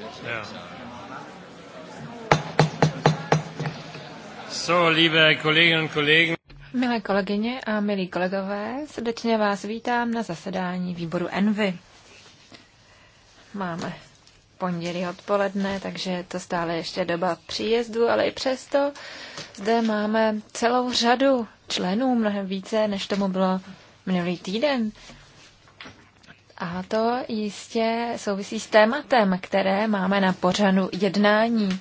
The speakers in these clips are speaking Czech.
Ja. So, liebe Kolleginnen und Kollegen. Milé kolegyně a milí kolegové, srdečně vás vítám na zasedání výboru Envy. Máme pondělí odpoledne, takže je to stále ještě doba příjezdu, ale i přesto zde máme celou řadu členů, mnohem více, než tomu bylo minulý týden. A to jistě souvisí s tématem, které máme na pořadu jednání.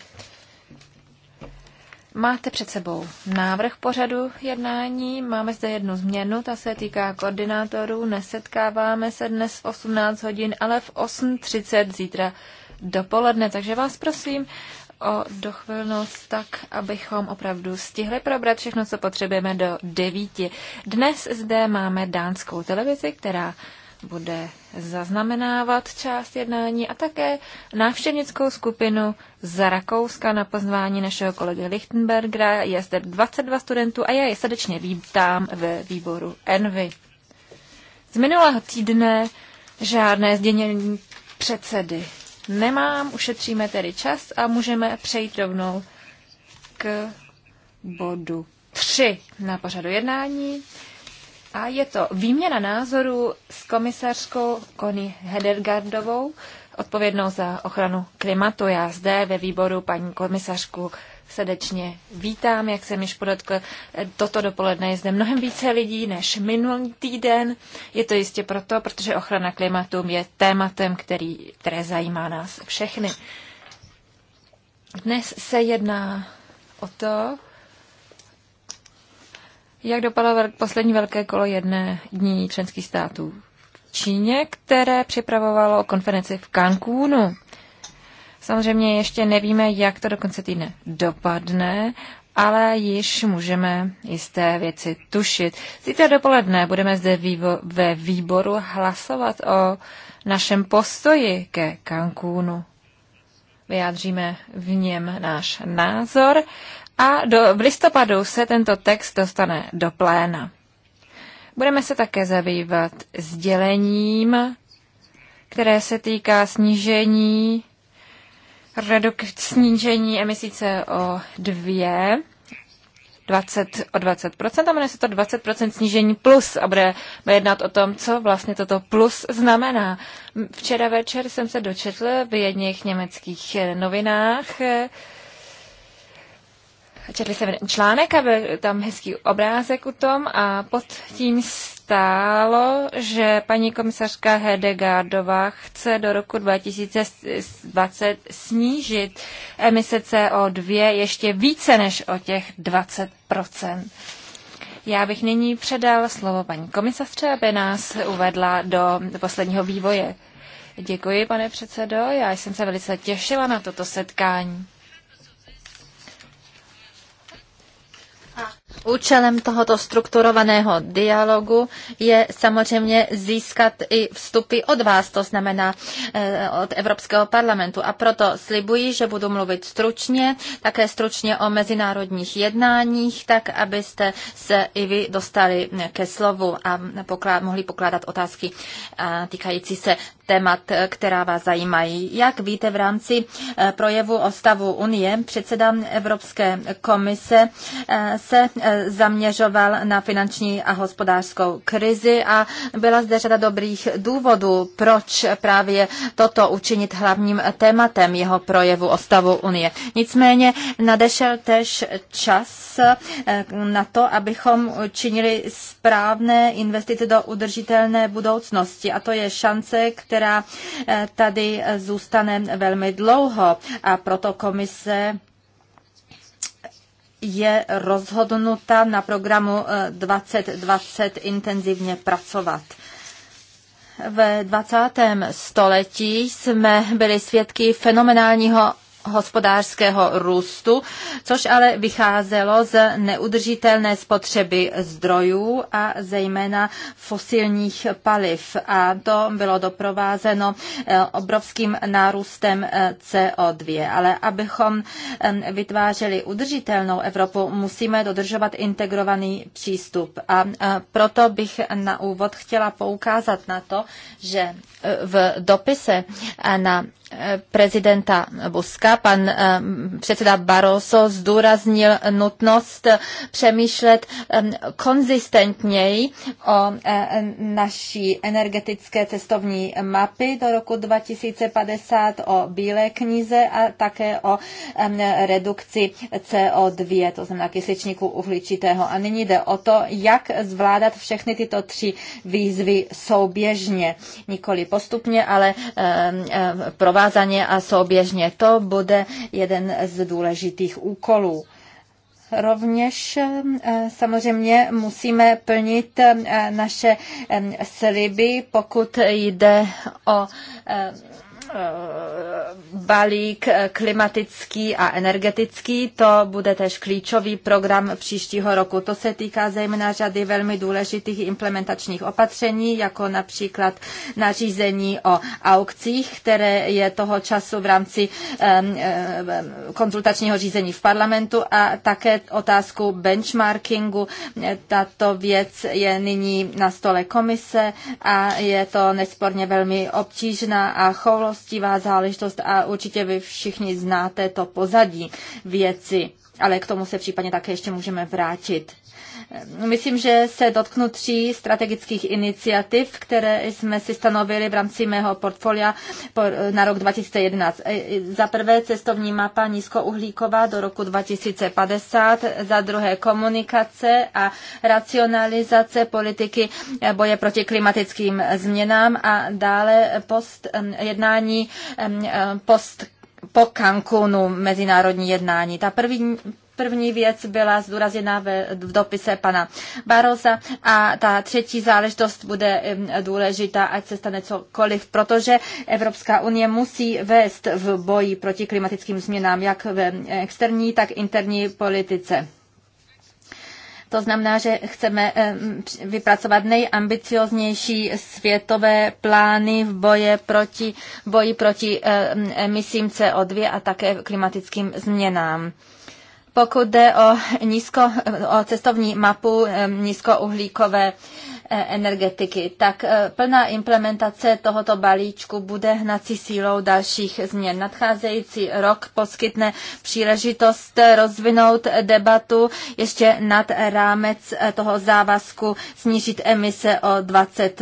Máte před sebou návrh pořadu jednání, máme zde jednu změnu, ta se týká koordinátorů, nesetkáváme se dnes v 18 hodin, ale v 8.30 zítra dopoledne, takže vás prosím o dochvilnost tak, abychom opravdu stihli probrat všechno, co potřebujeme do devíti. Dnes zde máme dánskou televizi, která bude zaznamenávat část jednání a také návštěvnickou skupinu z Rakouska na pozvání našeho kolegy Lichtenbergera. Je zde 22 studentů a já je srdečně vítám ve výboru Envy. Z minulého týdne žádné zděnění předsedy nemám, ušetříme tedy čas a můžeme přejít rovnou k bodu 3 na pořadu jednání. A je to výměna názoru s komisařkou Connie Hedergardovou, odpovědnou za ochranu klimatu. Já zde ve výboru paní komisařku srdečně vítám, jak jsem již podotkl, toto dopoledne je zde mnohem více lidí než minulý týden. Je to jistě proto, protože ochrana klimatu je tématem, který, které zajímá nás všechny. Dnes se jedná o to, jak dopadlo poslední velké kolo jedné dní členských států v Číně, které připravovalo konferenci v Cancúnu? Samozřejmě ještě nevíme, jak to do konce týdne dopadne, ale již můžeme jisté věci tušit. Zítra dopoledne budeme zde vývo- ve výboru hlasovat o našem postoji ke Cancúnu. Vyjádříme v něm náš názor a do, v listopadu se tento text dostane do pléna. Budeme se také zabývat sdělením, které se týká snížení, reduk, snížení emisí CO2 20, o 20%, a jmenuje se to 20% snížení plus a bude jednat o tom, co vlastně toto plus znamená. Včera večer jsem se dočetl v jedných německých novinách, četli jsem článek a byl tam hezký obrázek u tom a pod tím stálo, že paní komisařka Hedegardová chce do roku 2020 snížit emise CO2 ještě více než o těch 20 já bych nyní předal slovo paní komisařce, aby nás uvedla do posledního vývoje. Děkuji, pane předsedo. Já jsem se velice těšila na toto setkání. Účelem tohoto strukturovaného dialogu je samozřejmě získat i vstupy od vás, to znamená eh, od Evropského parlamentu. A proto slibuji, že budu mluvit stručně, také stručně o mezinárodních jednáních, tak abyste se i vy dostali ke slovu a mohli pokládat otázky eh, týkající se témat, eh, která vás zajímají. Jak víte, v rámci eh, projevu o stavu Unie předseda Evropské komise eh, se zaměřoval na finanční a hospodářskou krizi a byla zde řada dobrých důvodů, proč právě toto učinit hlavním tématem jeho projevu o stavu Unie. Nicméně nadešel tež čas na to, abychom činili správné investice do udržitelné budoucnosti a to je šance, která která eh, tady eh, zůstane velmi dlouho a proto komise je rozhodnuta na programu 2020 eh, intenzivně pracovat. V 20. století jsme byli svědky fenomenálního hospodářského růstu, což ale vycházelo z neudržitelné spotřeby zdrojů a zejména fosilních paliv. A to bylo doprovázeno eh, obrovským nárůstem eh, CO2. Ale abychom eh, vytvářeli udržitelnou Evropu, musíme dodržovat integrovaný přístup. A proto bych na úvod chtěla poukázat na to, že v dopise na prezidenta Buska, pan eh, předseda Barroso zdůraznil nutnost přemýšlet eh, konzistentněji o eh, naší energetické cestovní mapy do roku 2050, o bílé knize a také o redukci CO2, to znamená kysličníku uhličitého. A nyní jde o to, jak zvládat všechny tyto tři výzvy souběžně, nikoli postupně, ale provádět provázaně a souběžně. To bude jeden z důležitých úkolů. Rovněž eh, samozřejmě musíme plnit eh, naše eh, sliby, pokud jde o Eh, balík klimatický a energetický. To bude tež klíčový program příštího roku. To se týká zejména řady velmi důležitých implementačních opatření, jako například nařízení o aukcích, které je toho času v rámci konzultačního řízení v parlamentu a také otázku benchmarkingu. Tato věc je nyní na stole komise a je to nesporně velmi obtížná a choulost poctivá záležitost a určitě vy všichni znáte to pozadí věci, ale k tomu se případně také ještě můžeme vrátit. Myslím, že se dotknu tří strategických iniciativ, které jsme si stanovili v rámci mého portfolia na rok 2011. E, e, za prvé cestovní mapa nízkouhlíková do roku 2050, za druhé komunikace a racionalizace politiky boje proti klimatickým změnám a dále post, jednání post po Cancunu mezinárodní jednání. Ta první, První věc byla zdůrazněna v dopise pana Barosa a ta třetí záležitost bude důležitá, ať se stane cokoliv, protože Evropská unie musí vést v boji proti klimatickým změnám, jak ve externí, tak interní politice. To znamená, že chceme vypracovat nejambicioznější světové plány v boje proti, boji proti emisím CO2 a také klimatickým změnám. Pokud jde o, nízko, o cestovní mapu nízkouhlíkové e, energetiky, tak e, plná implementace tohoto balíčku bude hnací sílou dalších změn. Nadcházející rok poskytne příležitost rozvinout debatu ještě nad rámec e, toho závazku snížit emise o 20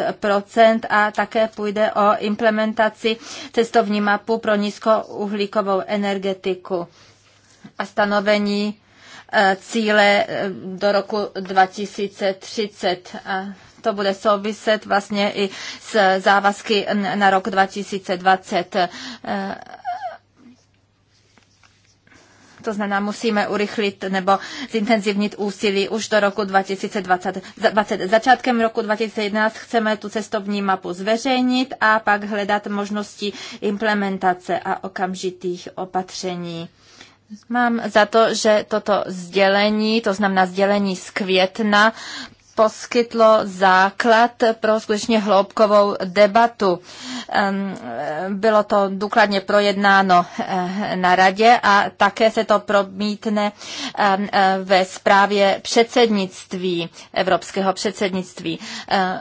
a také půjde o implementaci cestovní mapu pro nízkouhlíkovou energetiku a stanovení eh, cíle eh, do roku 2030. A to bude souviset vlastně i s závazky na rok 2020. Eh, to znamená, musíme urychlit nebo zintenzivnit úsilí už do roku 2020. Začátkem roku 2011 chceme tu cestovní mapu zveřejnit a pak hledat možnosti implementace a okamžitých opatření. Mám za to, že toto sdělení, to znamená sdělení z května, poskytlo základ pro skutečně hloubkovou debatu. Bylo to důkladně projednáno eh, na radě a také se to promítne eh, ve zprávě předsednictví, evropského předsednictví. Eh,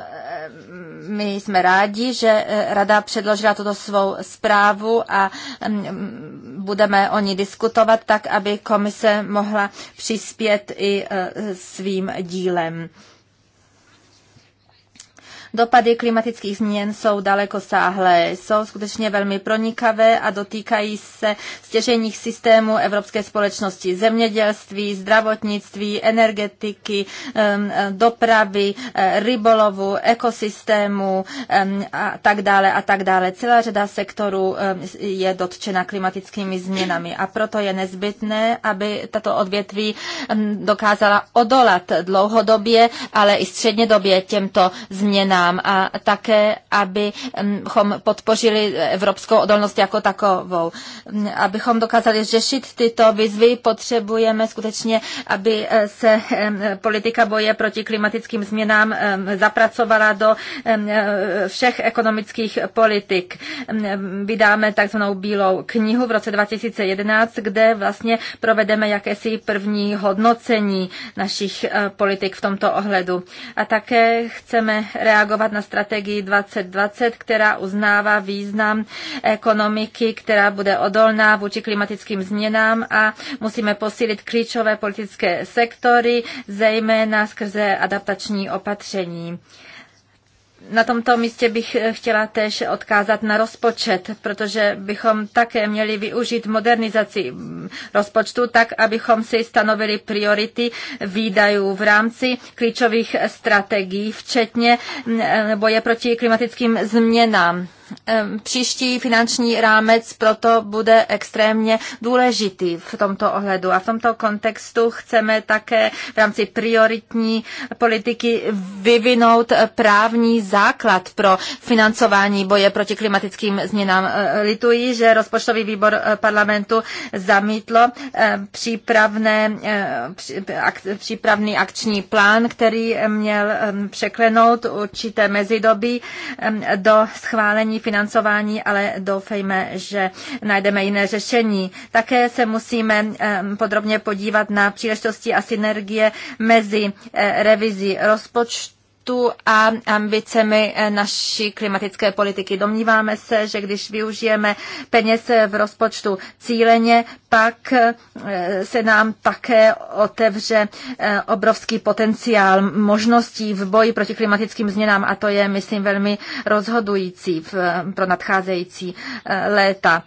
my jsme rádi, že eh, Rada předložila tuto svou zprávu a mm, budeme o ní diskutovat tak, aby komise mohla přispět i eh, svým dílem. Dopady klimatických změn jsou daleko sáhlé, jsou skutečně velmi pronikavé a dotýkají se stěžejních systémů evropské společnosti, zemědělství, zdravotnictví, energetiky, eh, dopravy, eh, rybolovu, ekosystému a tak dále a tak dále. Celá řada sektorů je dotčena klimatickými změnami a proto je nezbytné, aby tato odvětví dokázala odolat dlouhodobě, ale i střednědobě těmto změnám nám a také, abychom podpořili evropskou odolnost jako takovou. Abychom dokázali řešit tyto výzvy, potřebujeme skutečně, aby se politika boje proti klimatickým změnám zapracovala do všech ekonomických politik. Vydáme takzvanou bílou knihu v roce 2011, kde vlastně provedeme jakési první hodnocení našich eh, politik v tomto ohledu. A také chceme reagovat reagovat na strategii 2020, která uznává význam ekonomiky, která bude odolná vůči klimatickým změnám a musíme posílit klíčové politické sektory, zejména skrze adaptační opatření na tomto místě bych eh, chtěla též odkázat na rozpočet, protože bychom také měli využít modernizaci mm, rozpočtu tak, abychom si stanovili priority výdajů v rámci klíčových strategií, včetně mm, eh, boje proti klimatickým změnám příští finanční rámec proto bude extrémně důležitý v tomto ohledu. A v tomto kontextu chceme také v rámci prioritní politiky vyvinout právní základ pro financování boje proti klimatickým změnám. Lituji, že rozpočtový výbor eh, parlamentu zamítlo přípravné, přípravný akční plán, který měl překlenout určité mezidobí do schválení financování, ale doufejme, že najdeme jiné řešení. Také se musíme podrobně podívat na příležitosti a synergie mezi eh, revizí rozpočtu klimatu a ambicemi eh, naší klimatické politiky. Domníváme se, že když využijeme peněz eh, v rozpočtu cíleně, pak eh, se nám také otevře obrovský potenciál možností v boji proti klimatickým změnám a to je, myslím, velmi rozhodující pro nadcházející léta.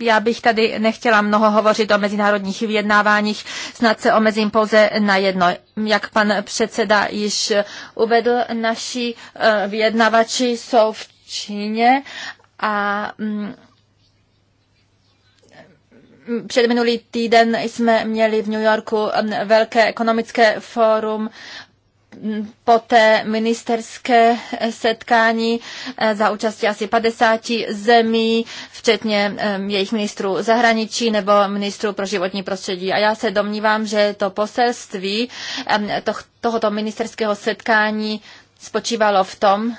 Já bych tady nechtěla mnoho hovořit o mezinárodních vyjednáváních, snad se omezím pouze na jedno. Jak pan předseda již uvedl, naši eh, vyjednavači jsou v Číně a mm, před minulý týden jsme měli v New Yorku mm, velké ekonomické fórum po té ministerské setkání eh, za účasti asi 50 zemí, včetně eh, jejich ministrů zahraničí nebo ministrů pro životní prostředí. A já se domnívám, že to poselství eh, tohoto ministerského setkání spočívalo v tom,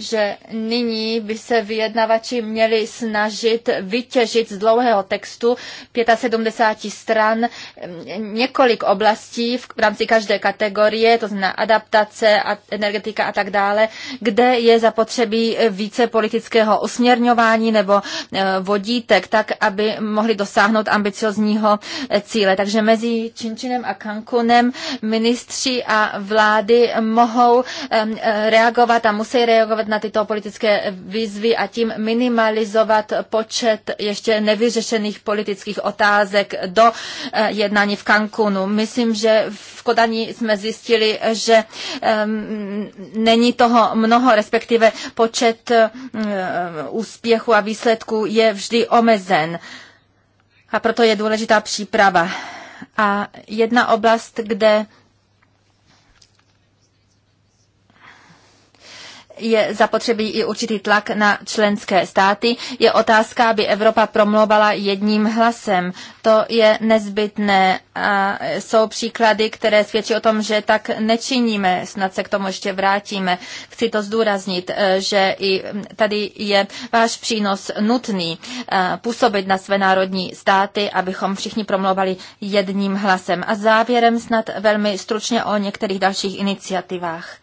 že nyní by se vyjednavači měli snažit vytěžit z dlouhého textu 75 stran několik oblastí v rámci každé kategorie, to znamená adaptace, energetika a tak dále, kde je zapotřebí více politického usměrňování nebo eh, vodítek, tak aby mohli dosáhnout ambiciozního eh, cíle. Takže mezi Činčinem a Cancunem ministři a vlády mohou eh, reagovat a musí reagovat reagovat na tyto politické výzvy a tím minimalizovat počet ještě nevyřešených politických otázek do eh, jednání v Cancunu. Myslím, že v Kodani jsme zjistili, že ehm, není toho mnoho, respektive počet eh, úspěchu a výsledků je vždy omezen. A proto je důležitá příprava. A jedna oblast, kde je zapotřebí i určitý tlak na členské státy. Je otázka, aby Evropa promlouvala jedním hlasem. To je nezbytné a jsou příklady, které svědčí o tom, že tak nečiníme. Snad se k tomu ještě vrátíme. Chci to zdůraznit, eh, že i hm, tady je váš přínos nutný eh, působit na své národní státy, abychom všichni promlouvali jedním hlasem. A závěrem snad velmi stručně o některých dalších iniciativách.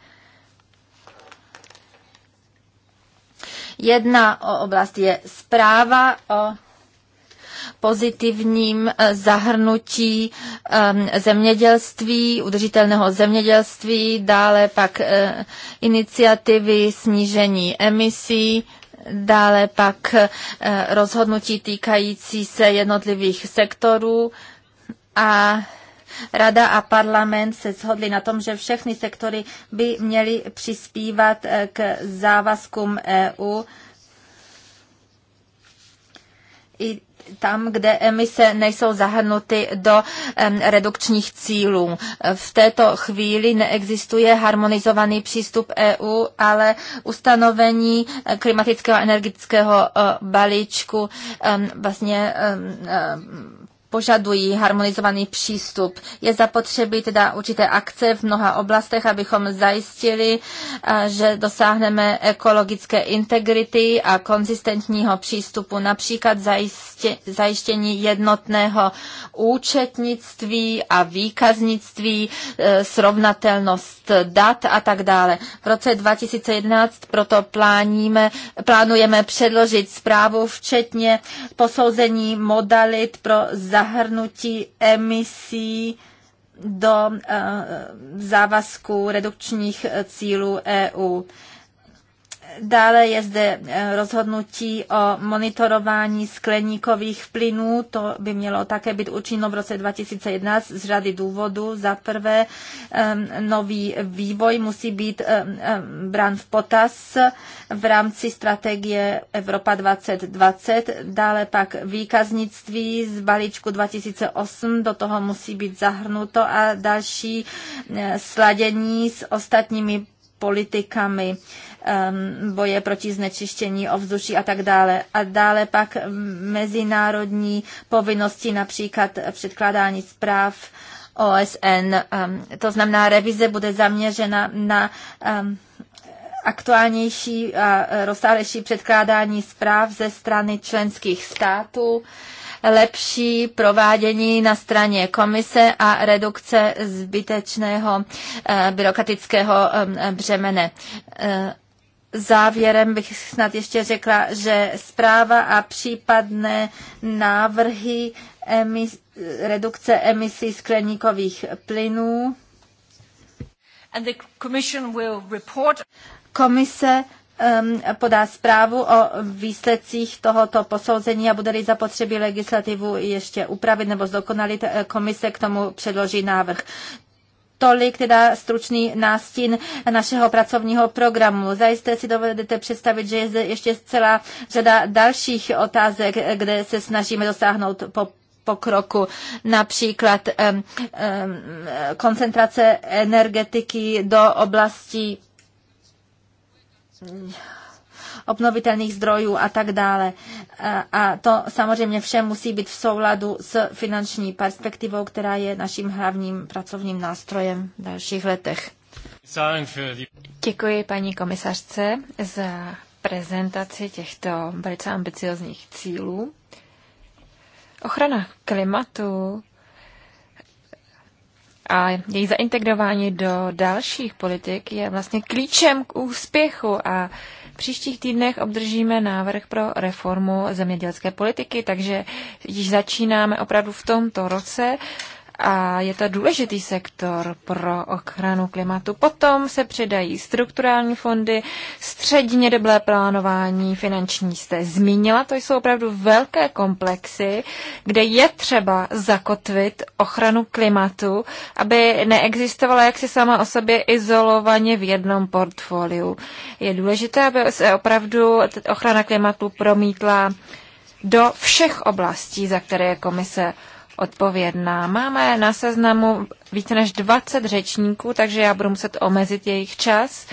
Jedna oblast je zpráva o pozitivním eh, zahrnutí ehm, zemědělství, udržitelného zemědělství, dále pak eh, iniciativy snížení emisí, dále pak eh, rozhodnutí týkající se jednotlivých sektorů a Rada a parlament se shodli na tom, že všechny sektory by měly přispívat eh, k závazkům EU i tam, kde emise nejsou zahrnuty do um, redukčních cílů. V této chvíli neexistuje harmonizovaný přístup EU, ale ustanovení eh, klimatického a energetického uh, balíčku um, vlastně um, požadují harmonizovaný přístup. Je zapotřebí teda určité akce v mnoha oblastech, abychom zajistili, eh, že dosáhneme ekologické integrity a konzistentního přístupu, například zajistě, zajištění jednotného účetnictví a výkaznictví, eh, srovnatelnost dat a tak dále. V roce 2011 proto pláníme, plánujeme předložit zprávu včetně posouzení modalit pro za zahrnutí emisí do eh, závazků redukčních cílů EU. Dále je zde eh, rozhodnutí o monitorování skleníkových plynů. To by mělo také být účinno v roce 2011 z řady důvodů. Za prvé, ehm, nový vývoj musí být ehm, ehm, brán v potaz v rámci strategie Evropa 2020. Dále pak výkaznictví z balíčku 2008, do toho musí být zahrnuto a další eh, sladění s ostatními politikami. Um, boje proti znečištění ovzduší a tak dále. A dále pak mezinárodní povinnosti, například předkládání zpráv OSN. Um, to znamená, revize bude zaměřena na um, aktuálnější a rozsáhlejší předkládání zpráv ze strany členských států, lepší provádění na straně komise a redukce zbytečného eh, byrokratického eh, břemene. Eh, Závěrem bych snad ještě řekla, že zpráva a případné návrhy emis, redukce emisí skleníkových plynů. And the commission will report. Komise um, podá zprávu o výsledcích tohoto posouzení a bude-li zapotřebí legislativu ještě upravit nebo zdokonalit, eh, komise k tomu předloží návrh. Tolik teda stručný nástin našeho pracovního programu. Zajisté si dovedete představit, že je zde ještě celá řada dalších otázek, kde se snažíme dosáhnout po pokroku, například um, um, koncentrace energetiky do oblasti obnovitelných zdrojů a tak dále. A to samozřejmě vše musí být v souladu s finanční perspektivou, která je naším hlavním pracovním nástrojem v dalších letech. Děkuji paní komisařce za prezentaci těchto velice ambiciozních cílů. Ochrana klimatu a její zaintegrování do dalších politik je vlastně klíčem k úspěchu a příštích týdnech obdržíme návrh pro reformu zemědělské politiky, takže již začínáme opravdu v tomto roce a je to důležitý sektor pro ochranu klimatu. Potom se přidají strukturální fondy, středně doblé plánování, finanční jste zmínila. To jsou opravdu velké komplexy, kde je třeba zakotvit ochranu klimatu, aby neexistovala jaksi sama o sobě izolovaně v jednom portfoliu. Je důležité, aby se opravdu ochrana klimatu promítla do všech oblastí, za které je komise odpovědná. Máme na seznamu více než 20 řečníků, takže já budu muset omezit jejich čas.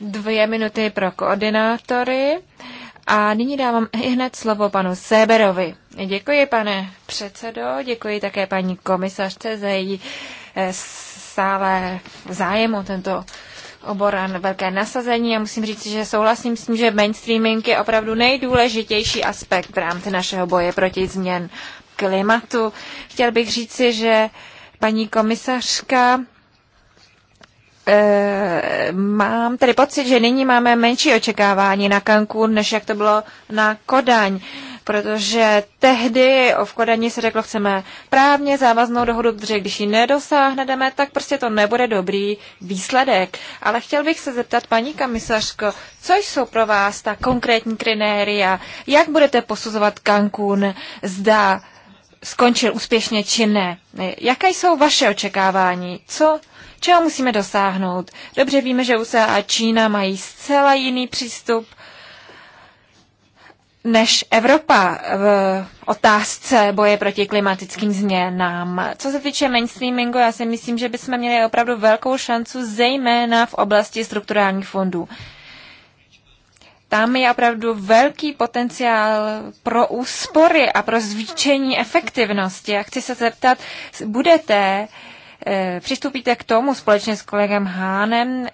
Dvě minuty pro koordinátory. A nyní dávám hned slovo panu Seberovi. Děkuji, pane předsedo, děkuji také paní komisařce za její eh, stále zájem o tento obor a velké nasazení. Já musím říct, že souhlasím s tím, že mainstreaming je opravdu nejdůležitější aspekt v rámci našeho boje proti změn klimatu. Chtěl bych říci, že paní komisařka eh, mám tedy pocit, že nyní máme menší očekávání na Cancún, než jak to bylo na Kodaň, protože tehdy o v Kodani se řeklo, chceme právně závaznou dohodu, protože když ji nedosáhneme, tak prostě to nebude dobrý výsledek. Ale chtěl bych se zeptat, paní komisařko, co jsou pro vás ta konkrétní kritéria? Jak budete posuzovat Cancún? Zda skončil úspěšně či ne. Jaké jsou vaše očekávání? Co, čeho musíme dosáhnout? Dobře víme, že USA a Čína mají zcela jiný přístup než Evropa v otázce boje proti klimatickým změnám. Co se týče mainstreamingu, já si myslím, že bychom měli opravdu velkou šancu, zejména v oblasti strukturálních fondů tam je opravdu velký potenciál pro úspory a pro zvýšení efektivnosti. A chci se zeptat, budete, eh, přistupíte k tomu společně s kolegem Hánem,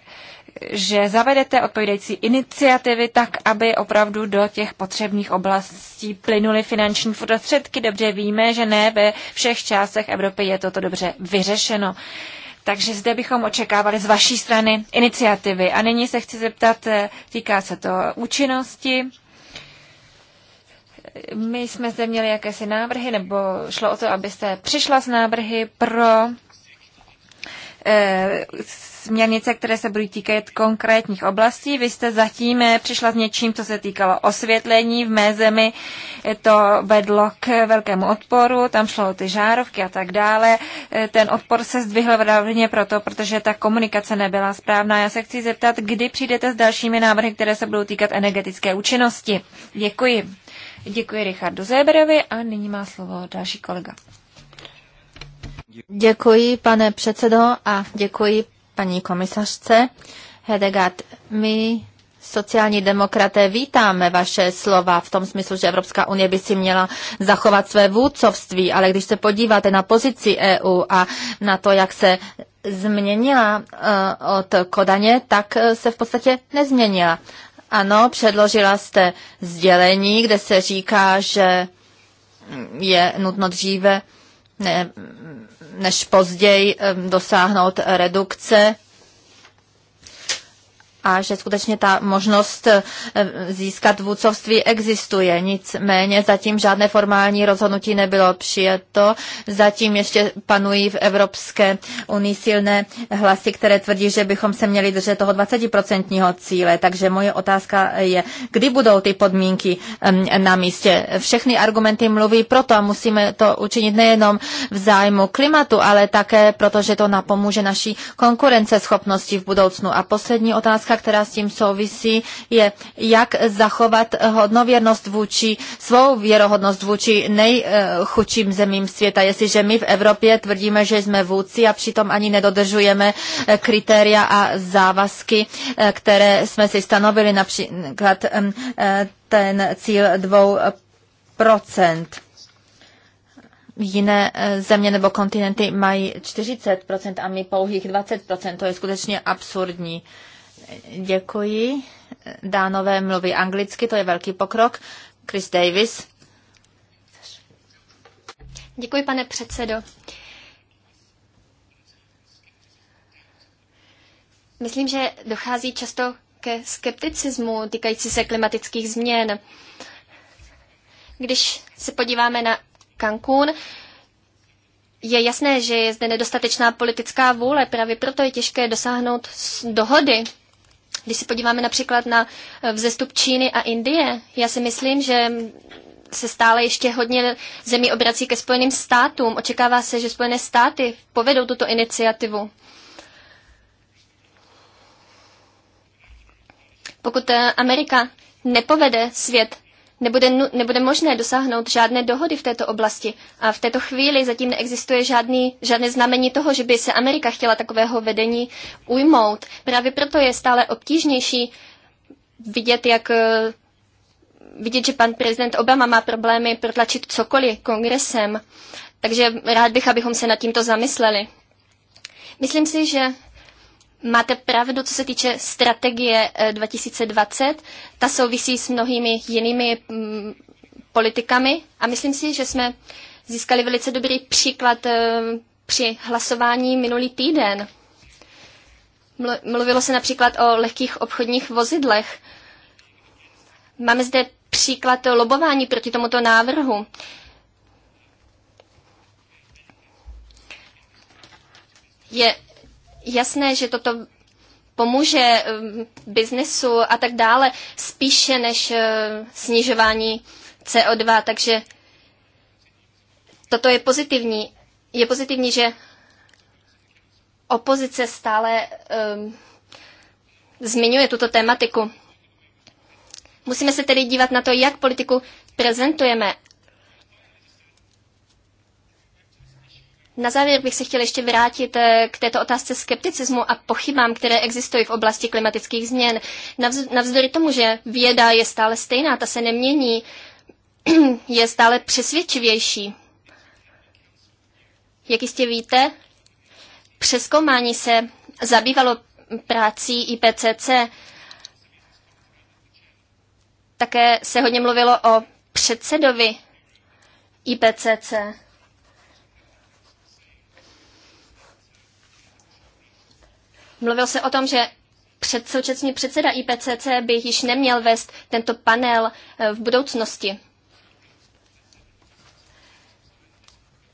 že zavedete odpovídající iniciativy tak, aby opravdu do těch potřebných oblastí plynuly finanční prostředky. Dobře víme, že ne ve všech částech Evropy je toto dobře vyřešeno. Takže zde bychom očekávali z vaší strany iniciativy. A nyní se chci zeptat, eh, týká se to účinnosti. My jsme zde měli jakési návrhy, nebo šlo o to, abyste přišla s návrhy pro eh, směrnice, které se budou týkat konkrétních oblastí. Vy jste zatím eh, přišla s něčím, co se týkalo osvětlení. V mé zemi eh, to vedlo k velkému odporu, tam šlo o ty žárovky a tak dále. Eh, ten odpor se zdvihl hlavně proto, protože ta komunikace nebyla správná. Já se chci zeptat, kdy přijdete s dalšími návrhy, které se budou týkat energetické účinnosti. Děkuji. Děkuji Richardu Zéberovi a nyní má slovo další kolega. Děkuji, pane předsedo, a děkuji paní komisařce Hedegard. My sociální demokraté vítáme vaše slova v tom smyslu, že Evropská unie by si měla zachovat své vůdcovství, ale když se podíváte na pozici EU a na to, jak se změnila eh, od Kodaně, tak eh, se v podstatě nezměnila. Ano, předložila jste sdělení, kde se říká, že je nutno dříve ne, než později dosáhnout redukce a že skutečně ta možnost eh, získat vůdcovství existuje. Nicméně zatím žádné formální rozhodnutí nebylo přijeto. Zatím ještě panují v Evropské unii silné hlasy, které tvrdí, že bychom se měli držet toho 20% cíle. Takže moje otázka je, kdy budou ty podmínky ehm, na místě. Všechny argumenty mluví proto a musíme to učinit nejenom v zájmu klimatu, ale také proto, že to napomůže naší konkurenceschopnosti v budoucnu. A poslední otázka, která s tím souvisí, je, jak zachovat hodnověrnost vůči, svou věrohodnost vůči nejchučím zemím světa. Jestliže my v Evropě tvrdíme, že jsme vůdci a přitom ani nedodržujeme kritéria a závazky, které jsme si stanovili, například ten cíl dvou procent jiné eh, země nebo kontinenty mají 40% a my pouhých 20%. To je skutečně absurdní. Děkuji. Dánové mluví anglicky, to je velký pokrok. Chris Davis. Děkuji, pane předsedo. Myslím, že dochází často ke skepticismu týkající se klimatických změn. Když se podíváme na Cancún, je jasné, že je zde nedostatečná politická vůle, právě proto je těžké dosáhnout dohody když se podíváme například na eh, vzestup Číny a Indie, já si myslím, že se stále ještě hodně zemí obrací ke Spojeným státům. Očekává se, že Spojené státy povedou tuto iniciativu. Pokud eh, Amerika nepovede svět nebude, nebude možné dosáhnout žádné dohody v této oblasti. A v této chvíli zatím neexistuje žádný, žádné znamení toho, že by se Amerika chtěla takového vedení ujmout. Právě proto je stále obtížnější vidět, jak eh, vidět, že pan prezident Obama má problémy protlačit cokoliv kongresem. Takže rád bych, abychom se nad tímto zamysleli. Myslím si, že Máte pravdu, co se týče strategie 2020. Eh, Ta souvisí s mnohými jinými mm, politikami a myslím si, že jsme získali velice dobrý příklad eh, při hlasování minulý týden. Mluvilo se například o lehkých obchodních vozidlech. Máme zde příklad lobování proti tomuto návrhu. Je jasné, že toto pomůže um, biznesu a tak dále spíše než uh, snižování CO2, takže toto je pozitivní. Je pozitivní, že opozice stále um, zmiňuje tuto tématiku. Musíme se tedy dívat na to, jak politiku prezentujeme Na závěr bych se chtěl ještě vrátit eh, k této otázce skepticismu a pochybám, které existují v oblasti klimatických změn. Navzdory tomu, že věda je stále stejná, ta se nemění, je stále přesvědčivější. Jak jistě víte, přeskoumání se zabývalo prací IPCC. Také se hodně mluvilo o předsedovi IPCC. Mluvil se o tom, že před současný předseda IPCC by již neměl vést tento panel eh, v budoucnosti.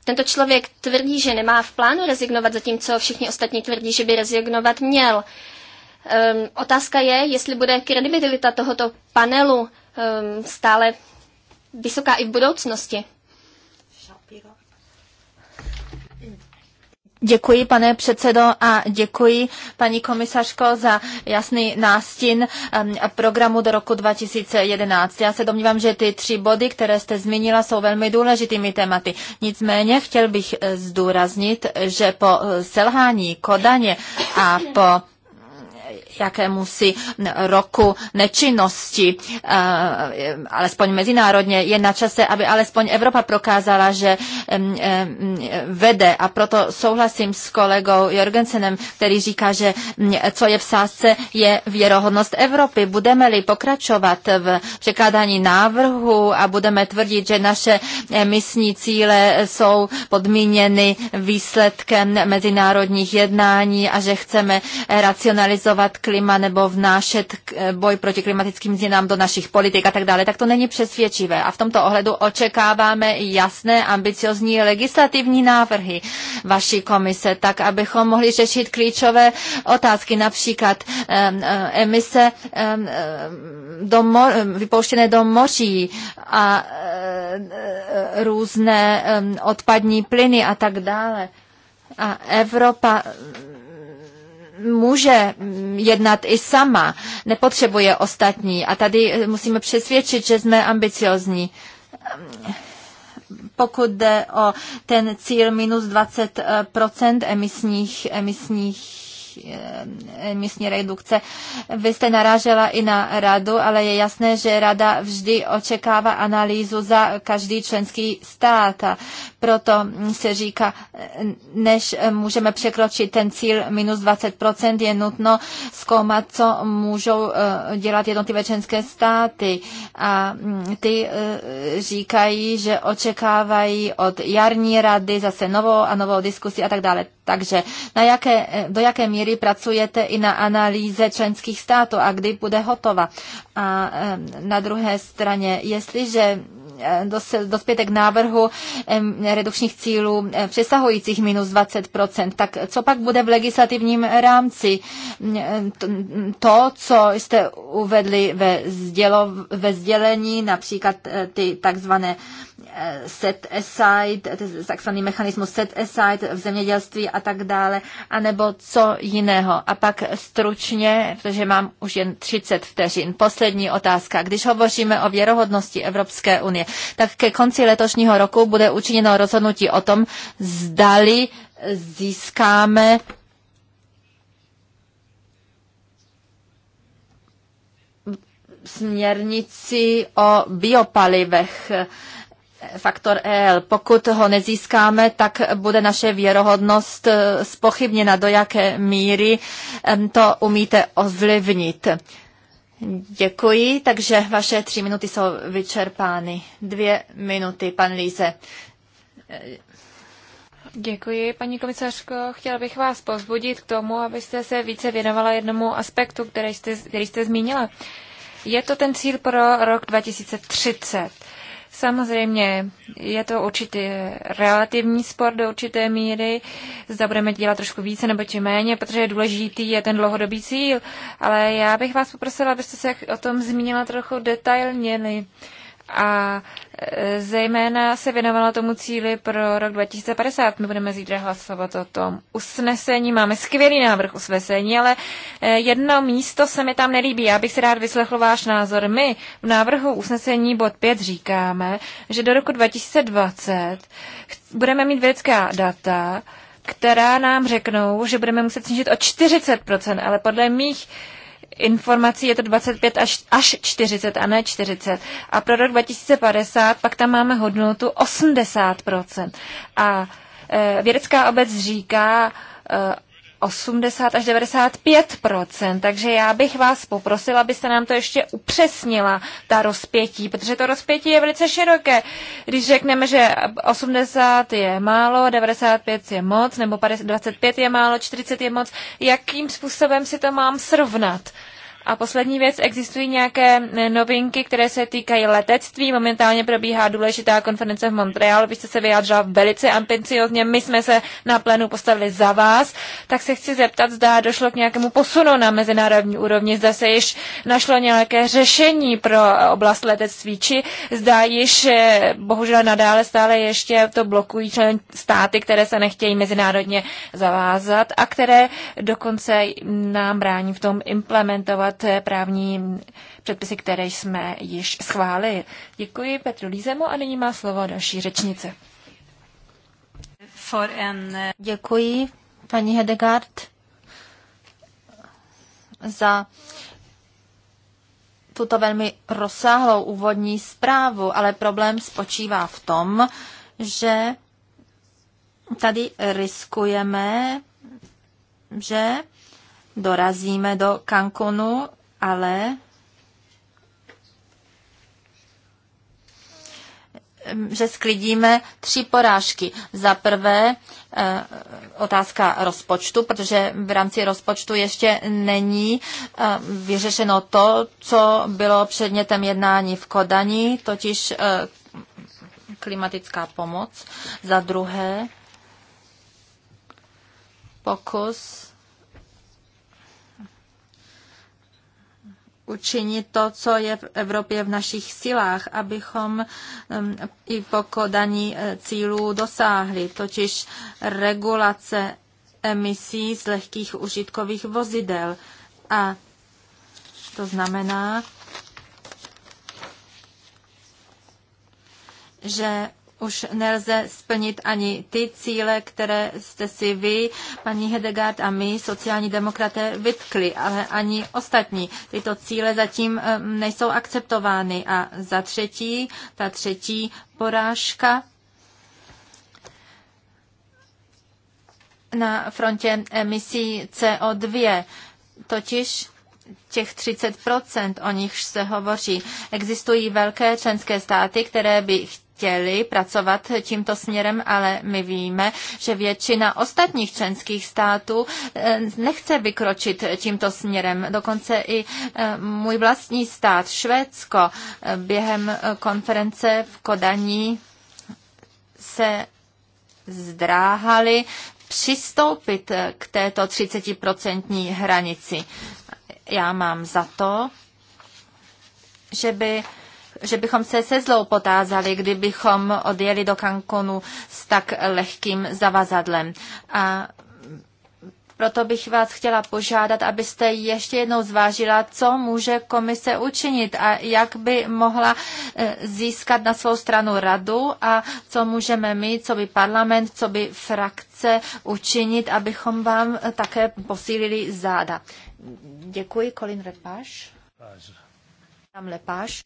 Tento člověk tvrdí, že nemá v plánu rezignovat, zatímco všichni ostatní tvrdí, že by rezignovat měl. Um, otázka je, jestli bude kredibilita tohoto panelu um, stále vysoká i v budoucnosti. Děkuji, pane předsedo, a děkuji, paní komisařko, za jasný nástin um, programu do roku 2011. Já se domnívám, že ty tři body, které jste zmínila, jsou velmi důležitými tématy. Nicméně chtěl bych eh, zdůraznit, že po eh, selhání Kodaně a po jakémusi roku nečinnosti, eh, alespoň mezinárodně, je na čase, aby alespoň Evropa prokázala, že mm, eh, vede. A proto souhlasím s kolegou Jorgensenem, který říká, že mm, co je v sázce, je věrohodnost Evropy. Budeme-li pokračovat v překládání návrhu a budeme tvrdit, že naše misní cíle jsou podmíněny výsledkem mezinárodních jednání a že chceme racionalizovat zlepšovat klima nebo vnášet eh, boj proti klimatickým změnám do našich politik a tak dále, tak to není přesvědčivé. A v tomto ohledu očekáváme jasné, ambiciozní legislativní návrhy vaší komise, tak abychom mohli řešit klíčové otázky, například eh, emise eh, do vypouštěné do moří a různé odpadní plyny a tak dále. A Evropa může jednat i sama, nepotřebuje ostatní. A tady musíme přesvědčit, že jsme ambiciozní pokud jde o ten cíl minus 20 emisních, emisních Eh, emisní redukce. Vy jste narážela i na radu, ale je jasné, že rada vždy očekává analýzu za každý členský stát. A proto se říká, než můžeme překročit ten cíl minus 20%, je nutno zkoumat, co můžou eh, dělat jednotlivé členské státy. A mm, ty eh, říkají, že očekávají od jarní rady zase novou a novou diskusi a tak dále. Takže na jaké, do jaké míry míry pracujete i na analýze členských států a kdy bude hotova. A na druhé straně, jestliže Eh, dospěte k návrhu redukčních cílů eh, přesahujících minus 20%, tak co pak bude v legislativním rámci? Mm, eh, mm, to, co jste uvedli ve, sdělo, ve sdělení, například ty takzvané set aside, takzvaný mechanismus set aside v zemědělství a tak dále, anebo co jiného. A pak stručně, protože mám už jen 30 vteřin, poslední otázka. Když hovoříme o věrohodnosti Evropské unie, tak ke konci letošního roku bude učiněno rozhodnutí o tom, zdali získáme směrnici o biopalivech faktor EL. Pokud ho nezískáme, tak bude naše věrohodnost eh, spochybněna, do jaké míry to umíte ovlivnit. Děkuji, takže vaše tři minuty jsou vyčerpány. Dvě minuty, pan Líze. Děkuji, paní komisařko. Chtěla bych vás pozbudit k tomu, abyste se více věnovala jednomu aspektu, který jste, který jste zmínila. Je to ten cíl pro rok 2030. Samozřejmě je to určitý relativní sport, do určité míry, zda budeme dělat trošku více nebo či méně, protože je důležitý je ten dlouhodobý cíl, ale já bych vás poprosila, abyste se o tom zmínila trochu detailněji a e, zejména se věnovala tomu cíli pro rok 2050. My budeme zítra hlasovat o tom usnesení. Máme skvělý návrh usnesení, ale e, jedno místo se mi tam nelíbí. Já bych si rád vyslechl váš názor. My v návrhu usnesení bod 5 říkáme, že do roku 2020 budeme mít vědecká data, která nám řeknou, že budeme muset snížit o 40%, ale podle mých uh, informací je to 25 až, až 40 a ne 40. A pro rok 2050 pak tam máme hodnotu 80%. A e, vědecká obec říká, e, 80 až 95 takže já bych vás poprosila, abyste nám to ještě upřesnila, ta rozpětí, protože to rozpětí je velice široké. Když řekneme, že 80 je málo, 95 je moc, nebo 25 je málo, 40 je moc, jakým způsobem si to mám srovnat? A poslední věc, existují nějaké novinky, které se týkají letectví. Momentálně probíhá důležitá konference v Montrealu. Vy jste se vyjádřila velice ambiciozně, my jsme se na plénu postavili za vás. Tak se chci zeptat, zda došlo k nějakému posunu na mezinárodní úrovni, zda se již našlo nějaké řešení pro oblast letectví, či zda již eh, bohužel nadále stále ještě to blokují člen státy, které se nechtějí mezinárodně zavázat a které dokonce nám brání v tom implementovat aplikovat eh, právní předpisy, které jsme již schválili. Děkuji Petru Lízemu a nyní má slovo další řečnice. En... Eh, Děkuji, paní Hedegard, za tuto velmi rozsáhlou úvodní zprávu, ale problém spočívá v tom, že tady riskujeme, že dorazíme do Cancunu, ale že sklidíme tři porážky. Za prvé eh, otázka rozpočtu, protože v rámci rozpočtu ještě není eh, vyřešeno to, co bylo předmětem jednání v Kodani, totiž eh, klimatická pomoc. Za druhé pokus učinit to, co je v Evropě v našich silách, abychom um, i pokodaní eh, cílů dosáhli, totiž regulace emisí z lehkých užitkových vozidel. A to znamená, že už nelze splnit ani ty cíle, které jste si vy, paní Hedegard a my, sociální demokraté, vytkli, ale ani ostatní. Tyto cíle zatím eh, nejsou akceptovány. A za třetí, ta třetí porážka na frontě emisí CO2, totiž těch 30 o nichž se hovoří. Existují velké členské státy, které by chtěly chtěli pracovat tímto směrem, ale my víme, že většina ostatních členských států eh, nechce vykročit tímto směrem. Dokonce i eh, můj vlastní stát, Švédsko, eh, během konference v Kodaní se zdráhali přistoupit k této 30% hranici. Já mám za to, že by že bychom se se zlou potázali, kdybychom odjeli do Cancunu s tak lehkým zavazadlem. A proto bych vás chtěla požádat, abyste ještě jednou zvážila, co může komise učinit a jak by mohla eh, získat na svou stranu radu a co můžeme my, co by parlament, co by frakce učinit, abychom vám eh, také posílili záda. Děkuji, Colin Lepáš. Tam Lepáš.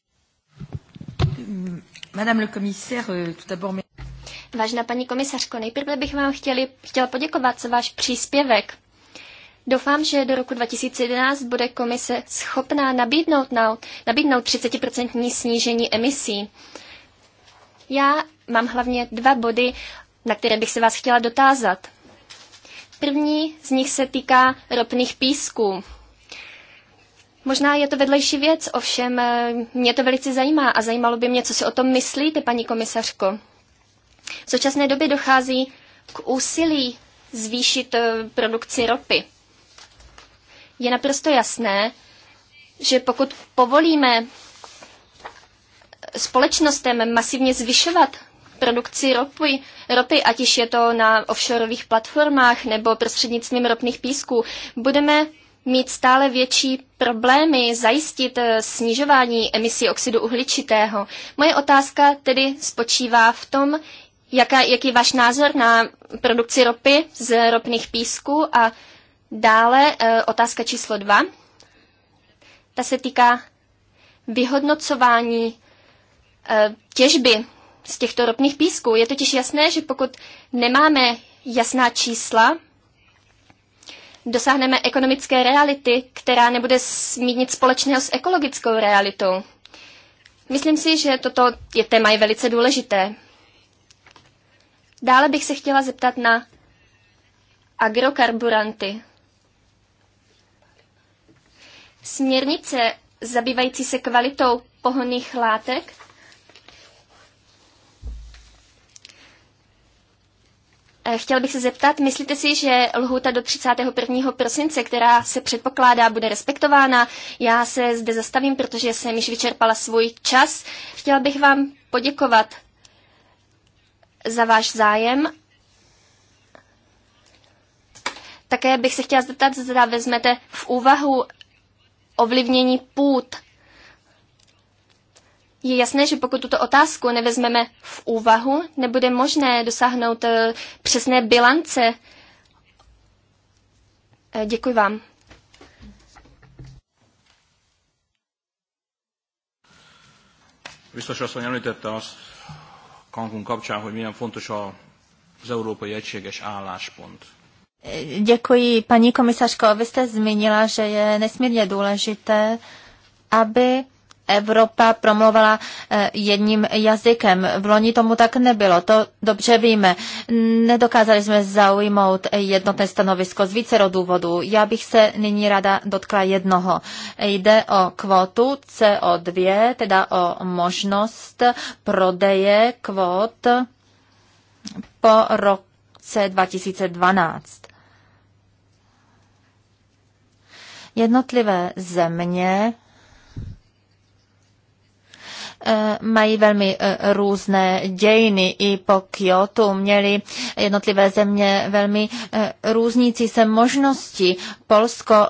Madame le commissaire, euh, tout d'abord... Vážená paní komisařko, nejprve bych vám chtěli, chtěla poděkovat za váš příspěvek. Doufám, že do roku 2011 bude komise schopná nabídnout, na, nabídnout 30% snížení emisí. Já mám hlavně dva body, na které bych se vás chtěla dotázat. První z nich se týká ropných písků. Možná je to vedlejší věc, ovšem eh, mě to velice zajímá a zajímalo by mě, co si o tom myslíte, paní komisařko. V současné době dochází k úsilí zvýšit eh, produkci ropy. Je naprosto jasné, že pokud povolíme společnostem masivně zvyšovat produkci ropy, ropy, ať již je to na offshoreových platformách nebo prostřednictvím ropných písků, budeme mít stále větší problémy zajistit eh, snižování emisí oxidu uhličitého. Moje otázka tedy spočívá v tom, jaká, jaký je váš názor na produkci ropy z ropných písků a dále eh, otázka číslo dva. Ta se týká vyhodnocování eh, těžby z těchto ropných písků. Je totiž jasné, že pokud nemáme jasná čísla dosáhneme ekonomické reality, která nebude mít nic společného s ekologickou realitou. Myslím si, že toto je téma je velice důležité. Dále bych se chtěla zeptat na agrokarburanty. Směrnice zabývající se kvalitou pohonných látek Eh, chtěl bych se zeptat, myslíte si, že lhůta do 31. prosince, která se předpokládá, bude respektována? Já se zde zastavím, protože jsem již vyčerpala svůj čas. Chtěla bych vám poděkovat za váš zájem. Také bych se chtěla zeptat, zda vezmete v úvahu ovlivnění půd je jasné, že pokud tuto otázku nevezmeme v úvahu, nebude možné dosáhnout eh, přesné bilance. Eh, děkuji vám. Biztos asszony említette azt Cancún kapcsán, hogy milyen fontos az európai egységes álláspont. Eh, děkuji. Paní komisařko, vy jste zmínila, že je nesmírně důležité, aby Evropa promluvala eh, jedním jazykem. V loni tomu tak nebylo, to dobře víme. Nedokázali jsme zaujmout jednotné stanovisko z více důvodů. Já bych se nyní rada dotkla jednoho. Jde o kvotu CO2, teda o možnost prodeje kvot po roce 2012. Jednotlivé země Eh, mají velmi eh, různé dějiny. I po Kyoto měly jednotlivé země velmi eh, různící se možnosti. Polsko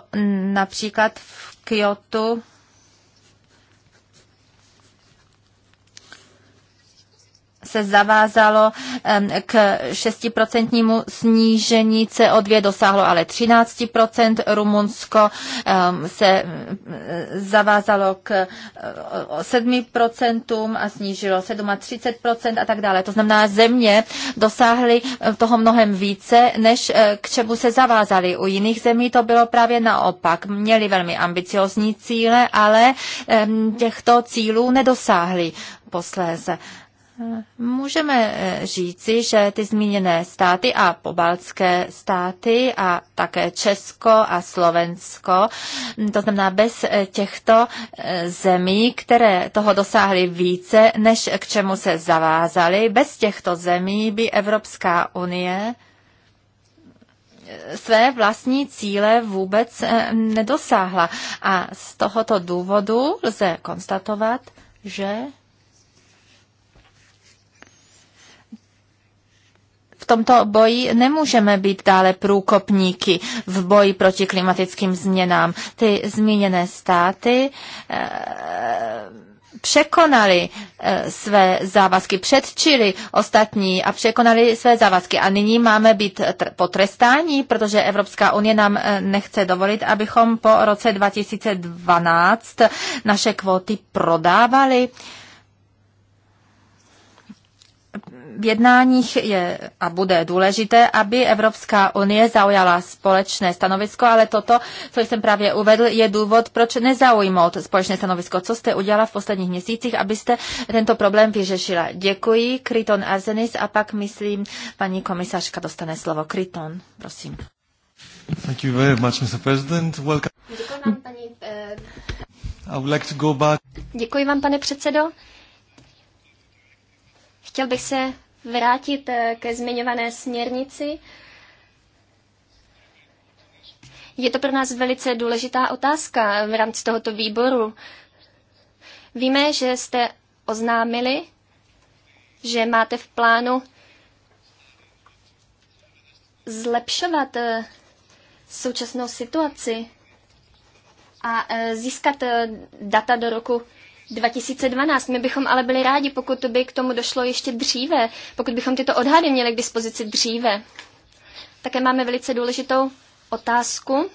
například v Kyoto se zavázalo k 6% snížení CO2, dosáhlo ale 13%. Rumunsko se zavázalo k 7% e, a snížilo 37% a tak dále. To znamená, země dosáhly toho mnohem více, než e, k čemu se zavázali. U jiných zemí to bylo právě naopak. Měli velmi ambiciozní cíle, ale těchto cílů nedosáhli posléze. Můžeme eh, říci, že ty zmíněné státy a pobaltské státy a také Česko a Slovensko, mm, to znamená bez eh, těchto eh, zemí, které toho dosáhly více, než k čemu se zavázaly, bez těchto zemí by Evropská unie své vlastní cíle vůbec nedosáhla. A z tohoto důvodu lze konstatovat, že tomto boji nemůžeme být dále průkopníky v boji proti klimatickým změnám. Ty zmíněné státy eh, překonali eh, své závazky, předčili ostatní a překonali své závazky. A nyní máme být potrestáni, protože Evropská unie nám eh, nechce dovolit, abychom po roce 2012 naše kvóty prodávali. v jednáních je a bude důležité, aby Evropská unie zaujala společné stanovisko, ale toto, co jsem právě uvedl, je důvod, proč nezaujmout společné stanovisko. Co jste udělala v posledních měsících, abyste tento problém vyřešila? Děkuji, Kryton Arzenis, a pak, myslím, paní komisařka dostane slovo. Kryton, prosím. Thank you very much, Mr. President. Welcome. Děkuji vám, eh, Děkuji vám, pane předsedo. Chtěl bych se vrátit eh, ke zmiňované směrnici. Je to pro nás velice důležitá otázka v rámci tohoto výboru. Víme, že jste oznámili, že máte v plánu zlepšovat eh, současnou situaci a eh, získat data do roku 2012. My bychom ale byli rádi, pokud by k tomu došlo ještě dříve, pokud bychom tyto odhady měli k dispozici dříve. Také máme velice důležitou otázku.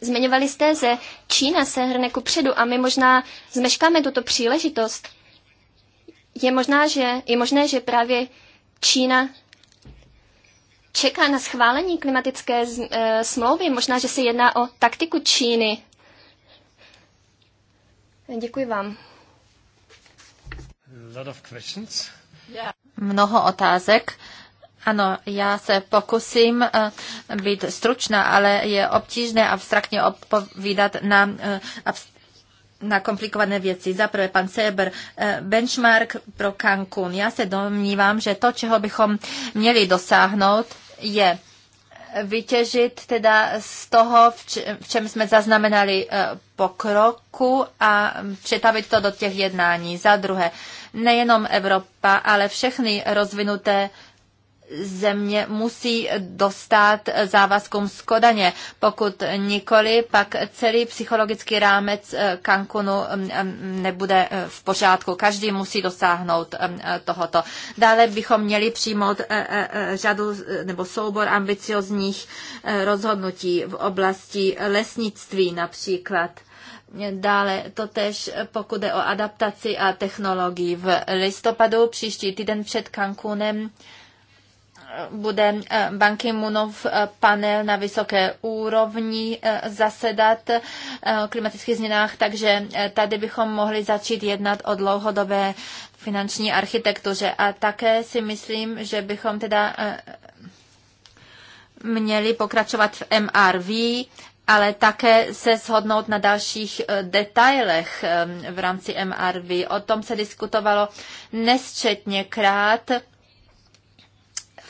Zmiňovali jste, že Čína se hrne ku předu a my možná zmeškáme tuto příležitost. Je, možná, že, je možné, že právě Čína čeká na schválení klimatické e, smlouvy. Možná, že se jedná o taktiku Číny Děkuji vám. Mnoho otázek. Ano, já se pokusím eh, být stručná, ale je obtížné abstraktně odpovídat na eh, na komplikované věci. Zaprvé pan Seber, eh, benchmark pro Cancún. Já se domnívám, že to, čeho bychom měli dosáhnout, je vytěžit teda z toho, v čem jsme zaznamenali eh, pokroku a přetavit to do těch jednání. Za druhé, nejenom Evropa, ale všechny rozvinuté země musí dostat závazkům z Kodaně. Pokud nikoli, pak celý psychologický rámec eh, Cancunu mm, mm, nebude eh, v pořádku. Každý musí dosáhnout mm, eh, tohoto. Dále bychom měli přijmout řadu nebo soubor ambiciozních rozhodnutí v oblasti lesnictví například. Dále to tež, pokud jde o adaptaci a technologii v listopadu příští týden před Cancunem, bude eh, Ban Ki-moonův eh, panel na vysoké úrovni eh, zasedat o klimatických změnách, takže tady bychom mohli začít jednat o dlouhodobé finanční architektuře. A také si myslím, že bychom teda měli pokračovat v MRV, ale také se shodnout na dalších detailech v rámci MRV. O tom se diskutovalo nesčetněkrát krát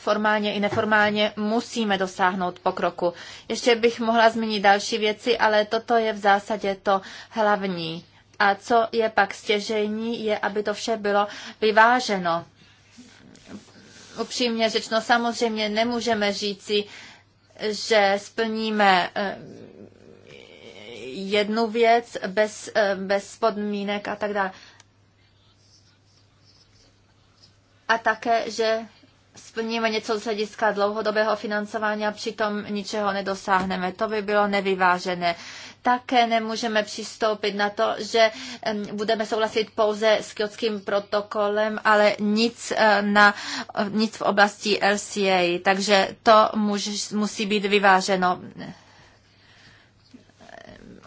formálně i neformálně musíme dosáhnout pokroku. Ještě bych mohla zmínit další věci, ale toto je v zásadě to hlavní. A co je pak stěžení, je, aby to vše bylo vyváženo. Upřímně řečeno, samozřejmě nemůžeme říci, že splníme eh, jednu věc bez, eh, bez podmínek a tak dále. A také, že splníme něco z hlediska dlouhodobého financování a přitom ničeho nedosáhneme. To by bylo nevyvážené. Také nemůžeme přistoupit na to, že budeme souhlasit pouze s kjotským protokolem, ale nic, eh, na, eh, nic v oblasti LCA. Takže to muž, musí být vyváženo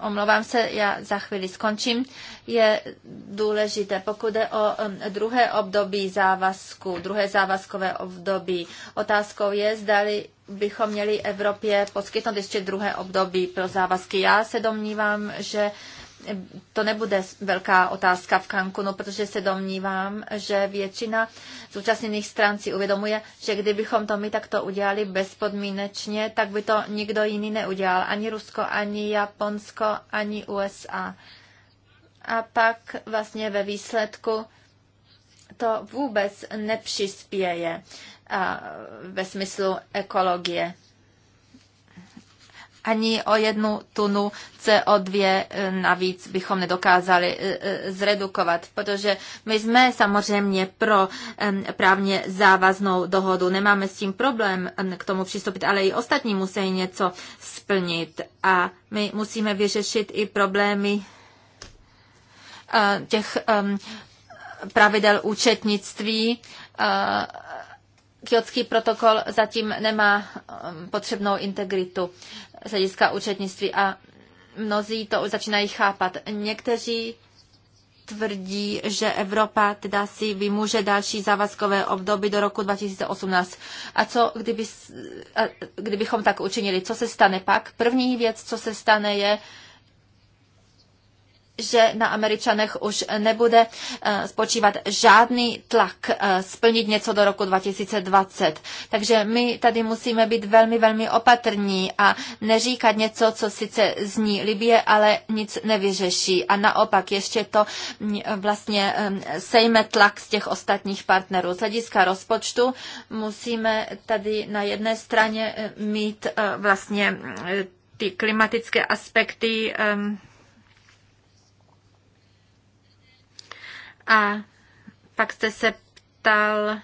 omlouvám se, já za chvíli skončím, je důležité, pokud je o um, druhé období závazku, druhé závazkové období. Otázkou je, zdali bychom měli Evropě poskytnout ještě druhé období pro závazky. Já se domnívám, že to nebude velká otázka v Cancunu, protože se domnívám, že většina zúčastněných stran si uvědomuje, že kdybychom to my takto udělali bezpodmínečně, tak by to nikdo jiný neudělal. Ani Rusko, ani Japonsko, ani USA. A pak vlastně ve výsledku to vůbec nepřispěje ve smyslu ekologie ani o jednu tunu CO2 e, navíc bychom nedokázali e, e, zredukovat, protože my jsme samozřejmě pro právně závaznou dohodu. Nemáme s tím problém k tomu přistoupit, ale i ostatní musí něco splnit a my musíme vyřešit i problémy těch pravidel účetnictví, Kiotský protokol zatím nemá um, potřebnou integritu z hlediska účetnictví a mnozí to už začínají chápat. Někteří tvrdí, že Evropa teda si vymůže další závazkové období do roku 2018. A co, kdyby, kdybychom tak učinili? Co se stane pak? První věc, co se stane, je, že na Američanech už nebude eh, spočívat žádný tlak eh, splnit něco do roku 2020. Takže my tady musíme být velmi, velmi opatrní a neříkat něco, co sice zní Libie, ale nic nevyřeší. A naopak ještě to mm, vlastně eh, sejme tlak z těch ostatních partnerů. Z hlediska rozpočtu musíme tady na jedné straně mít vlastně ty klimatické aspekty um, A pak jste se ptal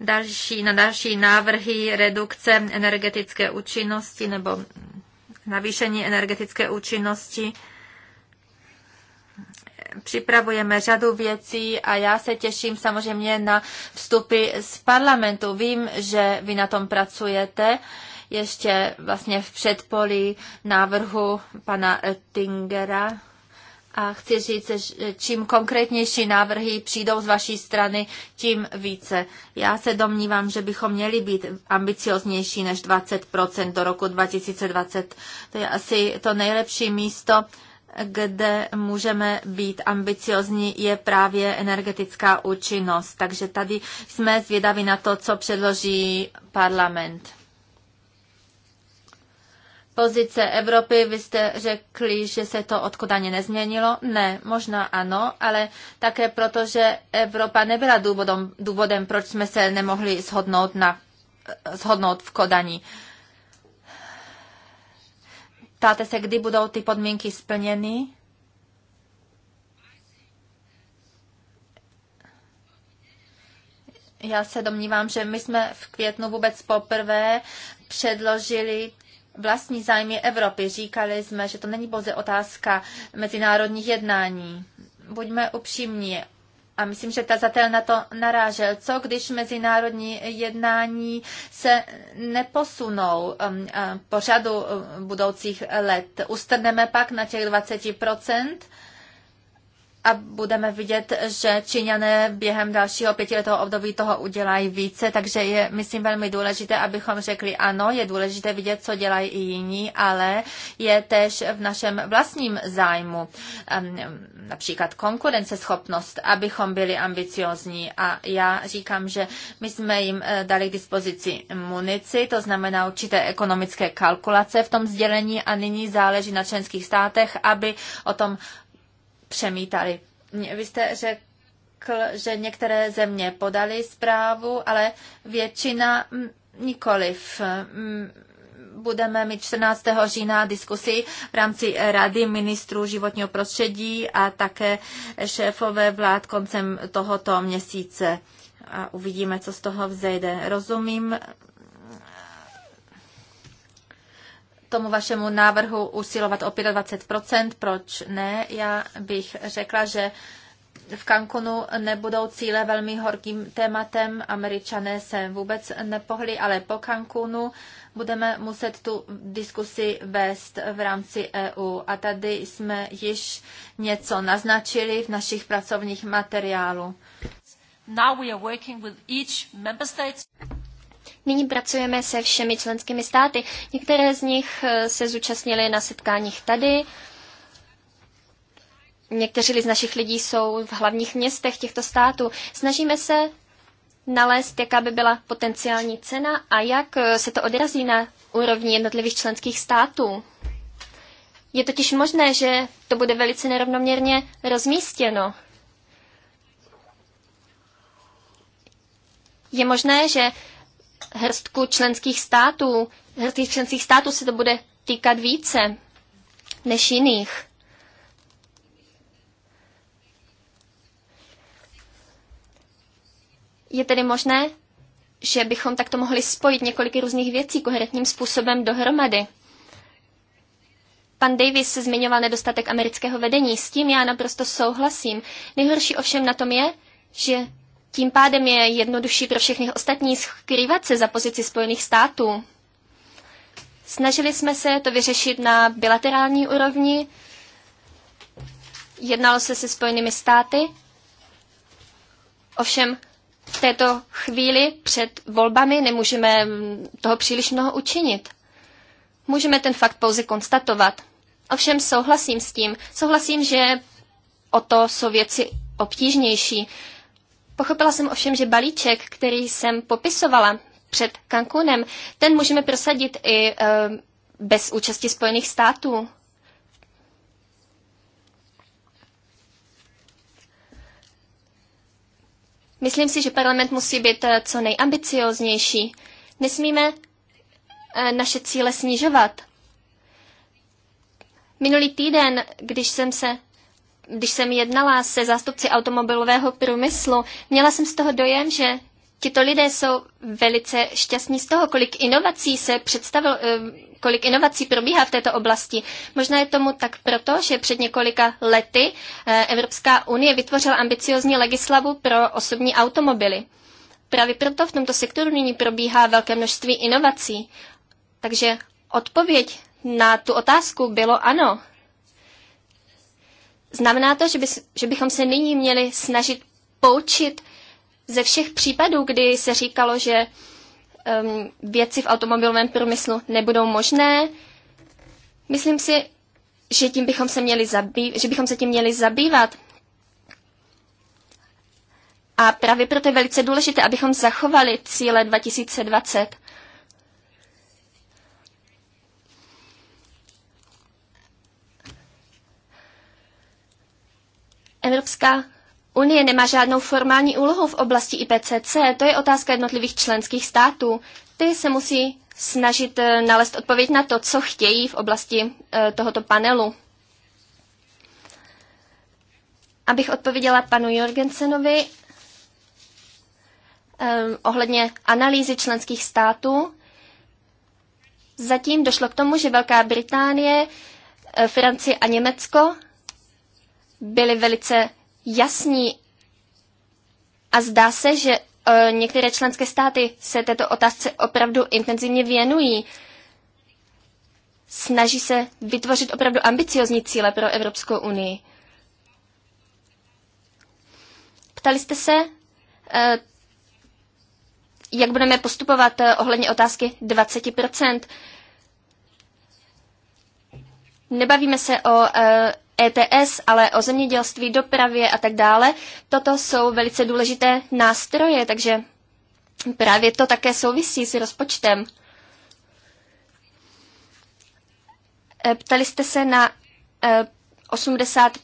další, na další návrhy redukce energetické účinnosti nebo navýšení energetické účinnosti. Připravujeme řadu věcí a já se těším samozřejmě na vstupy z parlamentu. Vím, že vy na tom pracujete ještě vlastně v předpolí návrhu pana Ettingera. A chci říct, že čím konkrétnější návrhy přijdou z vaší strany, tím více. Já se domnívám, že bychom měli být ambicioznější než 20% do roku 2020. To je asi to nejlepší místo, kde můžeme být ambiciozní, je právě energetická účinnost. Takže tady jsme zvědaví na to, co předloží parlament pozice Evropy, vy jste řekli, že se to odkudaně nezměnilo. Ne, možná ano, ale také proto, že Evropa nebyla důvodem, důvodem proč jsme se nemohli shodnout, na, shodnout v Kodani. Ptáte se, kdy budou ty podmínky splněny? Já se domnívám, že my jsme v květnu vůbec poprvé předložili vlastní zájmy Evropy. Říkali jsme, že to není pouze otázka mezinárodních jednání. Buďme upřímní. A myslím, že tazatel na to narážel. Co když mezinárodní jednání se neposunou um, uh, po řadu uh, budoucích let? Ustrneme pak na těch 20 a budeme vidět, že Číňané během dalšího pětiletého období toho udělají více, takže je, myslím, velmi důležité, abychom řekli ano, je důležité vidět, co dělají i jiní, ale je tež v našem vlastním zájmu, například konkurenceschopnost, abychom byli ambiciozní. A já říkám, že my jsme jim eh, dali k dispozici munici, to znamená určité ekonomické kalkulace v tom sdělení a nyní záleží na členských státech, aby o tom přemítali. Vy jste řekl, že některé země podaly zprávu, ale většina nikoliv budeme mít 14. října diskusi v rámci Rady ministrů životního prostředí a také šéfové vlád koncem tohoto měsíce. A uvidíme, co z toho vzejde. Rozumím tomu vašemu návrhu usilovat o 25%, proč ne? Já bych řekla, že v Cancunu nebudou cíle velmi horkým tématem, američané se vůbec nepohli, ale po Cancunu budeme muset tu diskusi vést v rámci EU. A tady jsme již něco naznačili v našich pracovních materiálů. Now we are working with each member state. Nyní pracujeme se všemi členskými státy. Některé z nich eh, se zúčastnili na setkáních tady. Někteří z našich lidí jsou v hlavních městech těchto států. Snažíme se nalézt, jaká by byla potenciální cena a jak eh, se to odrazí na úrovni jednotlivých členských států. Je totiž možné, že to bude velice nerovnoměrně rozmístěno. Je možné, že hrstku členských států. Hrstky členských států se to bude týkat více než jiných. Je tedy možné, že bychom takto mohli spojit několik různých věcí koherentním způsobem dohromady. Pan Davis se zmiňoval nedostatek amerického vedení, s tím já naprosto souhlasím. Nejhorší ovšem na tom je, že tím pádem je jednodušší pro všechny ostatní skrývat se za pozici Spojených států. Snažili jsme se to vyřešit na bilaterální úrovni. Jednalo se se Spojenými státy. Ovšem, v této chvíli před volbami nemůžeme toho příliš mnoho učinit. Můžeme ten fakt pouze konstatovat. Ovšem souhlasím s tím. Souhlasím, že o to jsou věci obtížnější. Pochopila jsem ovšem, že balíček, který jsem popisovala před Cancunem, ten můžeme prosadit i eh, bez účasti Spojených států. Myslím si, že parlament musí být eh, co nejambicioznější. Nesmíme eh, naše cíle snižovat. Minulý týden, když jsem se když jsem jednala se zástupci automobilového průmyslu, měla jsem z toho dojem, že tito lidé jsou velice šťastní z toho, kolik inovací se představil, eh, kolik inovací probíhá v této oblasti. Možná je tomu tak proto, že před několika lety eh, Evropská unie vytvořila ambiciozní legislavu pro osobní automobily. Právě proto v tomto sektoru nyní probíhá velké množství inovací. Takže odpověď na tu otázku bylo ano. Znamená to, že, by, že bychom se nyní měli snažit poučit ze všech případů, kdy se říkalo, že um, věci v automobilovém průmyslu nebudou možné. Myslím si, že, tím bychom se měli zabý, že bychom se tím měli zabývat. A právě proto je velice důležité, abychom zachovali cíle 2020. Evropská Unie nemá žádnou formální úlohu v oblasti IPCC, to je otázka jednotlivých členských států. Ty se musí snažit eh, nalézt odpověď na to, co chtějí v oblasti eh, tohoto panelu. Abych odpověděla panu Jorgensenovi eh, ohledně analýzy členských států, zatím došlo k tomu, že Velká Británie, Francie a Německo byli velice jasní a zdá se, že e, některé členské státy se této otázce opravdu intenzivně věnují. Snaží se vytvořit opravdu ambiciozní cíle pro Evropskou unii. Ptali jste se, e, jak budeme postupovat e, ohledně otázky 20 Nebavíme se o e, ETS, ale o zemědělství, dopravě a tak dále. Toto jsou velice důležité nástroje, takže právě to také souvisí s rozpočtem. E, ptali jste se na 80%.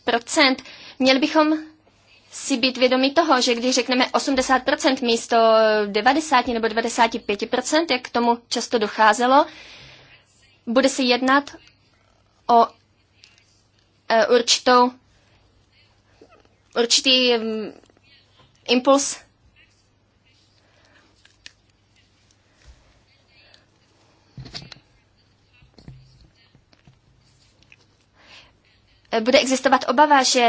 E, Měli bychom si být vědomi toho, že když řekneme 80% místo 90 nebo 95%, jak k tomu často docházelo, bude se jednat o Eh, určitou, určitý mm, impuls eh, bude existovat obava, že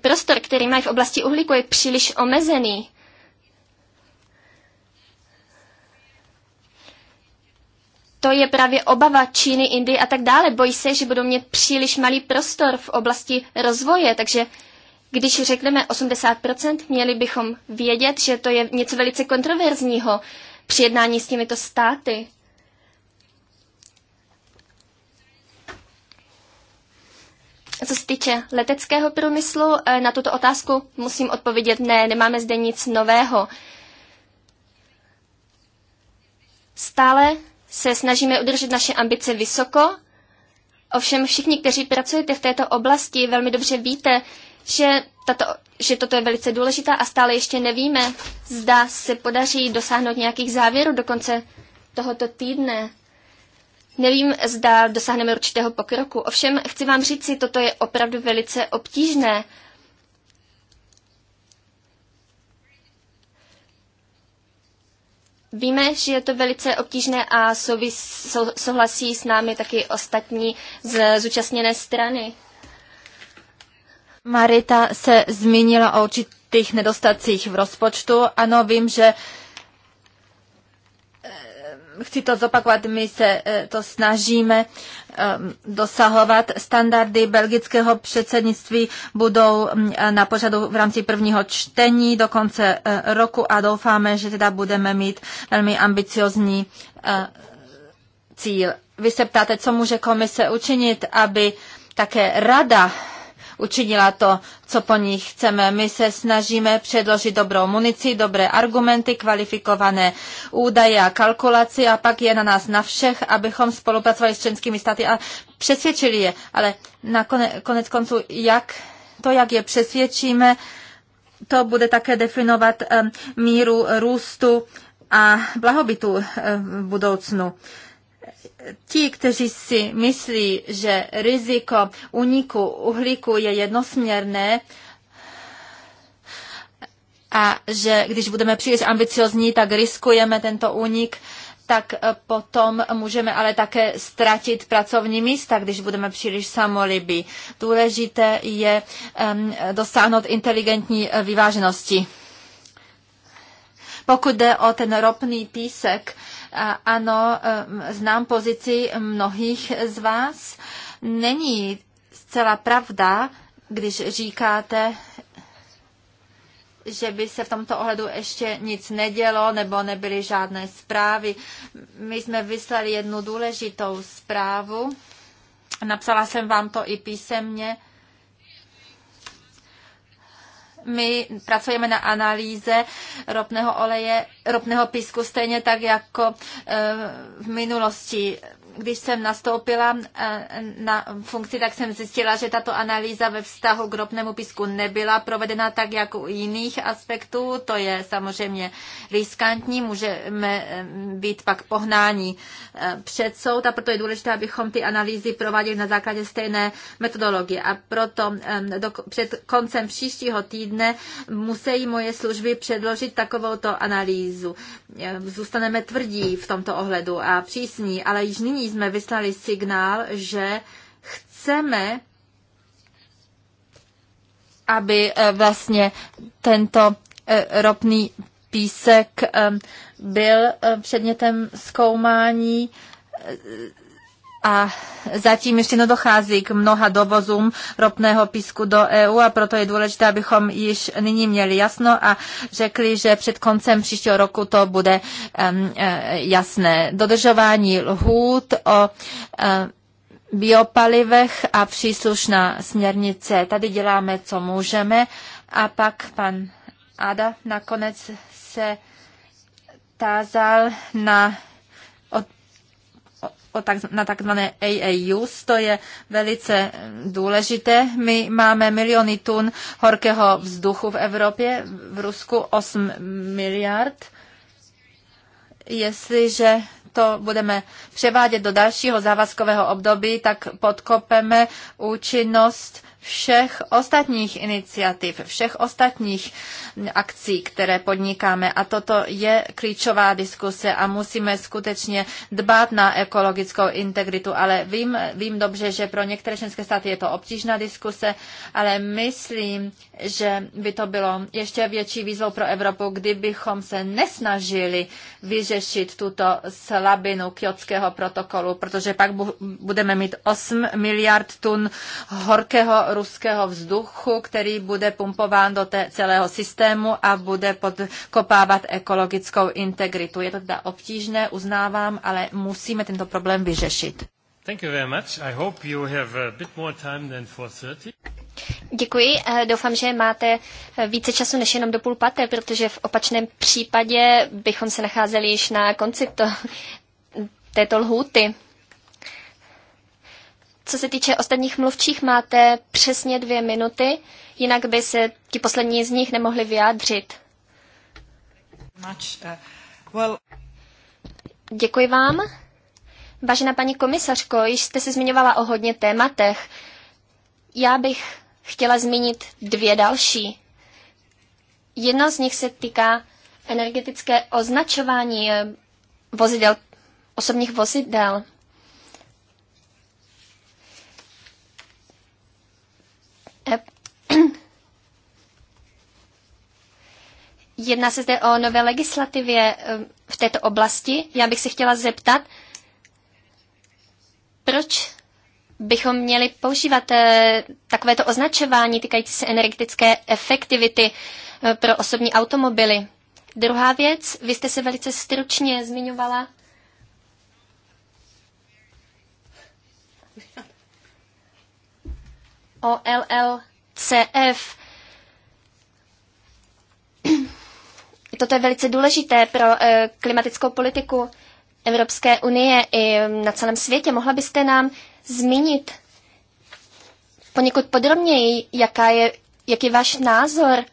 prostor, který mají v oblasti uhlíku, je příliš omezený. to je právě obava Číny, Indie a tak dále. Bojí se, že budou mít příliš malý prostor v oblasti rozvoje, takže když řekneme 80%, měli bychom vědět, že to je něco velice kontroverzního při jednání s těmito státy. Co se týče leteckého průmyslu, eh, na tuto otázku musím odpovědět ne, nemáme zde nic nového. Stále se snažíme udržet naše ambice vysoko. Ovšem všichni, kteří pracujete v této oblasti, velmi dobře víte, že, tato, že toto je velice důležitá a stále ještě nevíme, zda se podaří dosáhnout nějakých závěrů do konce tohoto týdne. Nevím, zda dosáhneme určitého pokroku. Ovšem, chci vám říct si, toto je opravdu velice obtížné Víme, že je to velice obtížné a souvis, sou, souhlasí s námi taky ostatní z zúčastněné strany. Marita se zmínila o určitých nedostacích v rozpočtu. Ano, vím, že chci to zopakovat, my se e, to snažíme e, dosahovat. Standardy belgického předsednictví budou e, na pořadu v rámci prvního čtení do konce roku a doufáme, že teda budeme mít velmi ambiciozní cíl. Vy se ptáte, co může komise učinit, aby také rada učinila to, co po nich chceme. My se snažíme předložit dobrou munici, dobré argumenty, kvalifikované údaje a kalkulaci a pak je na nás na všech, abychom spolupracovali s členskými státy a přesvědčili je. Ale na konec konců, jak to, jak je přesvědčíme, to bude také definovat eh, míru růstu a blahobytu eh, v budoucnu ti, kteří si myslí, že riziko uniku uhlíku je jednosměrné, a že když budeme příliš ambiciozní, tak riskujeme tento únik, tak potom můžeme ale také ztratit pracovní místa, když budeme příliš samolibí. Důležité je um, dosáhnout inteligentní eh, vyváženosti. Pokud jde o ten ropný písek, uh, ano, znám pozici mnohých z vás. Není zcela pravda, když říkáte, že by se v tomto ohledu ještě nic nedělo nebo nebyly žádné zprávy. My jsme vyslali jednu důležitou zprávu. Napsala jsem vám to i písemně my pracujeme na analýze ropného oleje, ropného písku, stejně tak jako eh, v minulosti když jsem nastoupila eh, na funkci, tak jsem zjistila, že tato analýza ve vztahu k ropnému písku nebyla provedena tak, jak u jiných aspektů. To je samozřejmě riskantní, můžeme eh, být pak pohnání eh, před soud a proto je důležité, abychom ty analýzy prováděli na základě stejné metodologie. A proto do, před koncem příštího týdne musí moje služby předložit takovouto analýzu. Zůstaneme tvrdí v tomto ohledu a přísní, ale již nyní jsme vyslali signál, že chceme, aby eh, vlastně tento eh, ropný písek eh, byl předmětem zkoumání a zatím ještě nedochází k mnoha dovozům ropného písku do EU a proto je důležité, abychom již nyní měli jasno a řekli, že před koncem příštího roku to bude um, jasné. Dodržování lhůt o um, biopalivech a příslušná směrnice. Tady děláme, co můžeme. A pak pan Ada nakonec se tázal na na takzvané AAUs. To je velice důležité. My máme miliony tun horkého vzduchu v Evropě, v Rusku 8 miliard. Jestliže to budeme převádět do dalšího závazkového období, tak podkopeme účinnost všech ostatních iniciativ, všech ostatních akcí, které podnikáme. A toto je klíčová diskuse a musíme skutečně dbát na ekologickou integritu. Ale vím, vím dobře, že pro některé členské státy je to obtížná diskuse, ale myslím, že by to bylo ještě větší výzvou pro Evropu, kdybychom se nesnažili vyřešit tuto slabinu kjotského protokolu, protože pak budeme mít 8 miliard tun horkého ruského vzduchu, který bude pumpován do té celého systému a bude podkopávat ekologickou integritu. Je to teda obtížné, uznávám, ale musíme tento problém vyřešit. Děkuji. Eh, doufám, že máte eh, více času než jenom do půl paté, protože v opačném případě bychom se nacházeli již na konci to, této lhůty co se týče ostatních mluvčích, máte přesně dvě minuty, jinak by se ti poslední z nich nemohli vyjádřit. Děkuji vám. Vážená paní komisařko, již jste se zmiňovala o hodně tématech. Já bych chtěla zmínit dvě další. Jedno z nich se týká energetické označování eh, vozidel, osobních vozidel. Jedná se zde o nové legislativě v této oblasti. Já bych se chtěla zeptat, proč bychom měli používat eh, takovéto označování týkající se energetické efektivity eh, pro osobní automobily. Druhá věc, vy jste se velice stručně zmiňovala o LLCF. Toto je velice důležité pro eh, klimatickou politiku Evropské unie i na celém světě. Mohla byste nám zmínit poněkud podrobněji, jaká je, jaký je váš názor,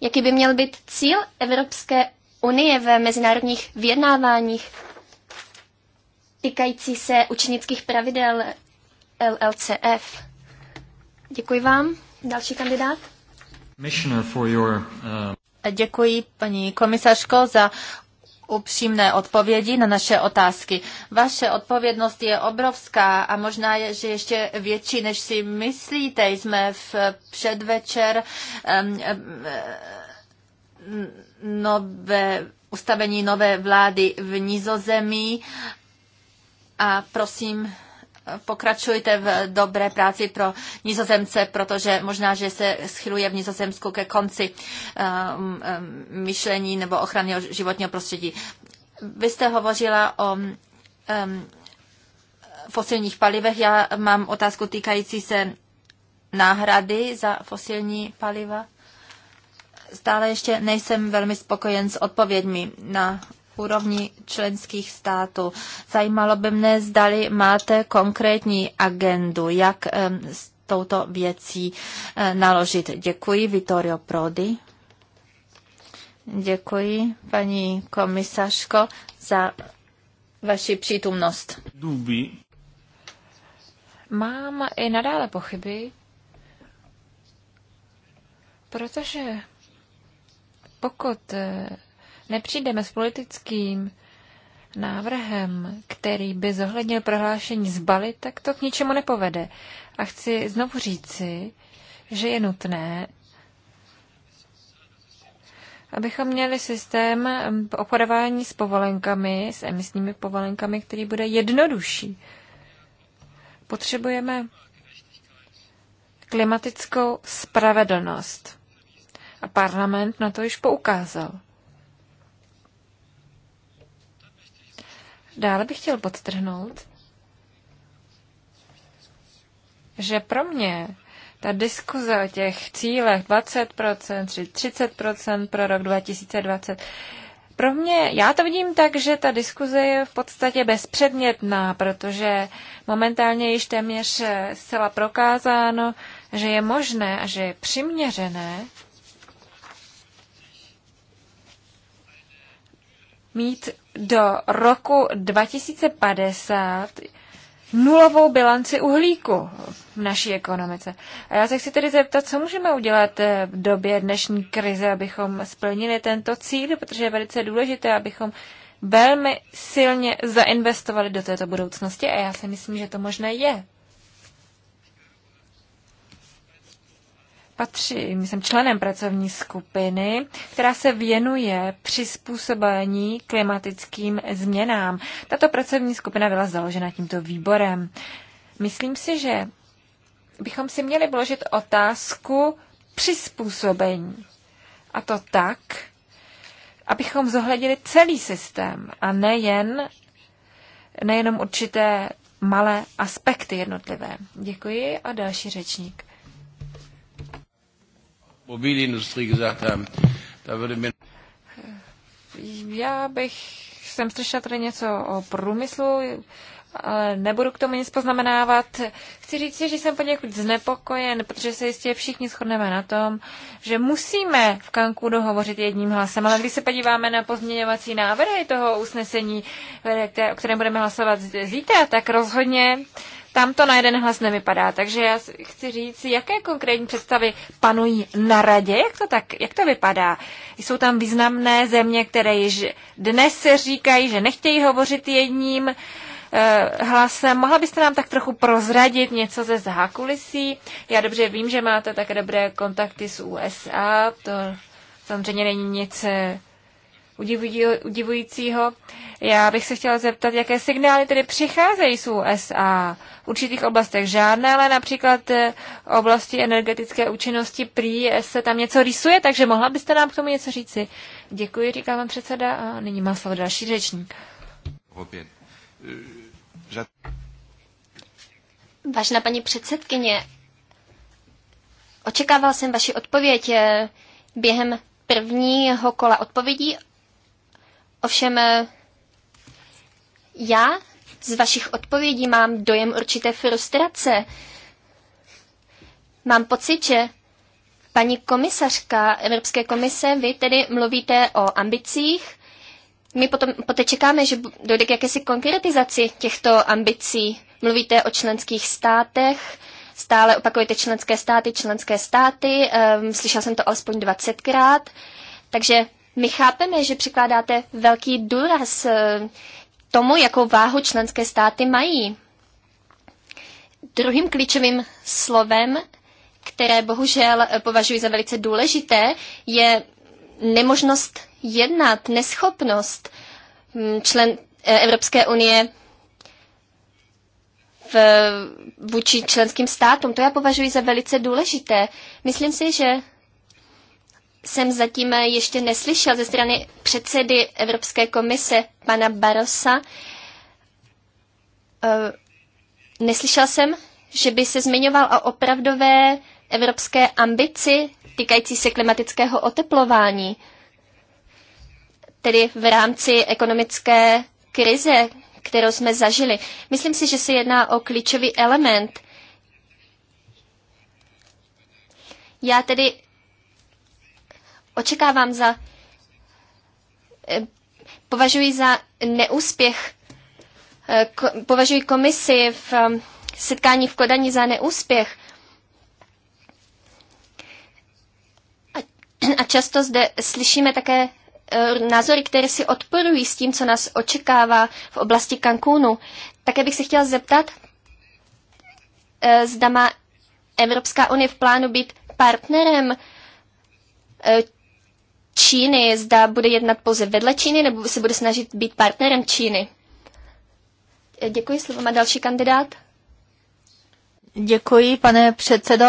jaký by měl být cíl Evropské unie ve mezinárodních vyjednáváních týkající se učenických pravidel LLCF. Děkuji vám. Další kandidát. Uh, Děkuji, paní komisařko, za upřímné odpovědi na naše otázky. Vaše odpovědnost je obrovská a možná je, že ještě větší, než si myslíte. Jsme v předvečer um, um, nové, ustavení nové vlády v Nizozemí a prosím, pokračujte v dobré práci pro nizozemce, protože možná, že se schyluje v Nizozemsku ke konci eh, mm, eh, myšlení nebo ochrany životního prostředí. Vy jste hovořila o eh, fosilních palivech. Já mám otázku týkající se náhrady za fosilní paliva. Stále ještě nejsem velmi spokojen s odpověďmi na úrovni členských států. Zajímalo by mne, zdali máte konkrétní agendu, jak s touto věcí e, naložit. Děkuji, Vittorio Prodi. Děkuji, paní komisařko, za vaši přítomnost. Mám i nadále pochyby, protože pokud e, nepřijdeme s politickým návrhem, který by zohlednil prohlášení z Bali, tak to k ničemu nepovede. A chci znovu říci, že je nutné, abychom měli systém obchodování s povolenkami, s emisními povolenkami, který bude jednodušší. Potřebujeme klimatickou spravedlnost. A parlament na to již poukázal. Dále bych chtěl podtrhnout, že pro mě ta diskuze o těch cílech 20%, 30% pro rok 2020, pro mě, já to vidím tak, že ta diskuze je v podstatě bezpředmětná, protože momentálně již téměř zcela prokázáno, že je možné a že je přiměřené mít do roku 2050 nulovou bilanci uhlíku v naší ekonomice. A já se chci tedy zeptat, co můžeme udělat eh, v době dnešní krize, abychom splnili tento cíl, protože je velice důležité, abychom velmi silně zainvestovali do této budoucnosti a já si myslím, že to možné je. patřím, jsem členem pracovní skupiny, která se věnuje přizpůsobení klimatickým změnám. Tato pracovní skupina byla založena tímto výborem. Myslím si, že bychom si měli vložit otázku přizpůsobení. A to tak, abychom zohledili celý systém a nejen, nejenom určité malé aspekty jednotlivé. Děkuji a další řečník. Mobilindustrie gesagt haben, da würde mir... Já bych, jsem slyšela tady něco o průmyslu, ale nebudu k tomu nic poznamenávat. Chci říct, že jsem poněkud znepokojen, protože se jistě všichni shodneme na tom, že musíme v kanku dohovořit jedním hlasem, ale když se podíváme na pozměňovací návrhy toho usnesení, o kterém budeme hlasovat zítra, tak rozhodně uh, tam to na jeden hlas nevypadá. Takže já chci říct, jaké konkrétní představy panují na radě, jak to, tak, jak to vypadá. Jsou tam významné země, které již dnes se říkají, že nechtějí hovořit jedním eh, hlasem. Mohla byste nám tak trochu prozradit něco ze zákulisí? Já dobře vím, že máte tak dobré kontakty s USA, to samozřejmě není nic eh, udivujícího. Já bych se chtěla zeptat, jaké signály tedy přicházejí z USA. V určitých oblastech žádné, ale například v eh, oblasti energetické účinnosti prý eh, se tam něco rýsuje, takže mohla byste nám k tomu něco říci. Děkuji, říká vám předseda a nyní má slovo další řečník. Eh, Vážná paní předsedkyně, očekával jsem vaši odpověď během prvního kola odpovědí Ovšem eh, já z vašich odpovědí mám dojem určité frustrace. Mám pocit, že paní komisařka Evropské komise, vy tedy mluvíte o ambicích, my potom, poté čekáme, že dojde k jakési konkretizaci těchto ambicí. Mluvíte o členských státech, stále opakujete členské státy, členské státy, um, ehm, slyšel jsem to alespoň 20krát, takže my chápeme, že přikládáte velký důraz eh, tomu, jakou váhu členské státy mají. Druhým klíčovým slovem, které bohužel eh, považuji za velice důležité, je nemožnost jednat, neschopnost hm, člen eh, Evropské unie v, vůči členským státům. To já považuji za velice důležité. Myslím si, že jsem zatím ještě neslyšel ze strany předsedy Evropské komise pana Barosa. Eh, neslyšel jsem, že by se zmiňoval o opravdové evropské ambici týkající se klimatického oteplování, tedy v rámci ekonomické krize, kterou jsme zažili. Myslím si, že se jedná o klíčový element. Já tedy očekávám za, eh, považuji za neúspěch, eh, považuji komisi v eh, setkání v Kodani za neúspěch. A často zde slyšíme také názory, které si odporují s tím, co nás očekává v oblasti Cancúnu. Také bych se chtěla zeptat, zda má Evropská unie v plánu být partnerem Číny, zda bude jednat pouze vedle Číny, nebo se bude snažit být partnerem Číny. Děkuji, slovo má další kandidát. Děkuji, pane předsedo.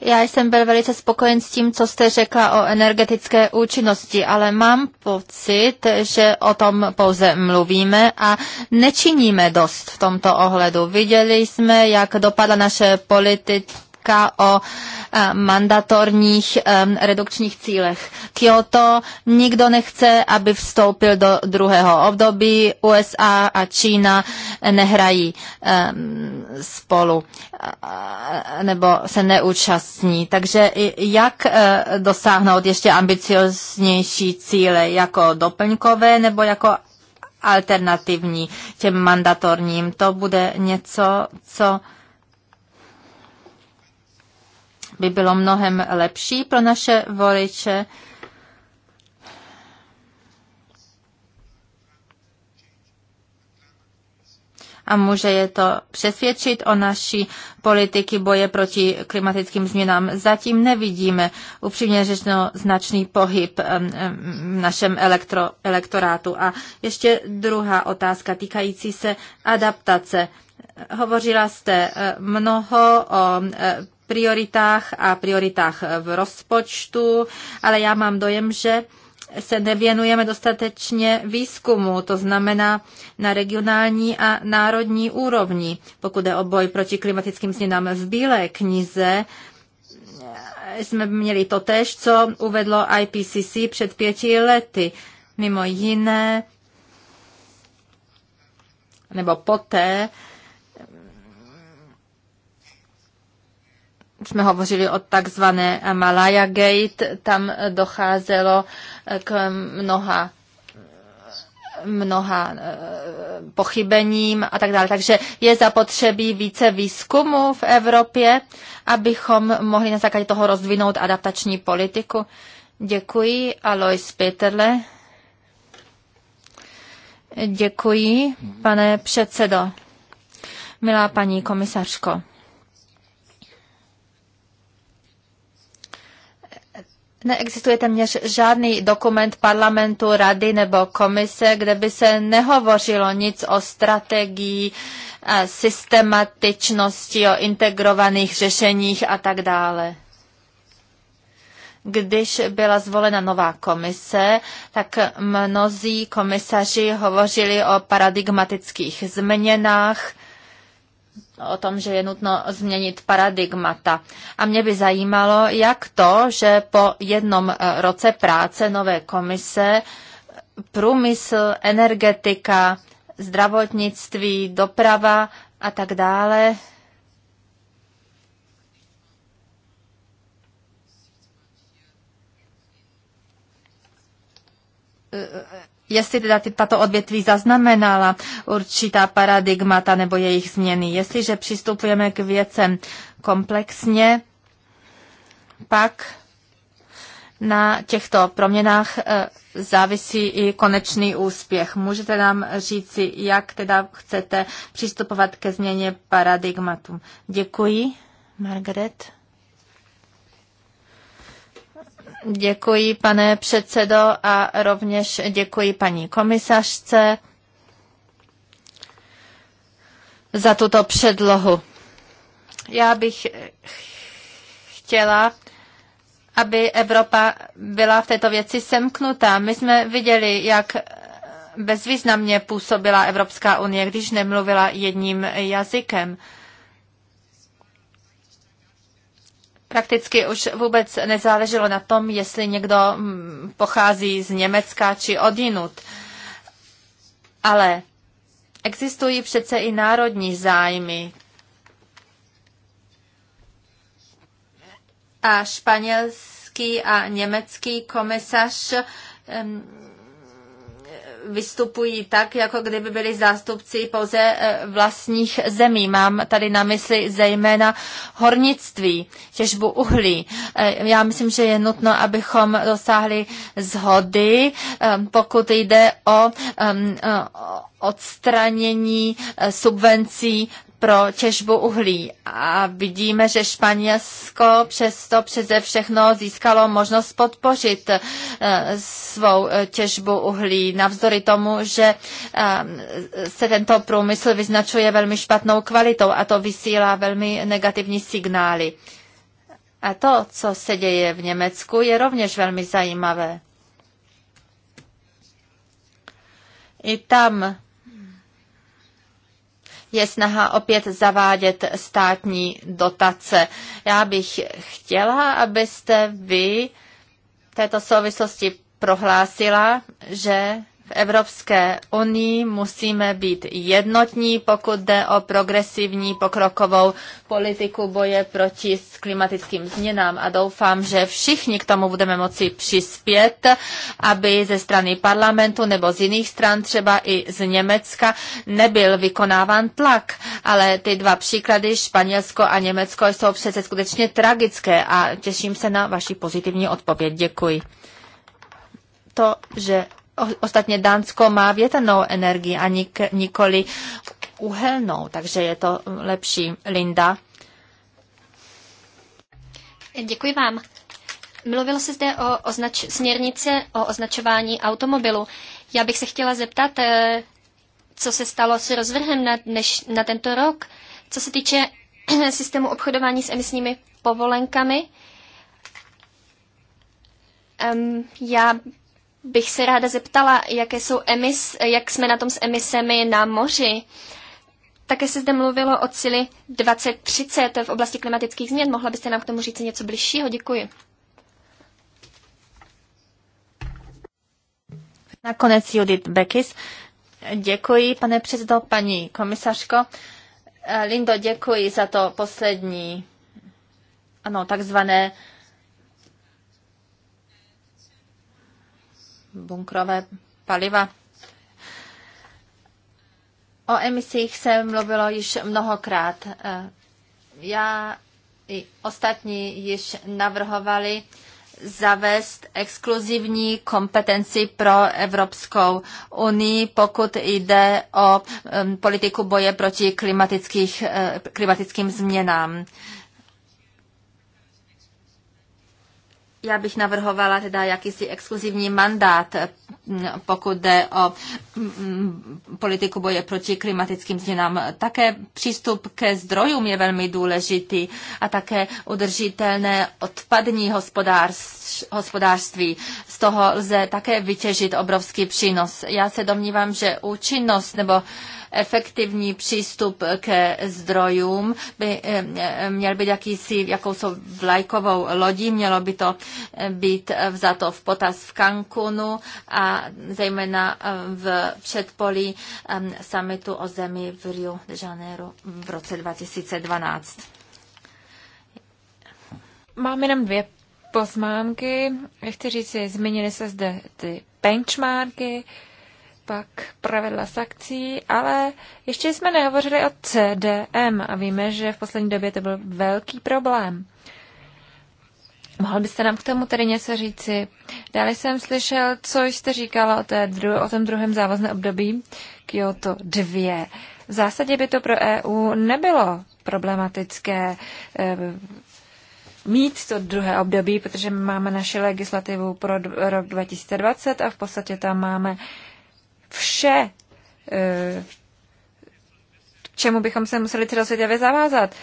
Já jsem byl velice spokojen s tím, co jste řekla o energetické účinnosti, ale mám pocit, že o tom pouze mluvíme a nečiníme dost v tomto ohledu. Viděli jsme, jak dopadla naše politika zmínka o eh, mandatorních eh, redukčních cílech. Kyoto nikdo nechce, aby vstoupil do druhého období. USA a Čína nehrají ehm, spolu eh, nebo se neúčastní. Takže jak dosáhnout ještě ambicioznější cíle jako doplňkové nebo jako alternativní těm mandatorním. To bude něco, co by bylo mnohem lepší pro naše voliče. a může je to přesvědčit o naší politiky boje proti klimatickým změnám. Zatím nevidíme upřímně řečeno značný pohyb v našem elektro, elektorátu. A ještě druhá otázka týkající se adaptace. Hovořila jste eh, mnoho o eh, prioritách a prioritách v rozpočtu, ale já mám dojem, že se nevěnujeme dostatečně výzkumu, to znamená na regionální a národní úrovni. Pokud je o boj proti klimatickým změnám v Bílé knize, jsme měli to tež, co uvedlo IPCC před pěti lety. Mimo jiné, nebo poté, jsme hovořili o takzvané Malaya Gate, tam docházelo k mnoha mnoha eh, pochybením a tak dále. Takže je zapotřebí více výzkumu v Evropě, abychom mohli na základě toho rozvinout adaptační politiku. Děkuji, Alois Peterle. Děkuji, pane předsedo. Milá paní komisařko. Neexistuje téměř žádný dokument parlamentu, rady nebo komise, kde by se nehovořilo nic o strategii, systematičnosti, o integrovaných řešeních a tak dále. Když byla zvolena nová komise, tak mnozí komisaři hovořili o paradigmatických změnách, o tom, že je nutno změnit paradigmata. A mě by zajímalo, jak to, že po jednom eh, roce práce nové komise průmysl, energetika, zdravotnictví, doprava a tak dále eh, jestli teda tato odvětví zaznamenala určitá paradigmata nebo jejich změny. Jestliže přistupujeme k věcem komplexně, pak na těchto proměnách eh, závisí i konečný úspěch. Můžete nám říci, jak teda chcete přistupovat ke změně paradigmatu. Děkuji, Margaret. Děkuji, pane předsedo, a rovněž děkuji paní komisařce za tuto předlohu. Já bych chtěla aby Evropa byla v této věci semknutá. My jsme viděli, jak bezvýznamně působila Evropská unie, když nemluvila jedním jazykem. prakticky už vůbec nezáleželo na tom, jestli někdo mm, pochází z Německa či odinut. Ale existují přece i národní zájmy. A španělský a německý komisař vystupují tak, jako kdyby byli zástupci pouze eh, vlastních zemí. Mám tady na mysli zejména hornictví, těžbu uhlí. Eh, já myslím, že je nutno, abychom dosáhli zhody, eh, pokud jde o odstranění subvencí pro těžbu uhlí. A vidíme, že Španělsko přesto přeze všechno získalo možnost podpořit eh, svou eh, těžbu uhlí, navzdory tomu, že eh, se tento průmysl vyznačuje velmi špatnou kvalitou a to vysílá velmi negativní signály. A to, co se děje v Německu, je rovněž velmi zajímavé. I tam je snaha opět zavádět státní dotace. Já bych chtěla, abyste vy této souvislosti prohlásila, že v Evropské unii musíme být jednotní, pokud jde o progresivní pokrokovou politiku boje proti klimatickým změnám a doufám, že všichni k tomu budeme moci přispět, aby ze strany parlamentu nebo z jiných stran, třeba i z Německa, nebyl vykonáván tlak. Ale ty dva příklady, Španělsko a Německo, jsou přece skutečně tragické a těším se na vaši pozitivní odpověď. Děkuji. To, že Ostatně Dánsko má větrnou energii a nik, nikoli uhelnou, takže je to lepší. Linda. Děkuji vám. Mluvilo se zde o označ- o označování automobilu. Já bych se chtěla zeptat, eh, co se stalo s rozvrhem na, než, na tento rok, co se týče systému obchodování s emisními povolenkami. Um, já bych se ráda zeptala, jaké jsou emis, jak jsme na tom s emisemi na moři. Také se zde mluvilo o cíli 2030 v oblasti klimatických změn. Mohla byste nám k tomu říct něco bližšího? Děkuji. Nakonec Judith Bekis. Děkuji, pane předsedo, paní komisařko. Eh, Lindo, děkuji za to poslední, ano, takzvané bunkrové paliva. O emisích se mluvilo již mnohokrát. Eh, já i ostatní již navrhovali zavést exkluzivní kompetenci pro Evropskou unii, pokud jde o politiku boje proti eh, klimatickým změnám. Já bych navrhovala teda jakýsi exkluzivní mandát, pokud jde o mm, politiku boje proti klimatickým změnám. Také přístup ke zdrojům je velmi důležitý a také udržitelné odpadní hospodářství. Z toho lze také vytěžit obrovský přínos. Já se domnívám, že účinnost nebo efektivní přístup ke zdrojům by eh, měl být jakýsi, jakousi vlajkovou lodí, mělo by to eh, být vzato v potaz v Cancunu a zejména eh, v předpolí summitu o zemi v Rio de Janeiro v roce 2012. máme jenom dvě poznámky. Chci říct, zmínili se zde ty benchmarky. Uh, pak pravidla akcí, ale ještě jsme nehovořili o CDM a víme, že v poslední době to byl velký problém. Mohl byste nám k tomu tedy něco říci? Dále jsem slyšel, co jste říkala o, té dru- o tom druhém závazném období Kyoto 2. V zásadě by to pro EU nebylo problematické e, mít to druhé období, protože máme naši legislativu pro rok 2020 a v podstatě tam máme e, vše, eh, čemu bychom se museli celosvětově zavázat.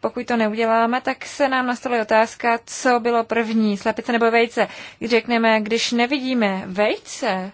Pokud to neuděláme, tak se nám nastala otázka, co bylo první, slepice nebo vejce. Když řekneme, když nevidíme vejce,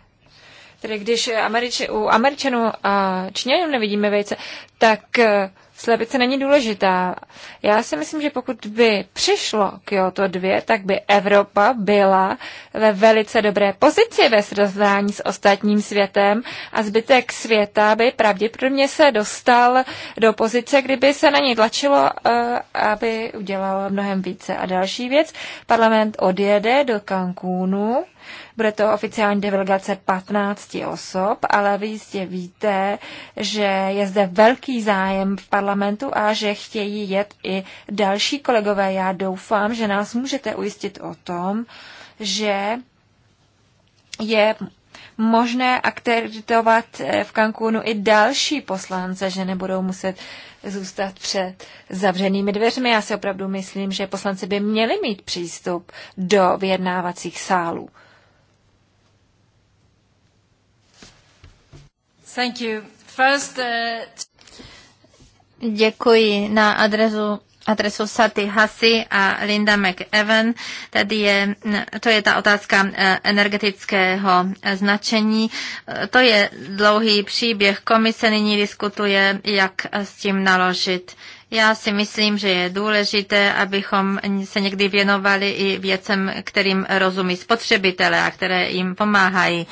tedy když Američ, u Američanů a Číňanů nevidíme vejce, tak eh, slepice není důležitá. Já si myslím, že pokud by přišlo Kyoto 2, tak by Evropa byla ve velice dobré pozici ve srovnání s ostatním světem a zbytek světa by pravděpodobně se dostal do pozice, kdyby se na něj tlačilo, eh, aby udělal mnohem více. A další věc, parlament odjede do Cancúnu, bude to oficiální delegace 15 osob, ale vy jistě víte, že je zde velký zájem v parlamentu a že chtějí jet i další kolegové. Já doufám, že nás můžete ujistit o tom, že je možné akreditovat eh, v Cancúnu i další poslance, že nebudou muset zůstat před zavřenými dveřmi. Já si opravdu myslím, že poslanci by měli mít přístup do vyjednávacích sálů. Thank you. First, uh... Děkuji na adresu adresu Saty Hasi a Linda McEwen. Tady je, to je ta otázka uh, energetického uh, značení. Uh, to je dlouhý příběh. Komise nyní diskutuje, jak s tím naložit. Já si myslím, že je důležité, abychom se někdy věnovali i věcem, kterým rozumí spotřebitele a které jim pomáhají.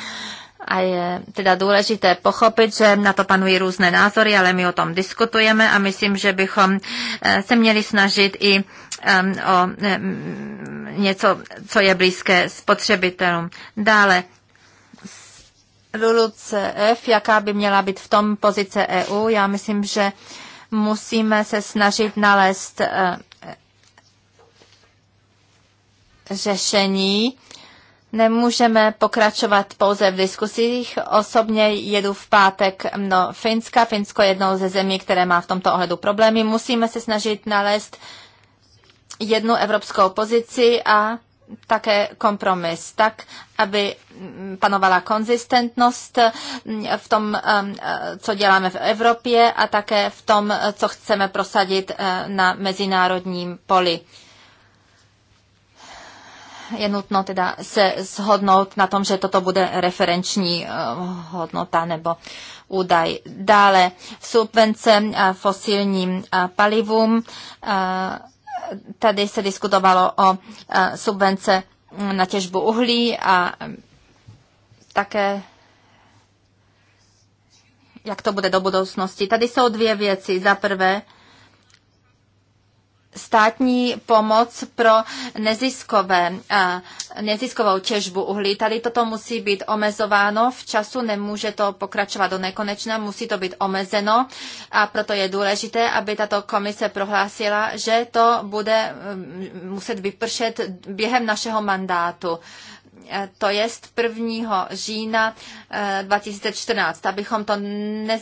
A je teda důležité pochopit, že na to panují různé názory, ale my o tom diskutujeme a myslím, že bychom eh, se měli snažit i o něco, co je blízké spotřebitelům. Dále LULUCF, jaká by měla být v tom pozice EU. Já myslím, že musíme se snažit nalézt eh, řešení, Nemůžeme pokračovat pouze v diskusích. Osobně jedu v pátek do Finska. Finsko je jednou ze zemí, které má v tomto ohledu problémy. Musíme se snažit nalézt jednu evropskou pozici a také kompromis, tak, aby panovala konzistentnost v tom, um, co děláme v Evropě a také v tom, co chceme prosadit uh, na mezinárodním poli je nutno teda se shodnout na tom, že toto bude referenční eh, hodnota nebo údaj. Dále subvence eh, fosilním eh, palivům. Tady se diskutovalo o subvence mm, na těžbu uhlí a mm, také jak to bude do budoucnosti. Tady jsou dvě věci. Za prvé, státní pomoc pro neziskové, eh, neziskovou těžbu uhlí. Tady toto musí být omezováno v času, nemůže to pokračovat do nekonečna, musí to být omezeno a proto je důležité, aby tato komise prohlásila, že to bude eh, muset vypršet během našeho mandátu. Eh, to jest 1. října 2014, eh, abychom to, ne,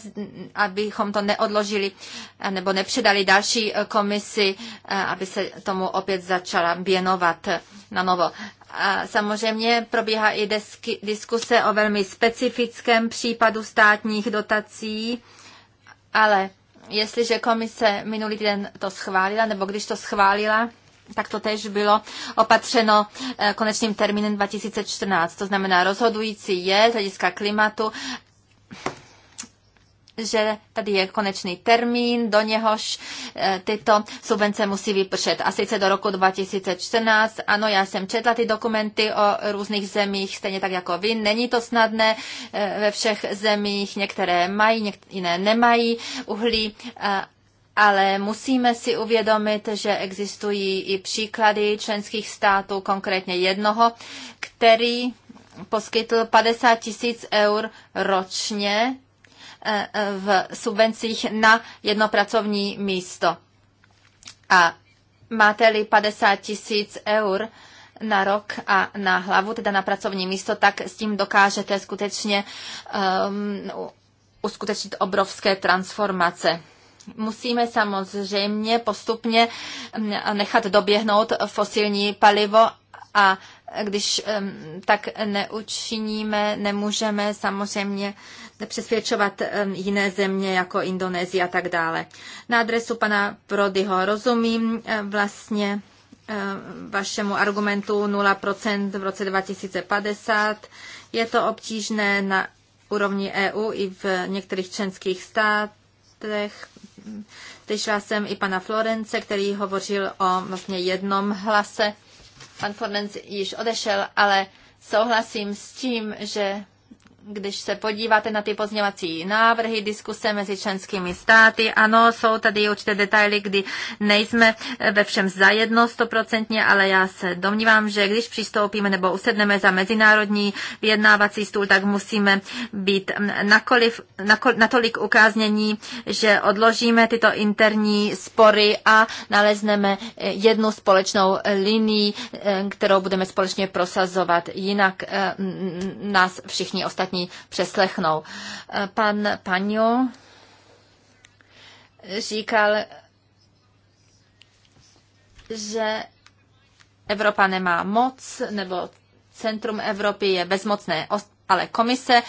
abychom to neodložili eh, nebo nepředali další komisi, aby se tomu opět začala věnovat na novo. A samozřejmě probíhá i desky, diskuse o velmi specifickém případu státních dotací, ale jestliže komise minulý týden to schválila, nebo když to schválila, tak to tež bylo opatřeno eh, konečným termínem 2014. To znamená, rozhodující je z hlediska klimatu, že tady je konečný termín, do něhož eh, tyto subvence musí vypršet. A sice do roku 2014. Ano, já jsem četla ty dokumenty o různých zemích, stejně tak jako vy. Není to snadné eh, ve všech zemích. Některé mají, jiné nemají uhlí ale musíme si uvědomit, že existují i příklady členských států, konkrétně jednoho, který poskytl 50 tisíc eur ročně eh, eh, v subvencích na jedno pracovní místo. A máte-li 50 tisíc eur na rok a na hlavu, teda na pracovní místo, tak s tím dokážete skutečně um, uskutečnit obrovské transformace. Musíme samozřejmě postupně mm, nechat doběhnout fosilní palivo a když mm, tak neučiníme, nemůžeme samozřejmě přesvědčovat mm, jiné země jako Indonésie a tak dále. Na adresu pana Prodyho rozumím vlastně vašemu argumentu 0% v roce 2050. Je to obtížné na úrovni EU i v některých členských státech, Slyšela jsem i pana Florence, který hovořil o vlastně jednom hlase. Pan Florence již odešel, ale souhlasím s tím, že když se podíváte na ty pozměvací návrhy, diskuse mezi členskými státy, ano, jsou tady určité detaily, kdy nejsme ve všem zajedno stoprocentně, ale já se domnívám, že když přistoupíme nebo usedneme za mezinárodní vyjednávací stůl, tak musíme být nakoliv, nakol, natolik ukáznění, že odložíme tyto interní spory a nalezneme jednu společnou linii, eh, kterou budeme společně prosazovat. Jinak eh, nás všichni ostatní všichni přeslechnou. Eh, pan Paňo říkal, že Evropa nemá moc, nebo centrum Evropy je bezmocné, ale komise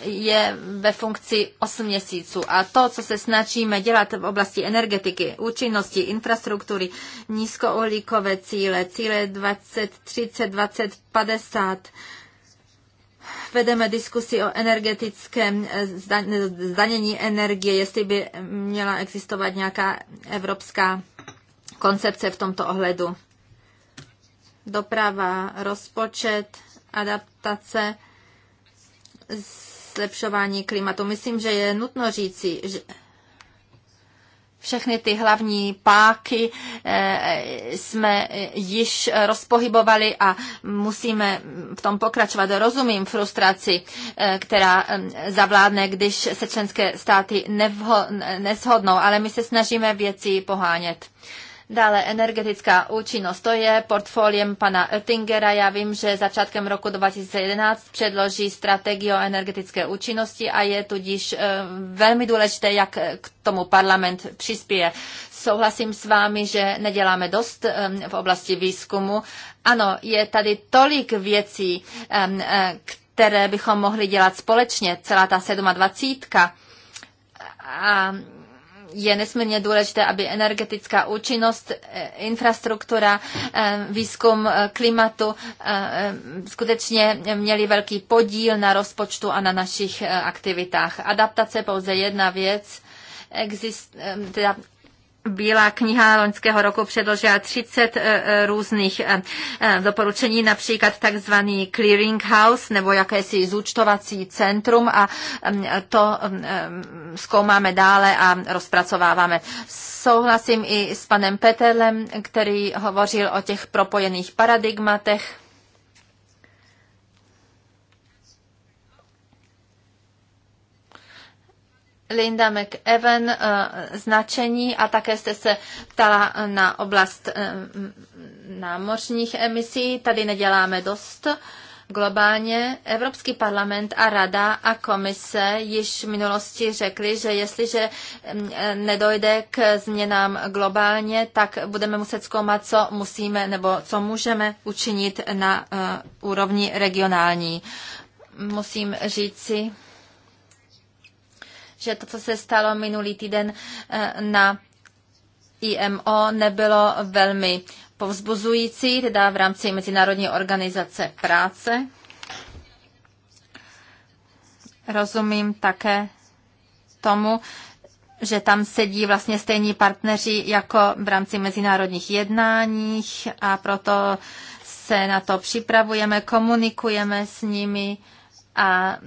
je ve funkci 8 měsíců a to, co se snažíme dělat v oblasti energetiky, účinnosti, infrastruktury, nízkouhlíkové cíle, cíle 20, 30, 20, 50, vedeme diskusi o energetickém eh, zdanění energie, jestli by měla existovat nějaká evropská koncepce v tomto ohledu. Doprava, rozpočet, adaptace, zlepšování klimatu. Myslím, že je nutno říci, že všechny ty hlavní páky eh, jsme již rozpohybovali a musíme v tom pokračovat. Rozumím frustraci, eh, která zavládne, když se členské státy nevho, neshodnou, ale my se snažíme věci pohánět. Dále energetická účinnost. To je portfoliem pana Oettingera. Já vím, že začátkem roku 2011 předloží strategii o energetické účinnosti a je tudíž eh, velmi důležité, jak k tomu parlament přispěje. Souhlasím s vámi, že neděláme dost eh, v oblasti výzkumu. Ano, je tady tolik věcí, eh, které bychom mohli dělat společně, celá ta 27. A je nesmírně důležité, aby energetická účinnost, eh, infrastruktura, eh, výzkum eh, klimatu skutečně měli velký podíl na rozpočtu a na našich aktivitách. Adaptace pouze jedna věc, exist, teda Bílá kniha loňského roku předložila 30 eh, eh, různých eh, doporučení, například takzvaný clearing house nebo jakési zúčtovací centrum a mm, to mm, zkoumáme dále a rozpracováváme. Souhlasím i s panem Petelem, který hovořil o těch propojených paradigmatech Linda McEwen eh, značení a také jste se ptala na oblast eh, námořních emisí. Tady neděláme dost. Globálně Evropský parlament a Rada a komise již v minulosti řekli, že jestliže mm, eh, nedojde k změnám globálně, tak budeme muset zkoumat, co musíme nebo co můžeme učinit na úrovni regionální. Musím říci, si že to, co se stalo minulý týden eh, na IMO, nebylo velmi povzbuzující, teda v rámci Mezinárodní organizace práce. Rozumím také tomu, že tam sedí vlastně stejní partneři jako v rámci mezinárodních jednáních a proto se na to připravujeme, komunikujeme s nimi a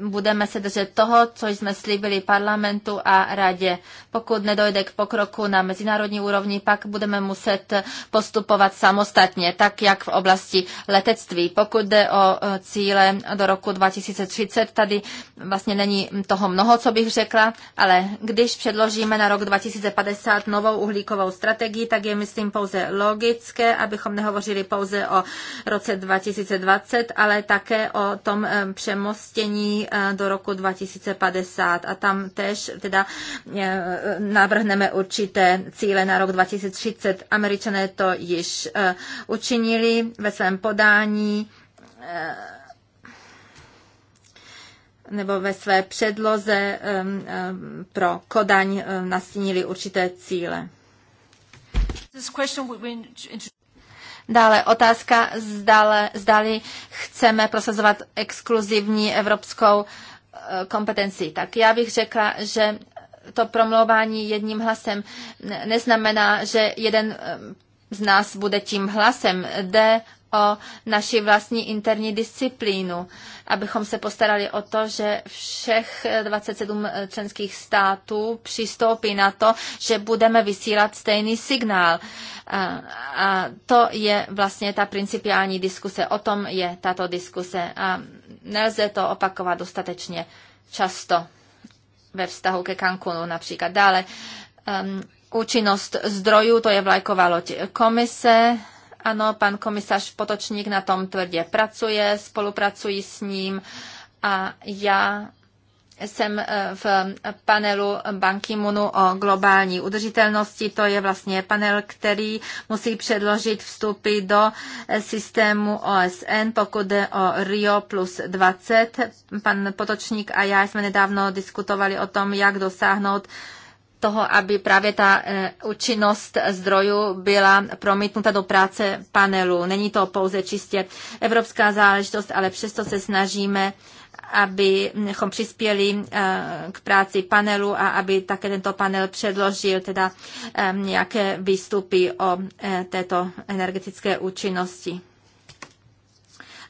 budeme se držet toho, co jsme slíbili parlamentu a radě. Pokud nedojde k pokroku na mezinárodní úrovni, pak budeme muset postupovat samostatně, tak jak v oblasti letectví. Pokud jde o e, cíle do roku 2030, tady vlastně není toho mnoho, co bych řekla, ale když předložíme na rok 2050 novou uhlíkovou strategii, tak je myslím pouze logické, abychom nehovořili pouze o roce 2020, ale také o tom e, přemostění do roku 2050 a tam tež teda e, navrhneme určité cíle na rok 2030. Američané to již e, učinili ve svém podání e, nebo ve své předloze pro Kodaň nastínili určité cíle. Dále otázka, zdále, zdali chceme prosazovat exkluzivní evropskou eh, kompetenci. Tak já bych řekla, že to promlouvání jedním hlasem neznamená, že jeden eh, z nás bude tím hlasem. Jde o naši vlastní interní disciplínu, abychom se postarali o to, že všech 27 členských států přistoupí na to, že budeme vysílat stejný signál. A, a to je vlastně ta principiální diskuse. O tom je tato diskuse. A nelze to opakovat dostatečně často ve vztahu ke Cancunu například. Dále um, účinnost zdrojů, to je vlajková loď komise, ano, pan komisař Potočník na tom tvrdě pracuje, spolupracuji s ním a já jsem eh, v panelu Banky Munu o globální udržitelnosti. To je vlastně panel, který musí předložit vstupy do systému OSN, pokud jde o Rio plus 20. Pan Potočník a já jsme nedávno diskutovali o tom, jak dosáhnout toho, aby právě ta eh, účinnost zdrojů byla promítnuta do práce panelu. Není to pouze čistě evropská záležitost, ale přesto se snažíme abychom přispěli eh, k práci panelu a aby také tento panel předložil teda eh, nějaké výstupy o této energetické účinnosti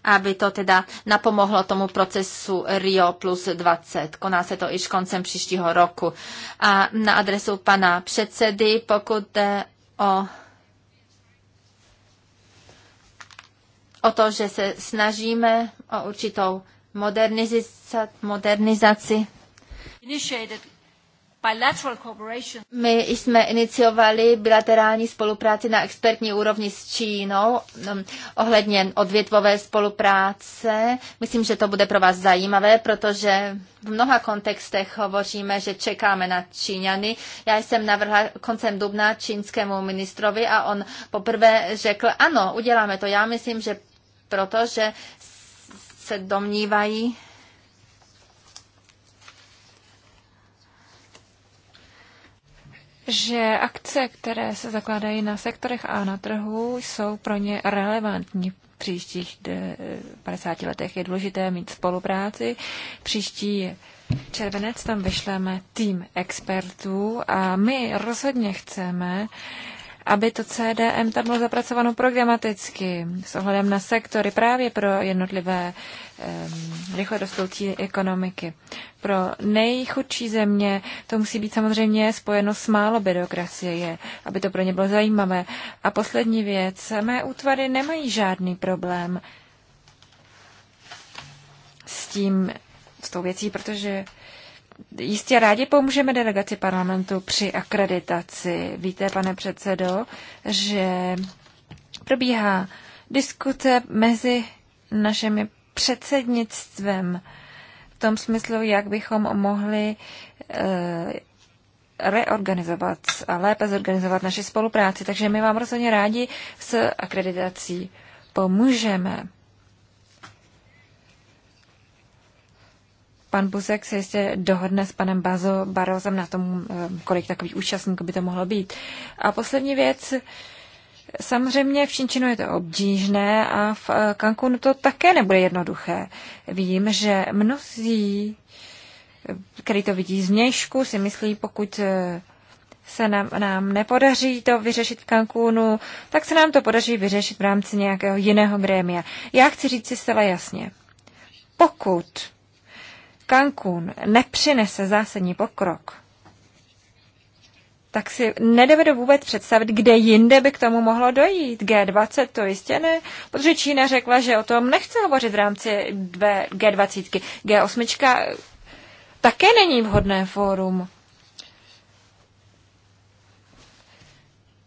aby to teda napomohlo tomu procesu Rio plus 20. Koná se to již koncem příštího roku. A na adresu pana předsedy, pokud jde o o to, že se snažíme o určitou modernizaci, modernizaci my jsme iniciovali bilaterální spolupráci na expertní úrovni s Čínou mm, ohledně odvětvové spolupráce. Myslím, že to bude pro vás zajímavé, protože v mnoha kontextech hovoříme, že čekáme na Číňany. Já jsem navrhla koncem dubna čínskému ministrovi a on poprvé řekl, ano, uděláme to. Já myslím, že protože se domnívají, že akce, které se zakládají na sektorech a na trhu, jsou pro ně relevantní v příštích 50 letech. Je důležité mít spolupráci. Příští červenec tam vyšleme tým expertů a my rozhodně chceme, aby to CDM tam bylo zapracováno programaticky s ohledem na sektory právě pro jednotlivé um, rychle rostoucí ekonomiky. Pro nejchudší země to musí být samozřejmě spojeno s málo byrokracie, aby to pro ně bylo zajímavé. A poslední věc, mé útvary nemají žádný problém s tím, s tou věcí, protože Jistě rádi pomůžeme delegaci parlamentu při akreditaci. Víte, pane předsedo, že probíhá diskuce mezi našimi předsednictvem v tom smyslu, jak bychom mohli e, reorganizovat a lépe zorganizovat naši spolupráci. Takže my vám rozhodně rádi s akreditací pomůžeme. Pan Busek se jistě dohodne s panem Bazo Barozem na tom, eh, kolik takových účastníků by to mohlo být. A poslední věc, Samozřejmě v Čínčinu je to obtížné a v eh, Cancunu to také nebude jednoduché. Vím, že mnozí, eh, který to vidí z mějšku, si myslí, pokud se nám, nám nepodaří to vyřešit v Cancúnu, tak se nám to podaří vyřešit v rámci nějakého jiného grémia. Já chci říct si zcela jasně, pokud Cancún nepřinese zásadní pokrok, tak si nedovedu vůbec představit, kde jinde by k tomu mohlo dojít. G20 to jistě ne, protože Čína řekla, že o tom nechce hovořit v rámci G20. G8 také není vhodné fórum.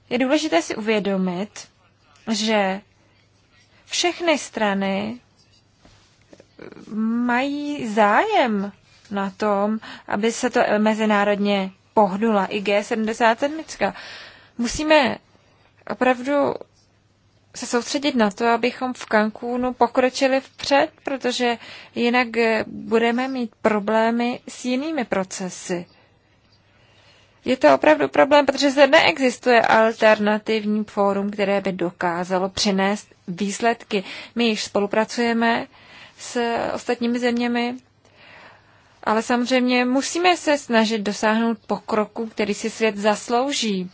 Je důležité si uvědomit, že všechny strany mají zájem na tom, aby se to mezinárodně pohnula i G77. Musíme opravdu se soustředit na to, abychom v Cancúnu pokročili vpřed, protože jinak budeme mít problémy s jinými procesy. Je to opravdu problém, protože zde neexistuje alternativní fórum, které by dokázalo přinést výsledky. My již spolupracujeme s ostatními zeměmi. Ale samozřejmě musíme se snažit dosáhnout pokroku, který si svět zaslouží.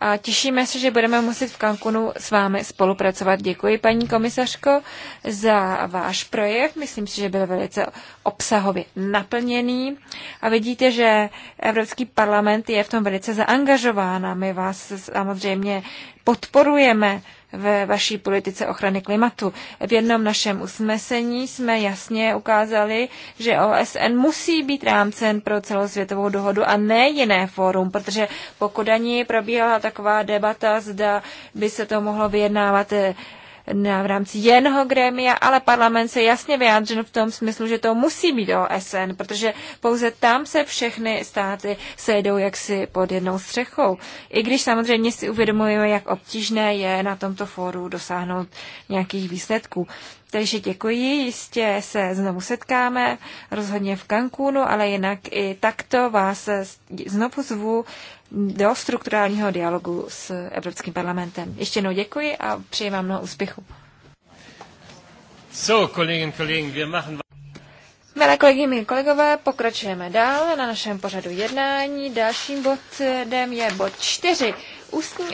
A těšíme se, že budeme muset v Cancunu s vámi spolupracovat. Děkuji, paní komisařko, za váš projev. Myslím si, že byl velice obsahově naplněný. A vidíte, že Evropský parlament je v tom velice zaangažován a my vás samozřejmě podporujeme ve vaší politice ochrany klimatu. V jednom našem usnesení jsme jasně ukázali, že OSN musí být rámcen pro celosvětovou dohodu a ne jiné fórum, protože pokud ani probíhala taková debata, zda by se to mohlo vyjednávat na, v rámci jednoho grémia, ale parlament se jasně vyjádřil v tom smyslu, že to musí být OSN, protože pouze tam se všechny státy sejdou jaksi pod jednou střechou. I když samozřejmě si uvědomujeme, jak obtížné je na tomto fóru dosáhnout nějakých výsledků. Takže děkuji, jistě se znovu setkáme, rozhodně v Cancúnu, ale jinak i takto vás znovu zvu do strukturálního dialogu s Evropským parlamentem. Ještě jednou děkuji a přeji vám mnoho úspěchu. So, kolegen, kolegen, wir machen... Milé kolegy, milí kolegové, pokračujeme dál na našem pořadu jednání. Dalším bodem je bod 4. Ústní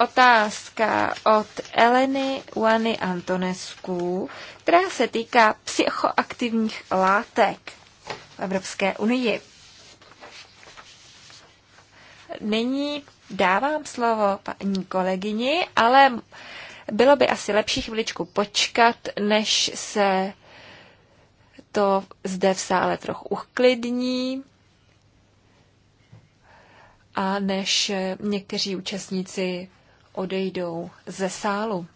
otázka od Eleny Uany Antonescu, která se týká psychoaktivních látek v Evropské unii. Nyní dávám slovo paní kolegyni, ale bylo by asi lepší chviličku počkat, než se to zde v sále trochu uklidní a než někteří účastníci odejdou ze sálu.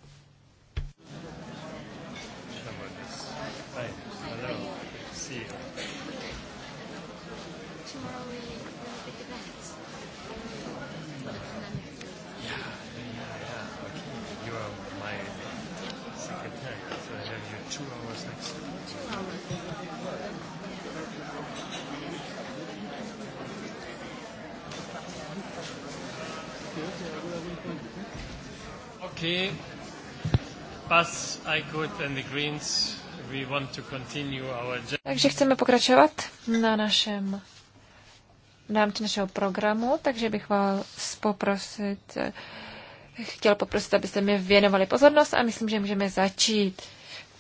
Okay. Pass, I could, and the Greens, we want to continue our... Takže chceme pokračovat na našem na našeho programu, takže bych vás poprosit, chtěl poprosit, abyste mi věnovali pozornost a myslím, že můžeme začít.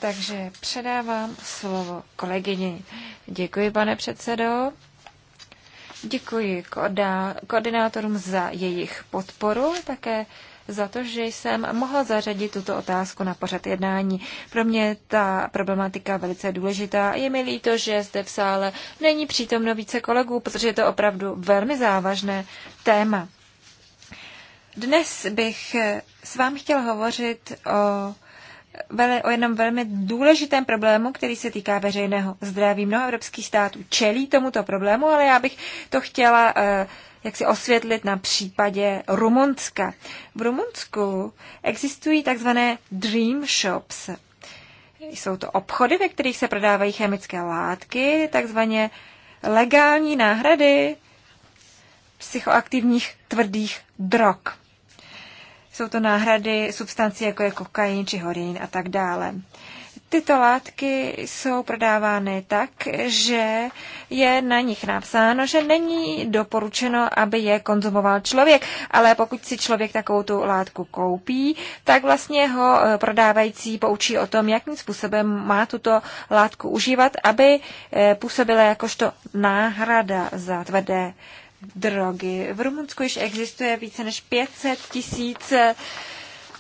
Takže předávám slovo kolegyni. Děkuji, pane předsedo. Děkuji koordinátorům za jejich podporu, také za to, že jsem mohla zařadit tuto otázku na pořad jednání. Pro mě ta problematika velice důležitá. Je mi líto, že zde v sále není přítomno více kolegů, protože je to opravdu velmi závažné téma. Dnes bych s vámi chtěl hovořit o o jednom velmi důležitém problému, který se týká veřejného zdraví. Mnoho evropských států čelí tomuto problému, ale já bych to chtěla eh, jak si osvětlit na případě Rumunska. V Rumunsku existují takzvané dream shops. Jsou to obchody, ve kterých se prodávají chemické látky, takzvané legální náhrady psychoaktivních tvrdých drog. Jsou to náhrady substancí jako je kokain či horín a tak dále. Tyto látky jsou prodávány tak, že je na nich napsáno, že není doporučeno, aby je konzumoval člověk, ale pokud si člověk takovou tu látku koupí, tak vlastně ho eh, prodávající poučí o tom, jakým způsobem má tuto látku užívat, aby eh, působila jakožto náhrada za tvrdé drogy. V Rumunsku již existuje více než 500 tisíc eh,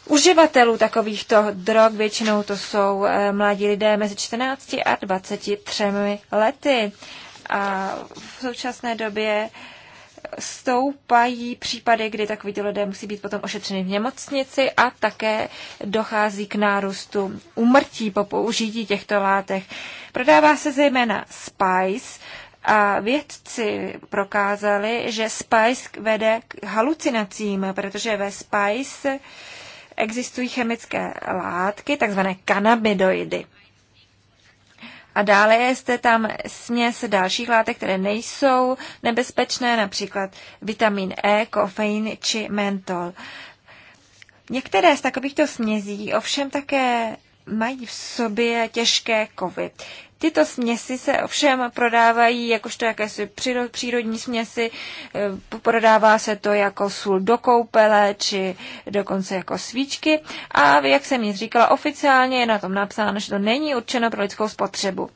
uživatelů takovýchto drog. Většinou to jsou eh, mladí lidé mezi 14 a 23 lety. A v současné době stoupají případy, kdy takový lidé musí být potom ošetřeny v nemocnici a také dochází k nárůstu umrtí po použití těchto látek. Prodává se zejména Spice, a vědci prokázali, že spice vede k halucinacím, protože ve spice existují chemické látky, takzvané kanabidoidy. A dále je zde tam směs dalších látek, které nejsou nebezpečné, například vitamin E, kofein či mentol. Některé z takovýchto smězí ovšem také mají v sobě těžké kovy. Tyto směsi se ovšem prodávají jakožto jakési přírodní směsi, eh, prodává se to jako sůl do koupele či dokonce jako svíčky a jak jsem již říkala, oficiálně je na tom napsáno, že to není určeno pro lidskou spotřebu.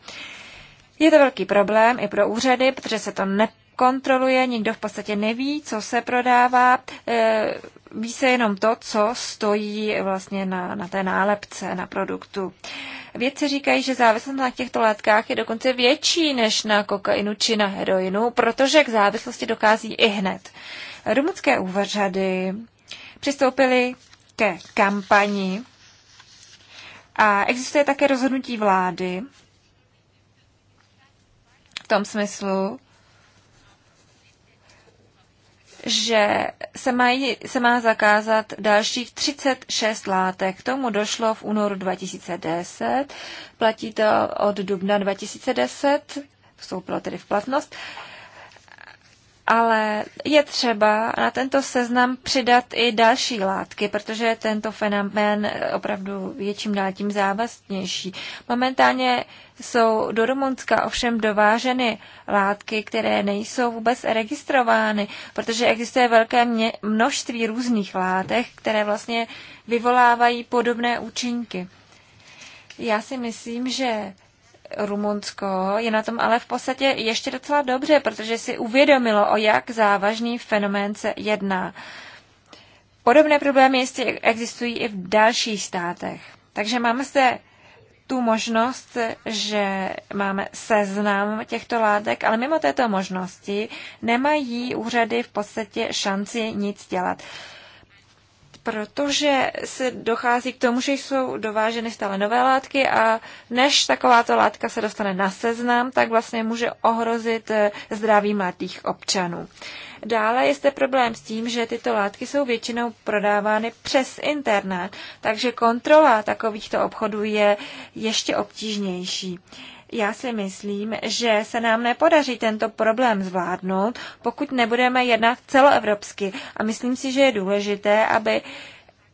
Je to velký problém i pro úřady, protože se to ne kontroluje, nikdo v podstatě neví, co se prodává. Eh, ví se jenom to, co stojí vlastně na, na té nálepce, na produktu. Vědci říkají, že závislost na těchto látkách je dokonce větší než na kokainu či na heroinu, protože k závislosti dokází i hned. Rumunské úřady přistoupily ke kampani a existuje také rozhodnutí vlády v tom smyslu, že se, mají, se má zakázat dalších 36 látek. K tomu došlo v únoru 2010, platí to od dubna 2010, vstoupilo tedy v platnost ale je třeba na tento seznam přidat i další látky, protože tento fenomén opravdu je čím dál tím závastnější. Momentálně jsou do Rumunska ovšem dováženy látky, které nejsou vůbec registrovány, protože existuje velké množství různých látek, které vlastně vyvolávají podobné účinky. Já si myslím, že Rumunsko je na tom ale v podstatě ještě docela dobře, protože si uvědomilo, o jak závažný fenomén se jedná. Podobné problémy jistě existují i v dalších státech. Takže máme se tu možnost, že máme seznam těchto látek, ale mimo této možnosti nemají úřady v podstatě šanci nic dělat protože se dochází k tomu, že jsou dováženy stále nové látky a než takováto látka se dostane na seznam, tak vlastně může ohrozit eh, zdraví mladých občanů. Dále je zde problém s tím, že tyto látky jsou většinou prodávány přes internet, takže kontrola takovýchto obchodů je ještě obtížnější já si myslím, že se nám nepodaří tento problém zvládnout, pokud nebudeme jednat celoevropsky. A myslím si, že je důležité, aby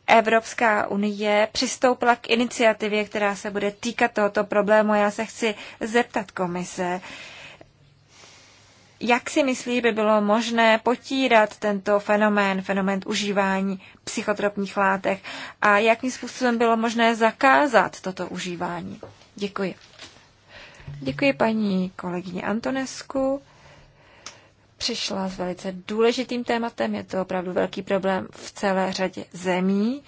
Evropská unie přistoupila k iniciativě, která se bude týkat tohoto problému. Já se chci zeptat komise, jak si myslí, by bylo možné potírat tento fenomén, fenomén užívání psychotropních látek a jakým způsobem bylo možné zakázat toto užívání? Děkuji. Děkuji paní kolegyně Antonesku. Přišla s velice důležitým tématem, je to opravdu velký problém v celé řadě zemí.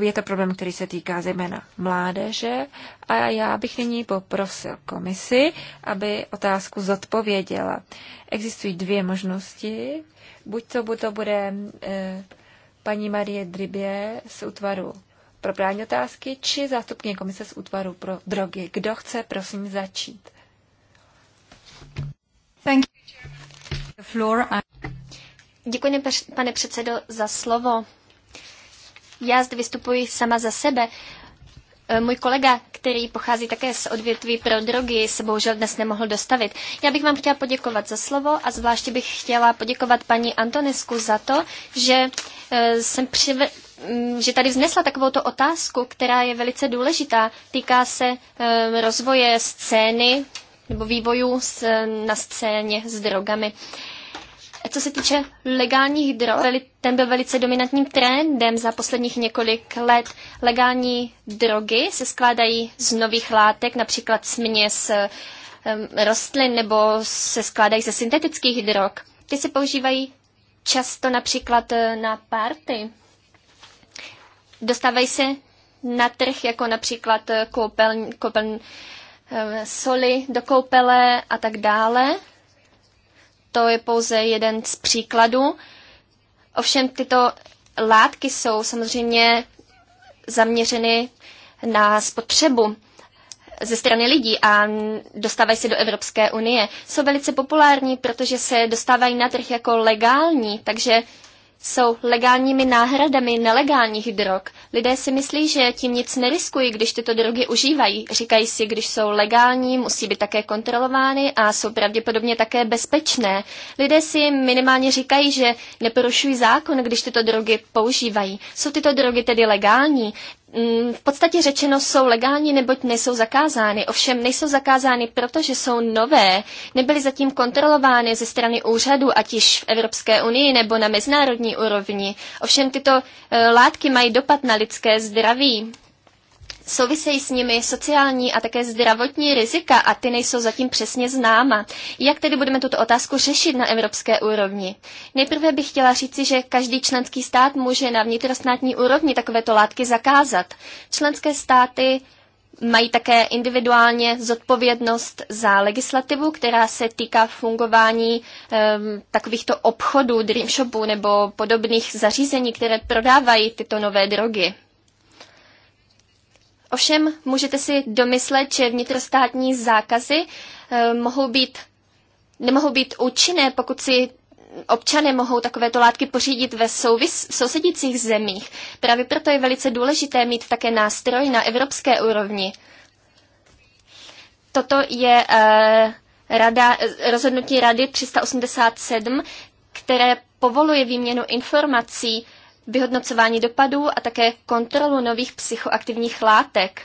Je to problém, který se týká zejména mládeže a já bych nyní poprosil komisi, aby otázku zodpověděla. Existují dvě možnosti. Buď to, buď to bude eh, paní Marie Dribě z útvaru pro právní otázky či zástupně komise z útvaru pro drogy. Kdo chce, prosím, začít. Thank you. The floor. Děkuji, pane předsedo, za slovo. Já zde vystupuji sama za sebe. E, můj kolega, který pochází také z odvětví pro drogy, se bohužel dnes nemohl dostavit. Já bych vám chtěla poděkovat za slovo a zvláště bych chtěla poděkovat paní Antonesku za to, že e, jsem přive- Mm, že tady vznesla takovou otázku, která je velice důležitá. Týká se eh, rozvoje scény nebo vývojů eh, na scéně s drogami. Co se týče legálních drog, ten byl velice dominantním trendem za posledních několik let. Legální drogy se skládají z nových látek, například směs eh, rostlin nebo se skládají ze syntetických drog. Ty se používají často například na party dostávají se na trh, jako například koupel, eh, koupel eh, soli do koupele a tak dále. To je pouze jeden z příkladů. Ovšem tyto látky jsou samozřejmě zaměřeny na spotřebu ze strany lidí a dostávají se do Evropské unie. Jsou velice populární, protože se dostávají na trh jako legální, takže jsou legálními náhradami nelegálních drog. Lidé si myslí, že tím nic neriskují, když tyto drogy užívají. Říkají si, když jsou legální, musí být také kontrolovány a jsou pravděpodobně také bezpečné. Lidé si minimálně říkají, že neporušují zákon, když tyto drogy používají. Jsou tyto drogy tedy legální? Mm, v podstatě řečeno jsou legální, neboť nejsou zakázány. Ovšem nejsou zakázány, protože jsou nové, nebyly zatím kontrolovány ze strany úřadu, ať již v Evropské unii nebo na mezinárodní úrovni. Ovšem tyto eh, látky mají dopad na lidské zdraví souvisejí s nimi sociální a také zdravotní rizika a ty nejsou zatím přesně známa. Jak tedy budeme tuto otázku řešit na evropské úrovni? Nejprve bych chtěla říci, že každý členský stát může na vnitrostátní úrovni takovéto látky zakázat. Členské státy mají také individuálně zodpovědnost za legislativu, která se týká fungování um, takovýchto obchodů, dream shopů nebo podobných zařízení, které prodávají tyto nové drogy. Ovšem můžete si domyslet, že vnitrostátní zákazy eh, mohou být, nemohou být účinné, pokud si občané mohou takovéto látky pořídit ve souvis, sousedících zemích. Právě proto je velice důležité mít také nástroj na evropské úrovni. Toto je eh, rada, eh, rozhodnutí Rady 387, které povoluje výměnu informací vyhodnocování dopadů a také kontrolu nových psychoaktivních látek.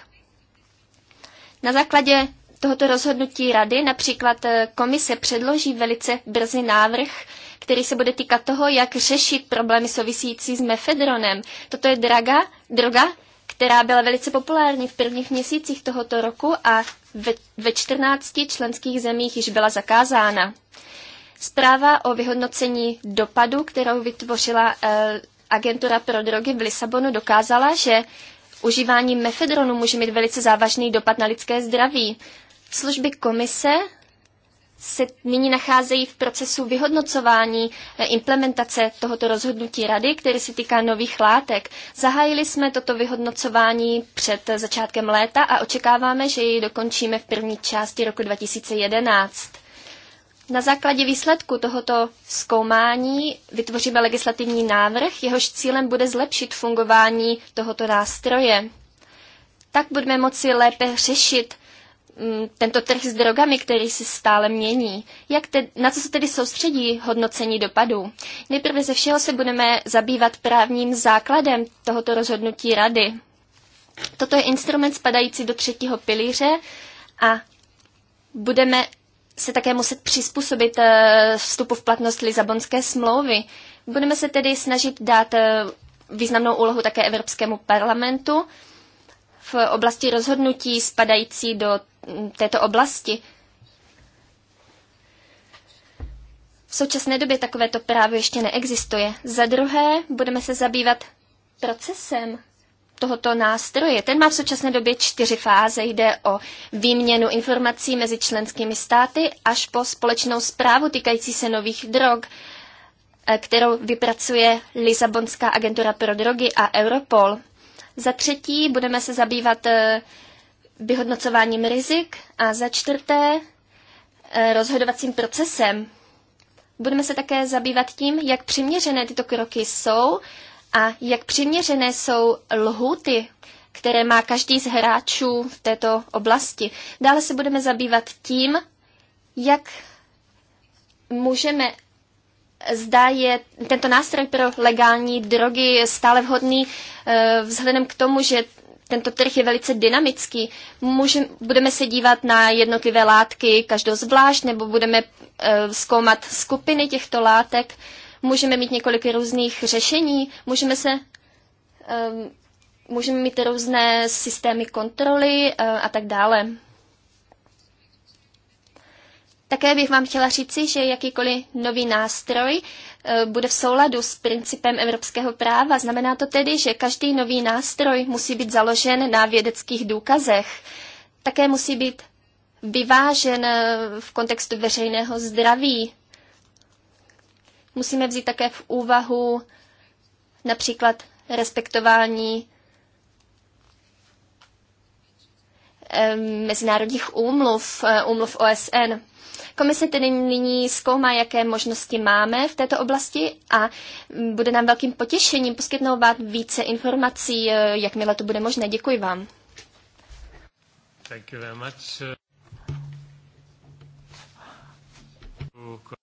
Na základě tohoto rozhodnutí rady například eh, komise předloží velice brzy návrh, který se bude týkat toho, jak řešit problémy související s mefedronem. Toto je draga, droga, která byla velice populární v prvních měsících tohoto roku a ve, ve 14 členských zemích již byla zakázána. Zpráva o vyhodnocení dopadu, kterou vytvořila eh, agentura pro drogy v Lisabonu dokázala, že užívání mefedronu může mít velice závažný dopad na lidské zdraví. Služby komise se nyní nacházejí v procesu vyhodnocování eh, implementace tohoto rozhodnutí rady, který se týká nových látek. Zahájili jsme toto vyhodnocování před začátkem léta a očekáváme, že ji dokončíme v první části roku 2011. Na základě výsledku tohoto zkoumání vytvoříme legislativní návrh, jehož cílem bude zlepšit fungování tohoto nástroje. Tak budeme moci lépe řešit mm, tento trh s drogami, který se stále mění. Jak te, na co se tedy soustředí hodnocení dopadů? Nejprve ze všeho se budeme zabývat právním základem tohoto rozhodnutí rady. Toto je instrument spadající do třetího pilíře a budeme se také muset přizpůsobit eh, vstupu v platnost Lisabonské smlouvy. Budeme se tedy snažit dát eh, významnou úlohu také Evropskému parlamentu v oblasti rozhodnutí spadající do mm, této oblasti. V současné době takovéto právo ještě neexistuje. Za druhé, budeme se zabývat procesem tohoto nástroje. Ten má v současné době čtyři fáze. Jde o výměnu informací mezi členskými státy až po společnou zprávu týkající se nových drog, eh, kterou vypracuje Lisabonská agentura pro drogy a Europol. Za třetí budeme se zabývat eh, vyhodnocováním rizik a za čtvrté eh, rozhodovacím procesem. Budeme se také zabývat tím, jak přiměřené tyto kroky jsou a jak přiměřené jsou lhuty, které má každý z hráčů v této oblasti? Dále se budeme zabývat tím, jak můžeme zda je tento nástroj pro legální drogy stále vhodný eh, vzhledem k tomu, že tento trh je velice dynamický. Můžem, budeme se dívat na jednotlivé látky každou zvlášť, nebo budeme eh, zkoumat skupiny těchto látek. Můžeme mít několik různých řešení, můžeme se um, můžeme mít různé systémy kontroly eh, a tak dále. Také bych vám chtěla říci, že jakýkoliv nový nástroj eh, bude v souladu s principem evropského práva. Znamená to tedy, že každý nový nástroj musí být založen na vědeckých důkazech. Také musí být vyvážen eh, v kontextu veřejného zdraví. Musíme vzít také v úvahu například respektování mezinárodních úmluv, eh, úmluv OSN. Komise tedy nyní zkoumá, jaké možnosti máme v této oblasti a mm, bude nám velkým potěšením poskytnout více informací, eh, jakmile to bude možné. Děkuji vám. Thank you very much.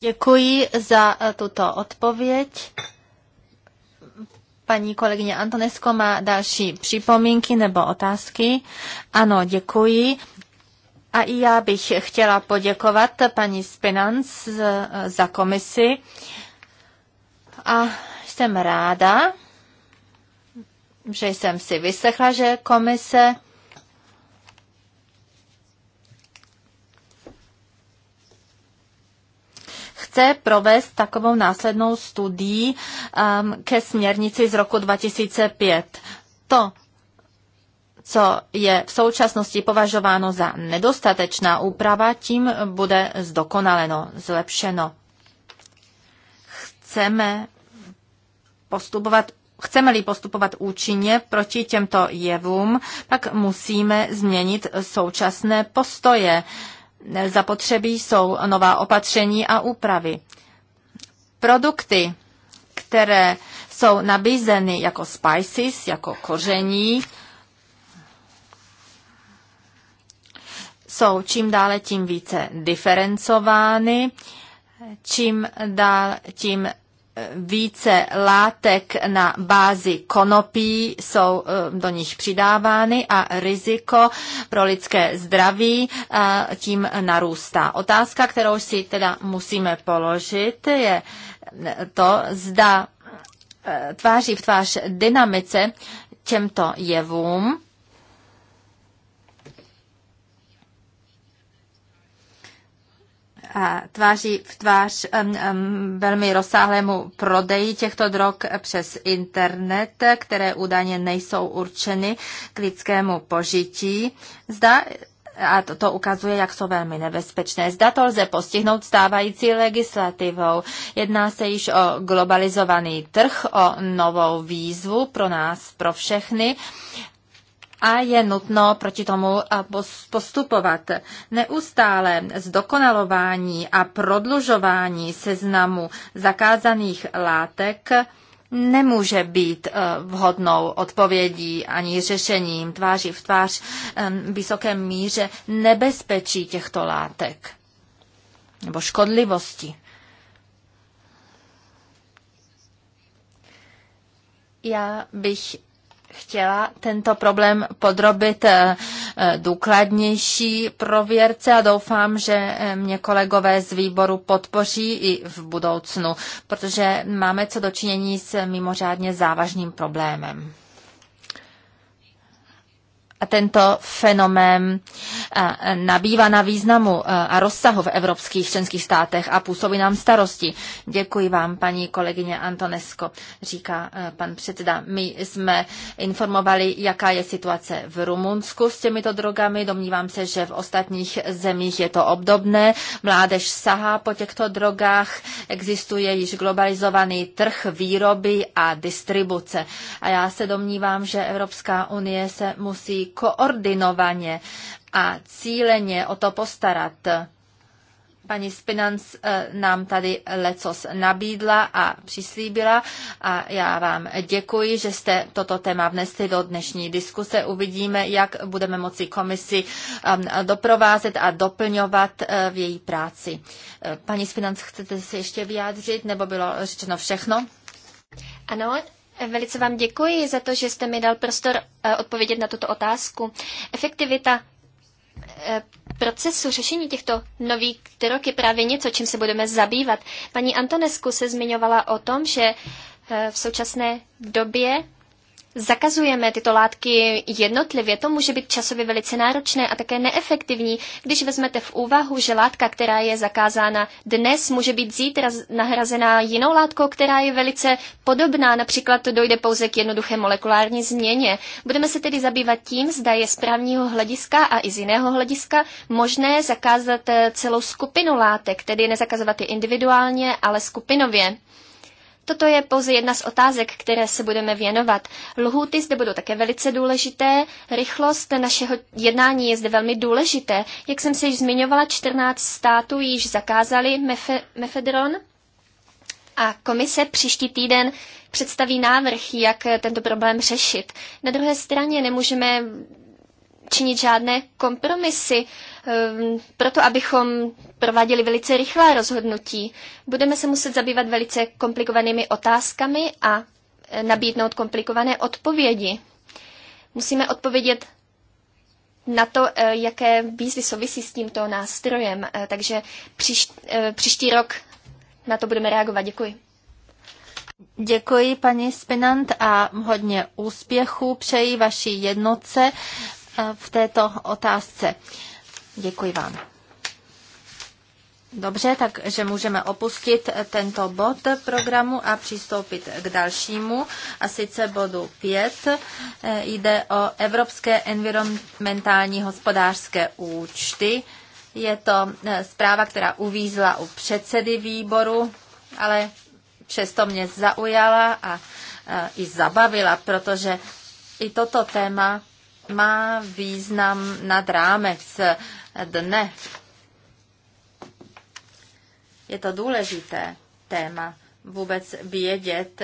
Děkuji za eh, tuto odpověď. Paní kolegyně Antonesko má další připomínky nebo otázky. Ano, děkuji. A i já bych chtěla poděkovat paní Spinanc eh, za komisi. A jsem ráda, že jsem si vyslechla, že komise chce provést takovou následnou studii um, ke směrnici z roku 2005. To, co je v současnosti považováno za nedostatečná úprava, tím bude zdokonaleno, zlepšeno. Chceme postupovat Chceme-li postupovat účinně proti těmto jevům, pak musíme změnit současné postoje. Uh, zapotřebí jsou nová opatření a úpravy. Produkty, které jsou nabízeny jako spices, jako koření, jsou čím dále tím více diferencovány, čím dál tím více látek na bázi konopí jsou eh, do nich přidávány a riziko pro lidské zdraví eh, tím narůstá. Otázka, kterou si teda musíme položit, je to, zda eh, tváří v tvář dynamice těmto jevům tváří v tvář velmi rozsáhlému prodeji těchto drog přes internet, které údajně nejsou určeny k lidskému požití. Zda a to, to ukazuje, jak jsou velmi nebezpečné. Zda to lze postihnout stávající legislativou. Jedná se již o globalizovaný trh, o novou výzvu pro nás, pro všechny a je nutno proti tomu eh, postupovat. Neustále zdokonalování a prodlužování seznamu zakázaných látek nemůže být eh, vhodnou odpovědí ani řešením tváří v tvář vysoké míře nebezpečí těchto látek nebo škodlivosti. Já bych chtěla tento problém podrobit eh, eh, důkladnější prověrce a doufám, že eh, mě kolegové z výboru podpoří i v budoucnu, protože máme co dočinění s mimořádně závažným problémem tento fenomén nabývá na významu a rozsahu v evropských členských státech a působí nám starosti. Děkuji vám, paní kolegyně Antonesko, říká pan předseda. My jsme informovali, jaká je situace v Rumunsku s těmito drogami. Domnívám se, že v ostatních zemích je to obdobné. Mládež sahá po těchto drogách. Existuje již globalizovaný trh výroby a distribuce. A já se domnívám, že Evropská unie se musí koordinovaně a cíleně o to postarat. Paní Spinans eh, nám tady lecos nabídla a přislíbila a já vám děkuji, že jste toto téma vnesli do dnešní diskuse. Uvidíme, jak budeme moci komisi ehm, doprovázet a doplňovat eh, v její práci. Eh, paní Spinans, chcete se ještě vyjádřit, nebo bylo řečeno všechno? Ano, Velice vám děkuji za to, že jste mi dal prostor eh, odpovědět na tuto otázku. Efektivita eh, procesu řešení těchto nových krok je právě něco, čím se budeme zabývat. Paní Antonesku se zmiňovala o tom, že eh, v současné době zakazujeme tyto látky jednotlivě, to může být časově velice náročné a také neefektivní, když vezmete v úvahu, že látka, která je zakázána dnes, může být zítra nahrazená jinou látkou, která je velice podobná, například to dojde pouze k jednoduché molekulární změně. Budeme se tedy zabývat tím, zda je z právního hlediska a i z jiného hlediska možné zakázat eh, celou skupinu látek, tedy nezakazovat je individuálně, ale skupinově. Toto je pouze jedna z otázek, které se budeme věnovat. Lhůty zde budou také velice důležité. Rychlost našeho jednání je zde velmi důležité. Jak jsem se již zmiňovala, 14 států již zakázali mefe, mefedron a komise příští týden představí návrh, jak tento problém řešit. Na druhé straně nemůžeme činit žádné kompromisy Ehm, proto abychom prováděli velice rychlá rozhodnutí. Budeme se muset zabývat velice komplikovanými otázkami a e, nabídnout komplikované odpovědi. Musíme odpovědět na to, e, jaké výzvy souvisí s tímto nástrojem. E, takže příš, příští rok na to budeme reagovat. Děkuji. Děkuji, paní Spinant, a hodně úspěchů přeji vaší jednotce v této otázce. Děkuji vám. Dobře, takže můžeme opustit tento bod programu a přistoupit k dalšímu, a sice bodu 5. Jde o Evropské environmentální hospodářské účty. Je to eh, zpráva, která uvízla u předsedy výboru, ale přesto mě zaujala a eh, i zabavila, protože i toto téma má význam nad rámec dne. Je to důležité téma vůbec vědět,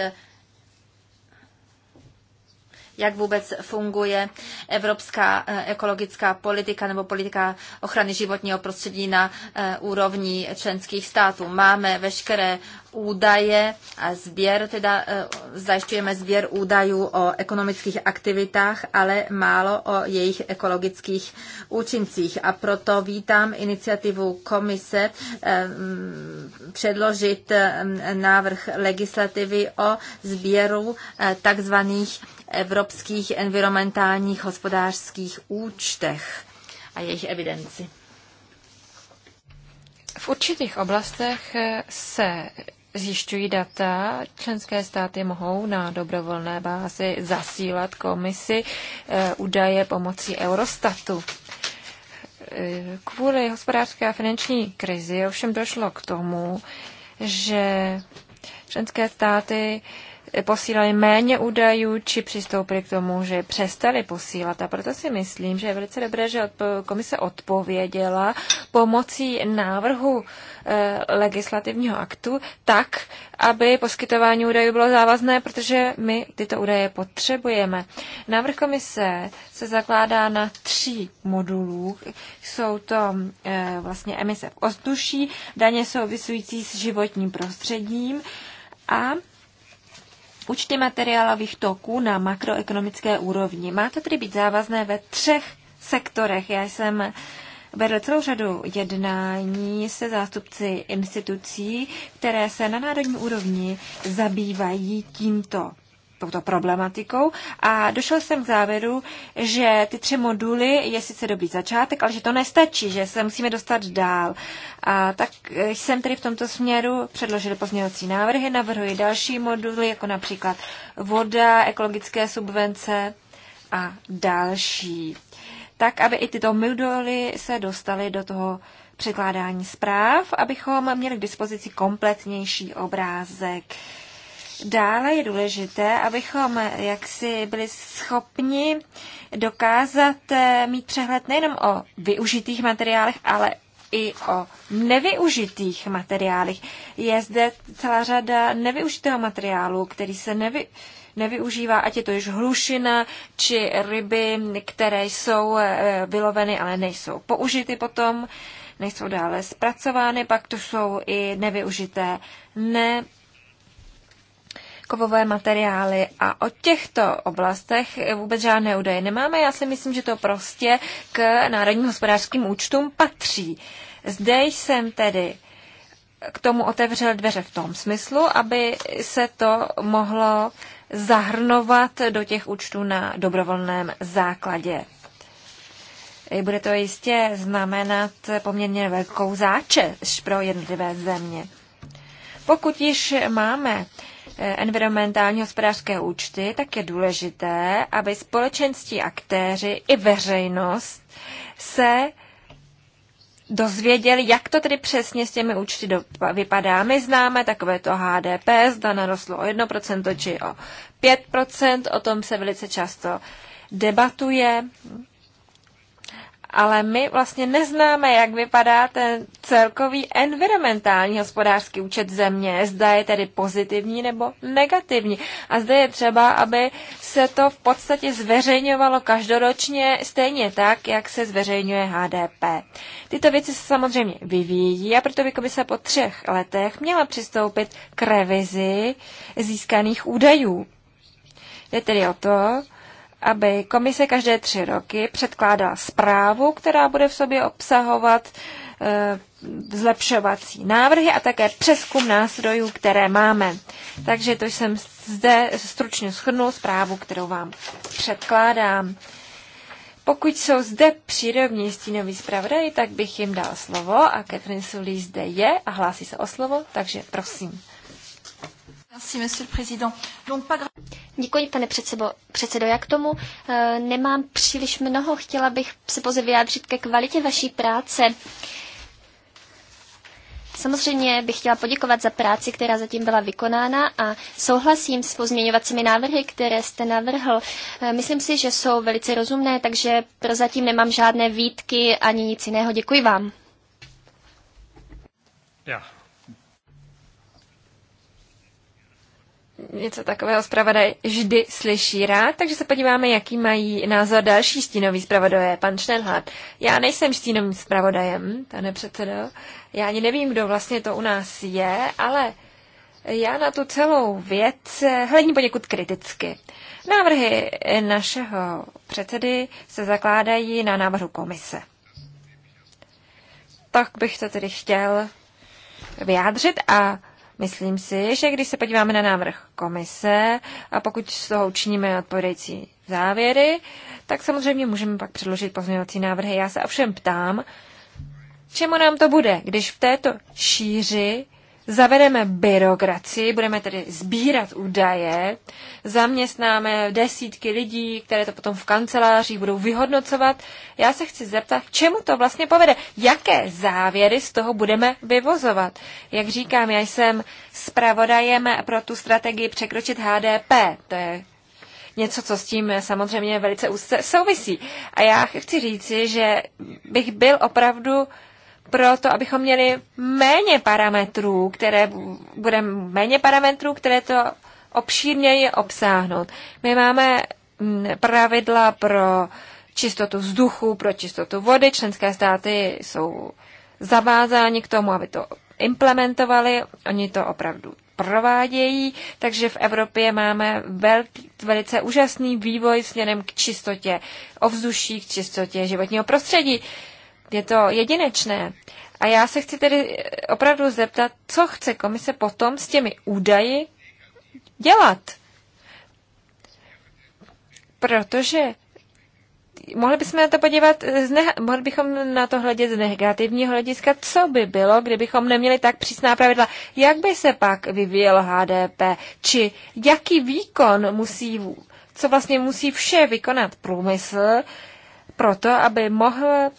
jak vůbec funguje evropská eh, ekologická politika nebo politika ochrany životního prostředí na eh, úrovni členských států. Máme veškeré údaje a sběr, teda eh, zajišťujeme sběr údajů o ekonomických aktivitách, ale málo o jejich ekologických účincích. A proto vítám iniciativu komise předložit návrh legislativy o sběru takzvaných evropských environmentálních hospodářských účtech a jejich evidenci. V určitých oblastech se zjišťují data, členské státy mohou na dobrovolné bázi zasílat komisi eh, údaje pomocí Eurostatu. Eh, kvůli hospodářské a finanční krizi ovšem došlo k tomu, že členské státy posílali méně údajů, či přistoupili k tomu, že přestali posílat. A proto si myslím, že je velice dobré, že komise odpověděla pomocí návrhu eh, legislativního aktu tak, aby poskytování údajů bylo závazné, protože my tyto údaje potřebujeme. Návrh komise se zakládá na tří modulů. Jsou to eh, vlastně emise v ostuší, daně související s životním prostředím a účty materiálových toků na makroekonomické úrovni. Má to tedy být závazné ve třech sektorech. Já jsem vedl celou řadu jednání se zástupci institucí, které se na národní úrovni zabývají tímto touto problematikou a došel jsem k závěru, že ty tři moduly je sice dobrý začátek, ale že to nestačí, že se musíme dostat dál. A tak jsem tedy v tomto směru předložil pozměňovací návrhy, navrhuji další moduly, jako například voda, ekologické subvence a další. Tak, aby i tyto moduly se dostaly do toho překládání zpráv, abychom měli k dispozici kompletnější obrázek. Dále je důležité, abychom jaksi byli schopni dokázat eh, mít přehled nejenom o využitých materiálech, ale i o nevyužitých materiálech. Je zde celá řada nevyužitého materiálu, který se nevy, nevyužívá, ať je to již hlušina či ryby, které jsou eh, vyloveny, ale nejsou použity potom, nejsou dále zpracovány, pak to jsou i nevyužité ne kovové materiály a o těchto oblastech vůbec žádné údaje nemáme. Já si myslím, že to prostě k národním hospodářským účtům patří. Zde jsem tedy k tomu otevřel dveře v tom smyslu, aby se to mohlo zahrnovat do těch účtů na dobrovolném základě. Bude to jistě znamenat poměrně velkou záčeš pro jednotlivé země. Pokud již máme environmentální hospodářské účty, tak je důležité, aby společenství aktéři i veřejnost se dozvěděli, jak to tedy přesně s těmi účty do, vypadá. My známe takové to HDP, zda narostlo o 1% či o 5%, o tom se velice často debatuje ale my vlastně neznáme, jak vypadá ten celkový environmentální hospodářský účet země, zda je tedy pozitivní nebo negativní. A zde je třeba, aby se to v podstatě zveřejňovalo každoročně stejně tak, jak se zveřejňuje HDP. Tyto věci se samozřejmě vyvíjí a proto by komise po třech letech měla přistoupit k revizi získaných údajů. Jde tedy o to, aby komise každé tři roky předkládala zprávu, která bude v sobě obsahovat eh, zlepšovací návrhy a také přeskum nástrojů, které máme. Takže to jsem zde stručně shrnul zprávu, kterou vám předkládám. Pokud jsou zde přírodní stínoví zpravodaji, tak bych jim dal slovo a Catherine Sully zde je a hlásí se o slovo, takže prosím. Děkuji, pane předsedo. předsedo. Já k tomu e, nemám příliš mnoho. Chtěla bych se pouze vyjádřit ke kvalitě vaší práce. Samozřejmě bych chtěla poděkovat za práci, která zatím byla vykonána a souhlasím s pozměňovacími návrhy, které jste navrhl. Eh, myslím si, že jsou velice rozumné, takže prozatím nemám žádné výtky ani nic jiného. Děkuji vám. Yeah. něco takového zpravodaj vždy slyší rád, takže se podíváme, jaký mají názor další stínový zpravodaje, pan Schnellhardt. Já nejsem stínovým zpravodajem, pane předsedo, já ani nevím, kdo vlastně to u nás je, ale já na tu celou věc eh, hledím poněkud kriticky. Návrhy našeho předsedy se zakládají na návrhu komise. Tak bych to tedy chtěl vyjádřit a Myslím si, že když se podíváme na návrh komise a pokud z toho učiníme odpovědající závěry, tak samozřejmě můžeme pak předložit pozměňovací návrhy. Já se ovšem ptám, čemu nám to bude, když v této šíři zavedeme byrokracii, budeme tedy sbírat údaje, zaměstnáme desítky lidí, které to potom v kancelářích budou vyhodnocovat. Já se chci zeptat, k čemu to vlastně povede? Jaké závěry z toho budeme vyvozovat? Jak říkám, já jsem zpravodajem pro tu strategii překročit HDP. To je něco, co s tím samozřejmě velice úzce souvisí. A já chci říci, že bych byl opravdu proto, abychom měli méně parametrů, které bude méně parametrů, které to obšírněji obsáhnout. My máme mm, pravidla pro čistotu vzduchu, pro čistotu vody. Členské státy jsou zavázáni k tomu, aby to implementovali. Oni to opravdu provádějí, takže v Evropě máme velký, velice úžasný vývoj směrem k čistotě ovzduší, k čistotě životního prostředí. Je to jedinečné. A já se chci tedy opravdu zeptat, co chce komise potom s těmi údaji dělat. Protože mohli bychom na to podívat, mohli bychom na to hledět z negativního hlediska, co by bylo, kdybychom neměli tak přísná pravidla. Jak by se pak vyvíjelo HDP? Či jaký výkon musí, co vlastně musí vše vykonat průmysl, proto, aby mohl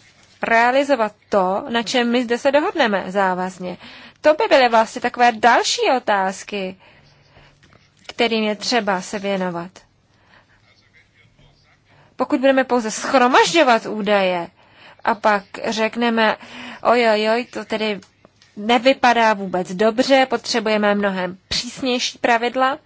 realizovat to, na čem my zde se dohodneme závazně. To by byly vlastně takové další otázky, kterým je třeba se věnovat. Pokud budeme pouze schromažďovat údaje a pak řekneme, ojojoj, to tedy nevypadá vůbec dobře, potřebujeme mnohem přísnější pravidla,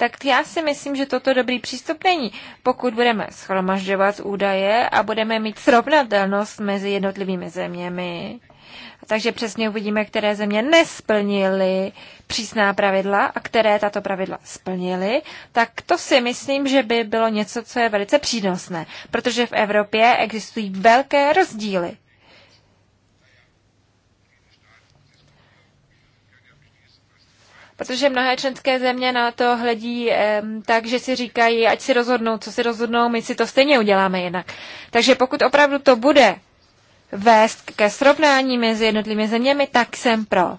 tak já si myslím, že toto dobrý přístup není. Pokud budeme schromažďovat údaje a budeme mít srovnatelnost mezi jednotlivými zeměmi, takže přesně uvidíme, které země nesplnily přísná pravidla a které tato pravidla splnily, tak to si myslím, že by bylo něco, co je velice přínosné, protože v Evropě existují velké rozdíly Protože mnohé členské země na to hledí tak, že si říkají, ať si rozhodnou, co si rozhodnou, my si to stejně uděláme jinak. Takže pokud opravdu to bude vést ke srovnání mezi jednotlivými zeměmi, tak jsem pro.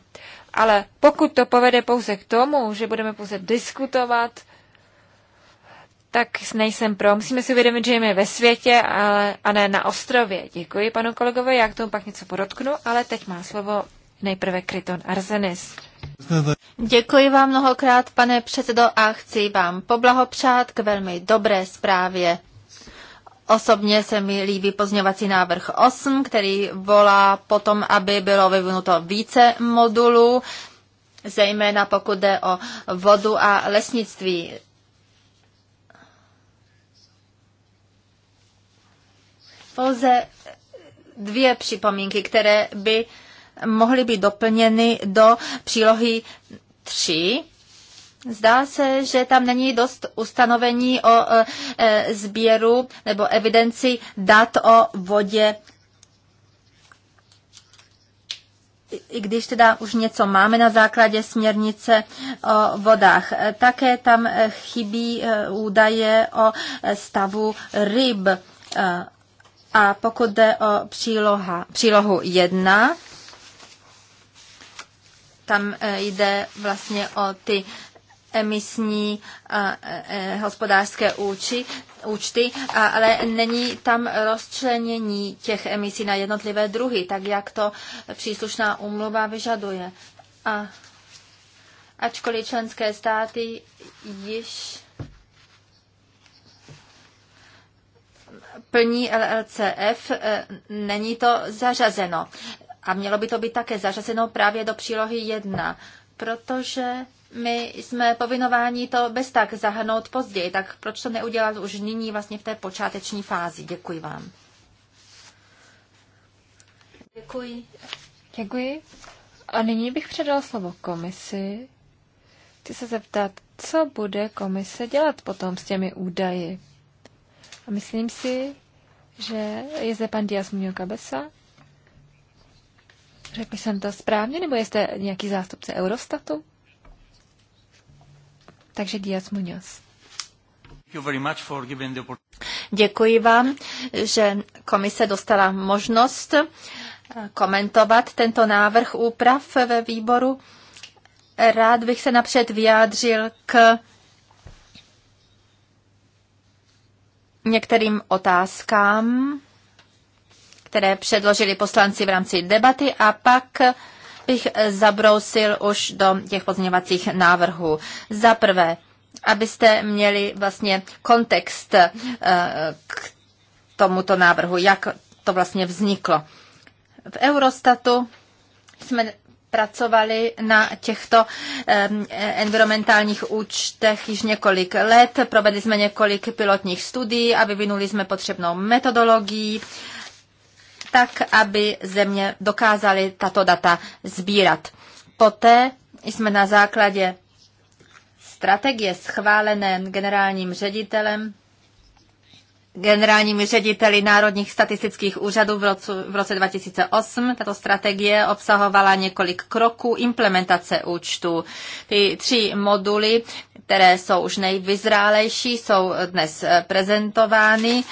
Ale pokud to povede pouze k tomu, že budeme pouze diskutovat, tak nejsem pro. Musíme si uvědomit, že jsme ve světě ale, a ne na ostrově. Děkuji panu kolegovi, já k tomu pak něco podotknu, ale teď má slovo Nejprve Kryton Arzenis. Děkuji vám mnohokrát, pane předsedo, a chci vám poblahopřát k velmi dobré zprávě. Osobně se mi líbí pozňovací návrh 8, který volá potom, aby bylo vyvinuto více modulů, zejména pokud jde o vodu a lesnictví. Pouze dvě připomínky, které by mohly být doplněny do přílohy 3. Zdá se, že tam není dost ustanovení o e, e, sběru nebo evidenci dat o vodě i když teda už něco máme na základě směrnice o vodách. E, také tam chybí údaje o stavu ryb. A pokud jde o příloha, přílohu 1, tam e, jde vlastně o ty emisní a, e, a, e, hospodářské úči, účty, a, ale není tam rozčlenění těch emisí na jednotlivé druhy, tak jak to příslušná úmluva vyžaduje. A ačkoliv členské státy již plní LLCF, není to zařazeno a mělo by to být také zařazeno právě do přílohy 1, protože my jsme povinováni to bez tak zahrnout později, tak proč to neudělat už nyní vlastně v té počáteční fázi? Děkuji vám. Děkuji. Děkuji. A nyní bych předal slovo komisi. Chci se zeptat, co bude komise dělat potom s těmi údaji? A myslím si, že je zde pan Diaz Muñoz Cabeza, Řekl jsem to správně, nebo jste nějaký zástupce Eurostatu? Takže Díaz Muñoz. Děkuji vám, že komise dostala možnost eh, komentovat tento návrh úprav ve výboru. Rád bych se napřed vyjádřil k některým otázkám které předložili poslanci v rámci debaty a pak bych zabrousil už do těch pozměňovacích návrhů. Za prvé, abyste měli vlastně kontext eh, k tomuto návrhu, jak to vlastně vzniklo. V Eurostatu jsme pracovali na těchto environmentálních účtech již několik let. Provedli jsme několik pilotních studií a vyvinuli jsme potřebnou metodologii tak aby země dokázaly tato data sbírat. Poté jsme na základě strategie schválené generálním ředitelem generálními řediteli Národních statistických úřadů v roce, v roce 2008. Tato strategie obsahovala několik kroků implementace účtu. Ty tři moduly které jsou už nejvyzrálejší, jsou dnes eh, prezentovány.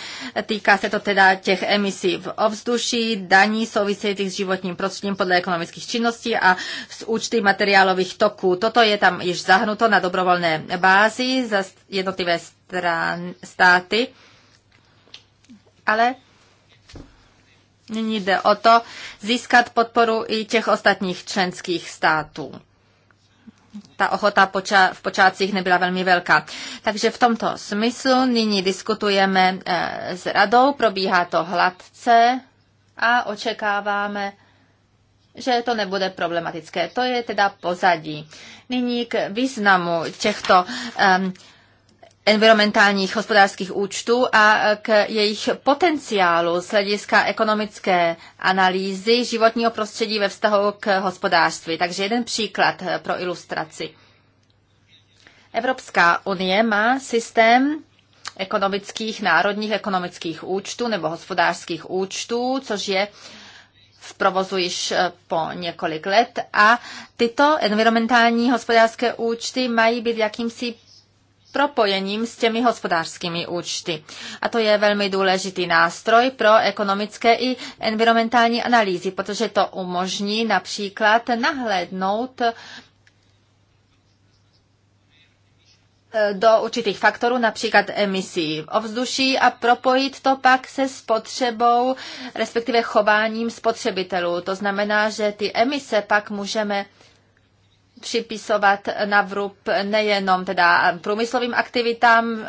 Týká se to teda těch emisí v ovzduší, daní souvisejících s životním prostředím podle ekonomických činností a z účty materiálových toků. Toto je tam již zahnuto na dobrovolné bázi za jednotlivé strán, státy. Ale nyní jde o to získat podporu i těch ostatních členských států ta ochota poča- v počátcích nebyla velmi velká. Takže v tomto smyslu nyní diskutujeme eh, s radou, probíhá to hladce a očekáváme, že to nebude problematické. To je teda pozadí. Nyní k významu těchto um, environmentálních hospodářských účtů a k jejich potenciálu z hlediska ekonomické analýzy životního prostředí ve vztahu k hospodářství. Takže jeden příklad pro ilustraci. Evropská unie má systém ekonomických, národních ekonomických účtů nebo hospodářských účtů, což je v provozu již po několik let a tyto environmentální hospodářské účty mají být jakýmsi propojením s těmi hospodářskými účty. A to je velmi důležitý nástroj pro ekonomické i environmentální analýzy, protože to umožní například nahlédnout eh, do určitých faktorů, například emisí ovzduší a propojit to pak se spotřebou, respektive chováním spotřebitelů. To znamená, že ty emise pak můžeme připisovat na vrub nejenom teda průmyslovým aktivitám,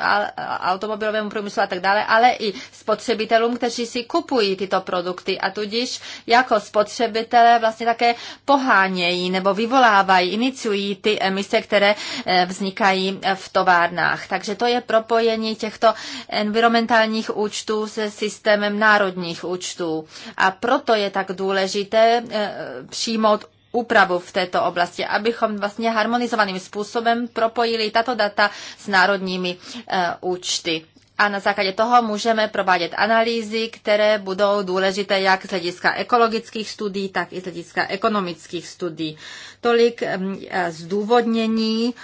automobilovému průmyslu a tak dále, ale i spotřebitelům, kteří si kupují tyto produkty a tudíž jako spotřebitelé vlastně také pohánějí nebo vyvolávají, iniciují ty emise, které eh, vznikají v továrnách. Takže to je propojení těchto environmentálních účtů se systémem národních účtů. A proto je tak důležité eh, přijmout úpravu v této oblasti, abychom vlastně harmonizovaným způsobem propojili tato data s národními eh, účty a na základě toho můžeme provádět analýzy, které budou důležité jak z hlediska ekologických studií, tak i z hlediska ekonomických studií. Tolik mm, eh, zdůvodnění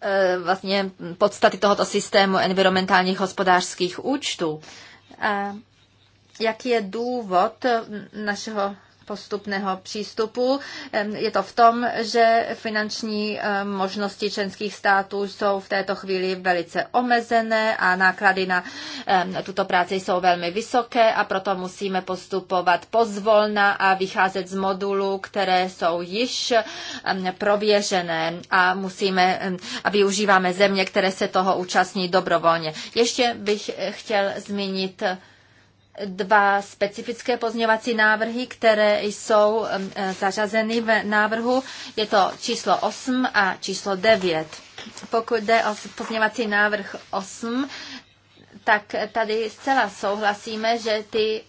eh, vlastně podstaty tohoto systému environmentálních hospodářských účtů. Jaký je důvod mm, našeho postupného přístupu. Je to v tom, že finanční možnosti členských států jsou v této chvíli velice omezené a náklady na tuto práci jsou velmi vysoké a proto musíme postupovat pozvolna a vycházet z modulů, které jsou již prověřené a musíme a využíváme země, které se toho účastní dobrovolně. Ještě bych eh, chtěl zmínit dva specifické pozměňovací návrhy, které jsou e, zařazeny v návrhu. Je to číslo 8 a číslo 9. Pokud jde o pozměňovací návrh 8, tak tady zcela souhlasíme, že ty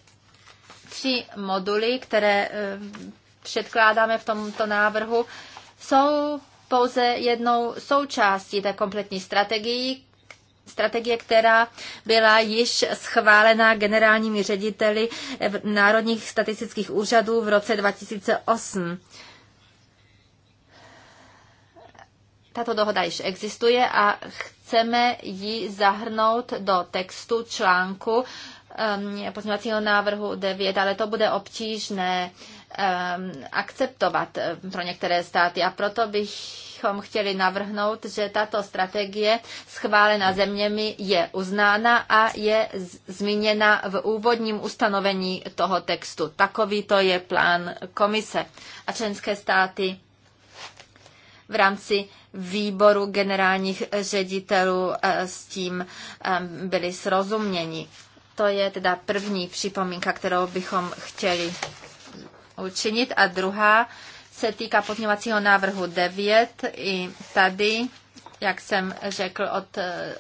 tři moduly, které předkládáme v tomto návrhu, jsou pouze jednou součástí té kompletní strategii, strategie, která byla již schválena generálními řediteli Národních statistických úřadů v roce 2008. Tato dohoda již existuje a chceme ji zahrnout do textu článku um, pozměňovacího návrhu 9, ale to bude obtížné. Uh, Um, akceptovat eh, pro některé státy. A proto bychom chtěli navrhnout, že tato strategie schválená zeměmi je uznána a je zmíněna v úvodním ustanovení toho textu. Takový to je plán komise. A členské státy v rámci výboru generálních ředitelů eh, s tím eh, byli srozuměni. To je teda první připomínka, kterou bychom chtěli učinit. A druhá se týká pozměňovacího návrhu 9. I tady, jak jsem řekl od eh,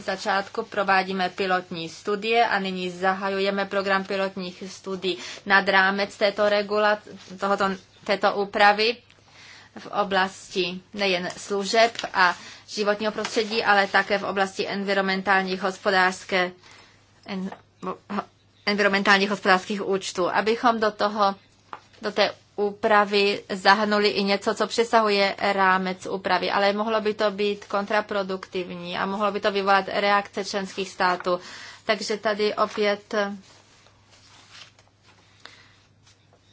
začátku, provádíme pilotní studie a nyní zahajujeme program pilotních studií nad rámec této regula, tohoto, této úpravy v oblasti nejen služeb a životního prostředí, ale také v oblasti environmentálních hospodářské environmentálních hospodářských účtů. Abychom do toho do té úpravy zahnuli i něco, co přesahuje rámec úpravy, ale mohlo by to být kontraproduktivní a mohlo by to vyvolat reakce členských států. Takže tady opět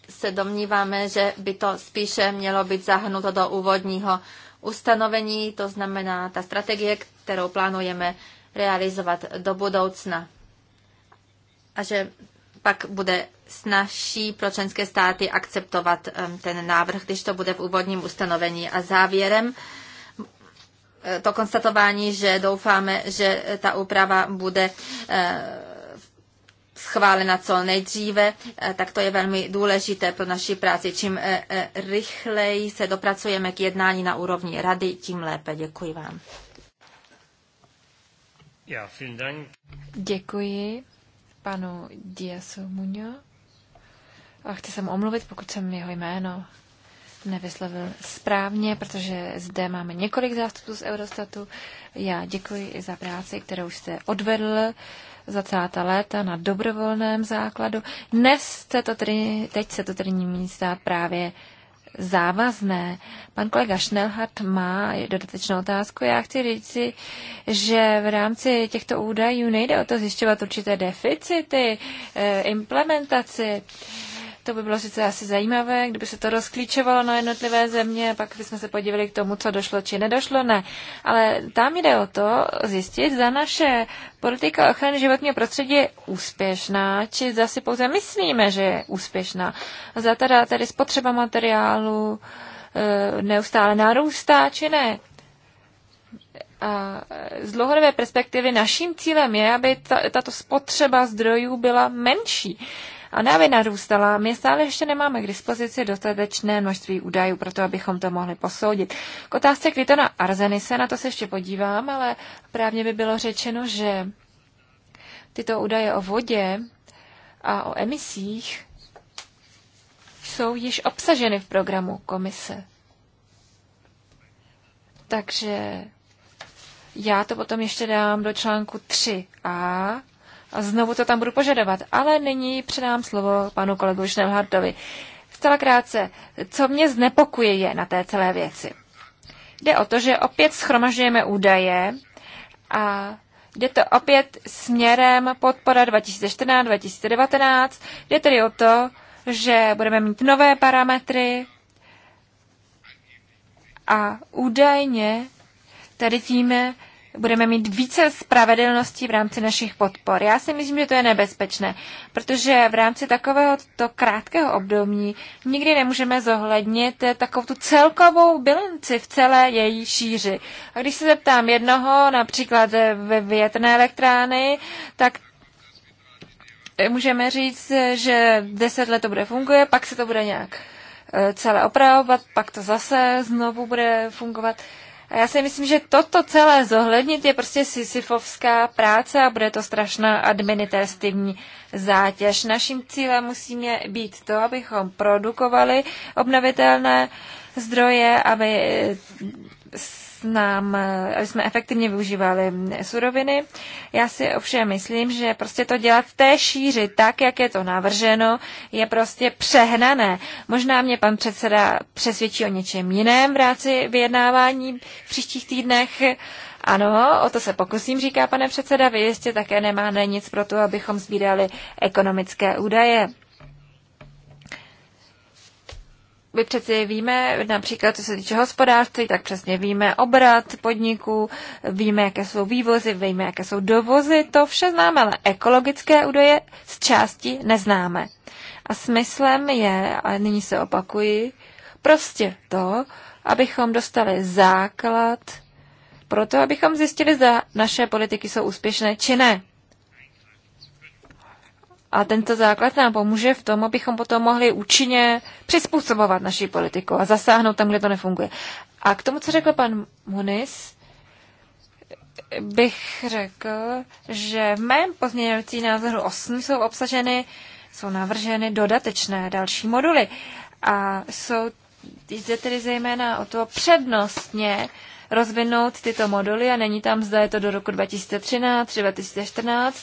se domníváme, že by to spíše mělo být zahnuto do úvodního ustanovení, to znamená ta strategie, kterou plánujeme realizovat do budoucna. A že pak bude snaží pro členské státy akceptovat um, ten návrh, když to bude v úvodním ustanovení. A závěrem eh, to konstatování, že doufáme, že ta úprava bude eh, schválena co nejdříve, eh, tak to je velmi důležité pro naši práci. Čím rychleji se dopracujeme k jednání na úrovni rady, tím lépe. Děkuji vám. Ja, vielen Dank. Děkuji panu Diasu Muñoz. A chci se mu omluvit, pokud jsem jeho jméno nevyslovil správně, protože zde máme několik zástupců z Eurostatu. Já děkuji i za práci, kterou jste odvedl za celá ta léta na dobrovolném základu. Dnes se to tedy, teď se to tedy nemí stát právě závazné. Pan kolega Schnellhardt má dodatečnou otázku. Já chci říci, že v rámci těchto údajů nejde o to zjišťovat určité deficity, eh, implementaci to by bylo sice asi zajímavé, kdyby se to rozklíčovalo na jednotlivé země, a pak bychom se podívali k tomu, co došlo či nedošlo, ne. Ale tam jde o to zjistit, zda naše politika ochrany životního prostředí je úspěšná, či zda si pouze myslíme, že je úspěšná. Zda teda tedy spotřeba materiálu e, neustále narůstá, či ne. A z dlouhodobé perspektivy naším cílem je, aby ta, tato spotřeba zdrojů byla menší a nám narůstala. My stále ještě nemáme k dispozici dostatečné množství údajů pro to, abychom to mohli posoudit. K otázce Krytona Arzenise, na to se ještě podívám, ale právně by bylo řečeno, že tyto údaje o vodě a o emisích jsou již obsaženy v programu komise. Takže já to potom ještě dám do článku 3a, a znovu to tam budu požadovat. Ale nyní předám slovo panu kolegu Schnellhardovi. Zcela krátce, co mě je na té celé věci. Jde o to, že opět schromažujeme údaje a Jde to opět směrem podpora 2014-2019. Jde tedy o to, že budeme mít nové parametry a údajně tady tím budeme mít více spravedlnosti v rámci našich podpor. Já si myslím, že to je nebezpečné, protože v rámci takového to krátkého období nikdy nemůžeme zohlednit takovou tu celkovou bilanci v celé její šíři. A když se zeptám jednoho, například ve větrné elektrárny, tak můžeme říct, že deset let to bude funguje, pak se to bude nějak eh, celé opravovat, pak to zase znovu bude fungovat. A já si myslím, že toto celé zohlednit je prostě sisyfovská práce a bude to strašná administrativní zátěž. Naším cílem musíme být to, abychom produkovali obnovitelné zdroje, aby nám, aby jsme efektivně využívali suroviny. Já si ovšem myslím, že prostě to dělat v té šíři, tak, jak je to navrženo, je prostě přehnané. Možná mě pan předseda přesvědčí o něčem jiném v rámci vyjednávání v příštích týdnech, ano, o to se pokusím, říká pane předseda, vy jistě také nemáte nic pro to, abychom sbírali ekonomické údaje. my přeci víme, například co se týče hospodářství, tak přesně víme obrat podniků, víme, jaké jsou vývozy, víme, jaké jsou dovozy, to vše známe, ale ekologické údaje z části neznáme. A smyslem je, a nyní se opakuji, prostě to, abychom dostali základ pro to, abychom zjistili, zda naše politiky jsou úspěšné či ne. A tento základ nám pomůže v tom, abychom potom mohli účinně přizpůsobovat naši politiku a zasáhnout tam, kde to nefunguje. A k tomu, co řekl pan Munis, bych řekl, že v mém pozměňovací názoru 8 jsou obsaženy, jsou navrženy dodatečné další moduly. A jsou jde tedy zejména o to přednostně rozvinout tyto moduly a není tam, zda je to do roku 2013, 2014,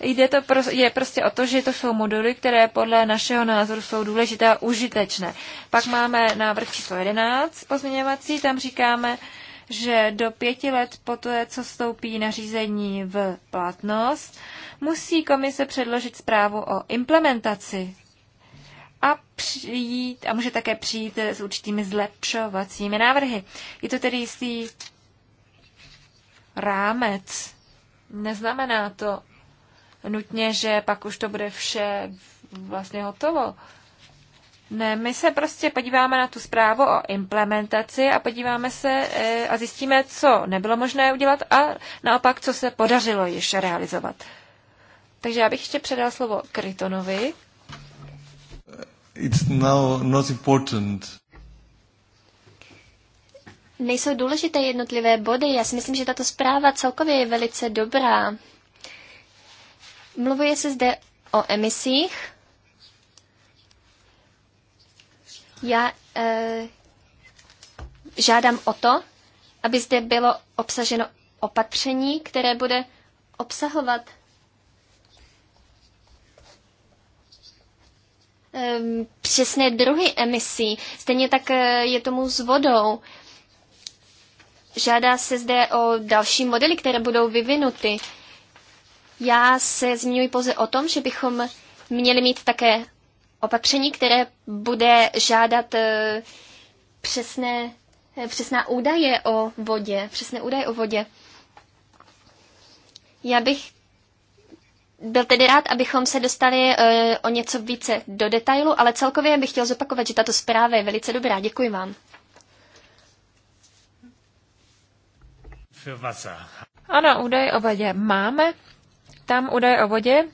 Jde to pro, je prostě o to, že to jsou moduly, které podle našeho názoru jsou důležité a užitečné. Pak máme návrh číslo 11 pozměňovací, tam říkáme, že do pěti let po to, co stoupí nařízení v platnost, musí komise předložit zprávu o implementaci a přijít, a může také přijít s určitými zlepšovacími návrhy. Je to tedy jistý rámec. Neznamená to, nutně, že pak už to bude vše vlastně hotovo. Ne, my se prostě podíváme na tu zprávu o implementaci a podíváme se eh, a zjistíme, co nebylo možné udělat a naopak, co se podařilo již realizovat. Takže já bych ještě předal slovo Krytonovi. It's now not important. Nejsou důležité jednotlivé body. Já si myslím, že tato zpráva celkově je velice dobrá. Mluvuje se zde o emisích. Já e, žádám o to, aby zde bylo obsaženo opatření, které bude obsahovat ehm, přesné druhy emisí. Stejně tak eh, je tomu s vodou. Žádá se zde o další modely, které budou vyvinuty. Já se zmiňuji pouze o tom, že bychom měli mít také opatření, které bude žádat eh, přesné, eh, přesná údaje o vodě, přesné údaje o vodě. Já bych byl tedy rád, abychom se dostali eh, o něco více do detailu, ale celkově bych chtěl zopakovat, že tato zpráva je velice dobrá. Děkuji vám. Ano, údaj o vodě máme, tam údaje o vodě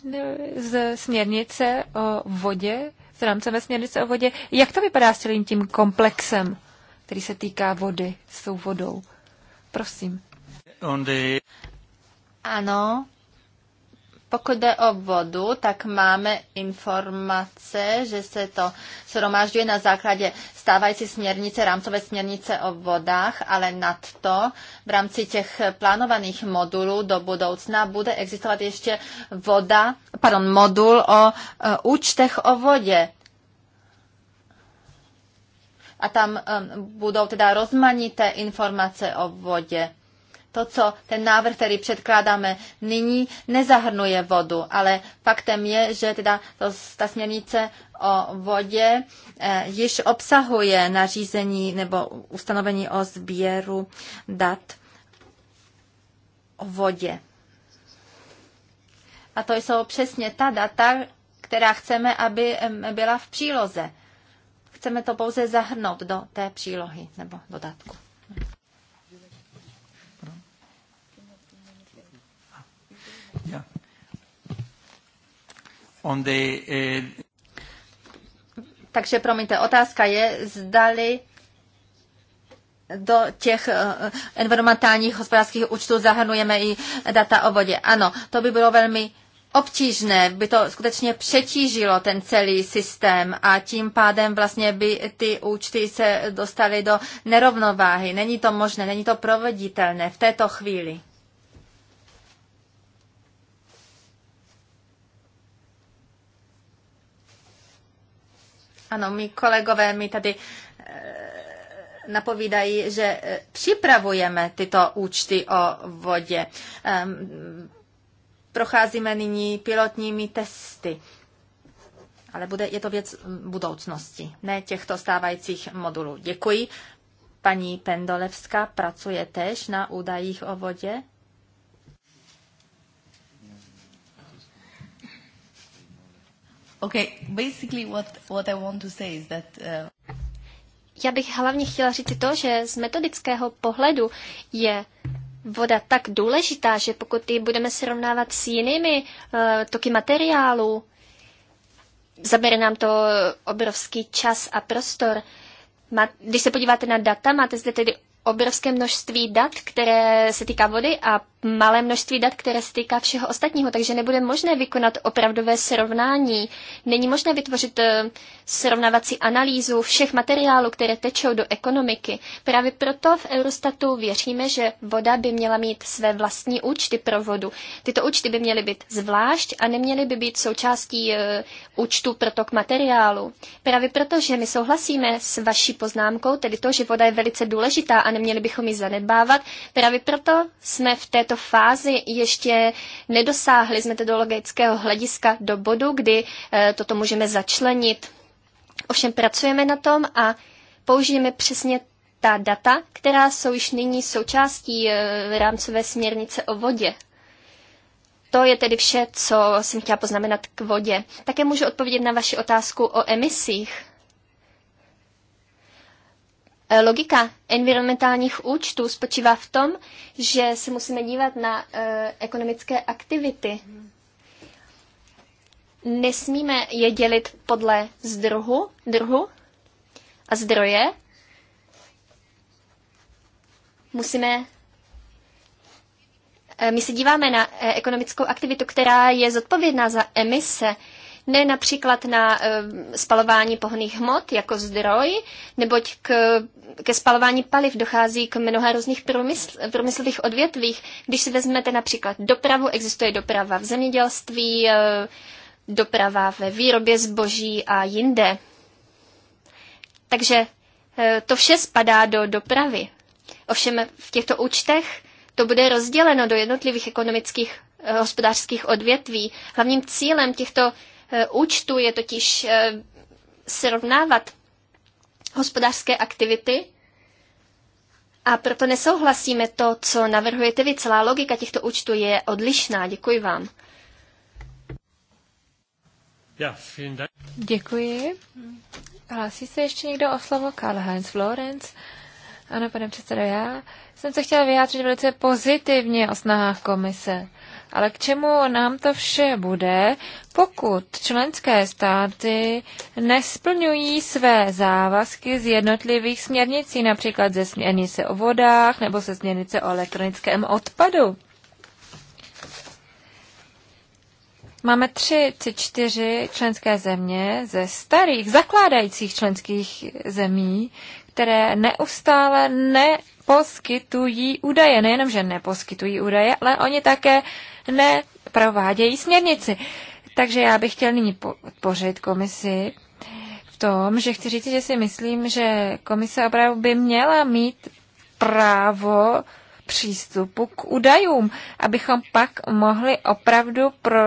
z směrnice o vodě, z rámcové směrnice o vodě. Jak to vypadá s celým tím komplexem, který se týká vody s tou vodou? Prosím. Ano, pokud jde o vodu, tak máme informace, že se to shromažďuje na základě stávající směrnice, rámcové směrnice o vodách, ale nad to v rámci těch plánovaných modulů do budoucna bude existovat ještě voda, pardon, modul o e, účtech o vodě a tam um, budou teda rozmanité informace o vodě to, co ten návrh, který předkládáme nyní, nezahrnuje vodu, ale faktem je, že teda to, ta směrnice o vodě eh, již obsahuje nařízení nebo ustanovení o sběru dat o vodě. A to jsou přesně ta data, která chceme, aby byla v příloze. Chceme to pouze zahrnout do té přílohy nebo dodatku. Yeah. On the, uh... Takže promiňte, otázka je, zdali do těch eh, environmentálních hospodářských účtů zahrnujeme i data o vodě. Ano, to by bylo velmi obtížné, by to skutečně přetížilo ten celý systém a tím pádem vlastně by ty účty se dostaly do nerovnováhy. Není to možné, není to proveditelné v této chvíli. Ano, my kolegové mi tady eh, napovídají, že eh, připravujeme tyto účty o vodě. Ehm, procházíme nyní pilotními testy. Ale bude, je to věc hm, budoucnosti, ne těchto stávajících modulů. Děkuji. Paní Pendolevská pracuje tež na údajích o vodě? Okay, basically what, what I want to say is that, uh... Já bych hlavně chtěla říct to, že z metodického pohledu je voda tak důležitá, že pokud ji budeme srovnávat s jinými uh, toky materiálu, zabere nám to obrovský čas a prostor. Ma- když se podíváte na data, máte zde tedy obrovské množství dat, které se týká vody a malé množství dat, které se týká všeho ostatního, takže nebude možné vykonat opravdové srovnání. Není možné vytvořit eh, srovnávací analýzu všech materiálů, které tečou do ekonomiky. Právě proto v Eurostatu věříme, že voda by měla mít své vlastní účty pro vodu. Tyto účty by měly být zvlášť a neměly by být součástí eh, účtu pro tok materiálu. Právě proto, že my souhlasíme s vaší poznámkou, tedy to, že voda je velice důležitá a neměli bychom ji zanedbávat. Právě proto jsme v této fázi ještě nedosáhli z metodologického hlediska do bodu, kdy eh, toto můžeme začlenit. Ovšem pracujeme na tom a použijeme přesně ta data, která jsou již nyní součástí eh, rámcové směrnice o vodě. To je tedy vše, co jsem chtěla poznamenat k vodě. Také můžu odpovědět na vaši otázku o emisích. Eh, logika environmentálních účtů spočívá v tom, že se musíme dívat na eh, ekonomické aktivity. Nesmíme je dělit podle zdruhu, druhu a zdroje. Musíme eh, my se díváme na ekonomickou aktivitu, která je zodpovědná za emise ne například na eh, spalování pohonných hmot jako zdroj, neboť k, ke spalování paliv dochází k mnoha různých průmysl, průmyslových odvětvích. Když si vezmete například dopravu, existuje doprava v zemědělství, eh, doprava ve výrobě zboží a jinde. Takže eh, to vše spadá do dopravy. Ovšem v těchto účtech to bude rozděleno do jednotlivých ekonomických hospodářských odvětví. Hlavním cílem těchto E, účtu je totiž e, srovnávat hospodářské aktivity a proto nesouhlasíme to, co navrhujete vy. Celá logika těchto účtů je odlišná. Děkuji vám. Děkuji. Hlásí se ještě někdo o slovo? Karl Heinz Florenz. Ano, pane předsedo, já jsem se chtěla vyjádřit velice pozitivně o snahách komise. Ale k čemu nám to vše bude, pokud členské státy nesplňují své závazky z jednotlivých směrnicí, například ze směrnice o vodách nebo ze směrnice o elektronickém odpadu? Máme tři či čtyři členské země ze starých, zakládajících členských zemí, které neustále neposkytují údaje. Nejenom, že neposkytují údaje, ale oni také neprovádějí směrnici. Takže já bych chtěl nyní podpořit komisi v tom, že chci říct, že si myslím, že komise opravdu by měla mít právo přístupu k údajům, abychom pak mohli opravdu pro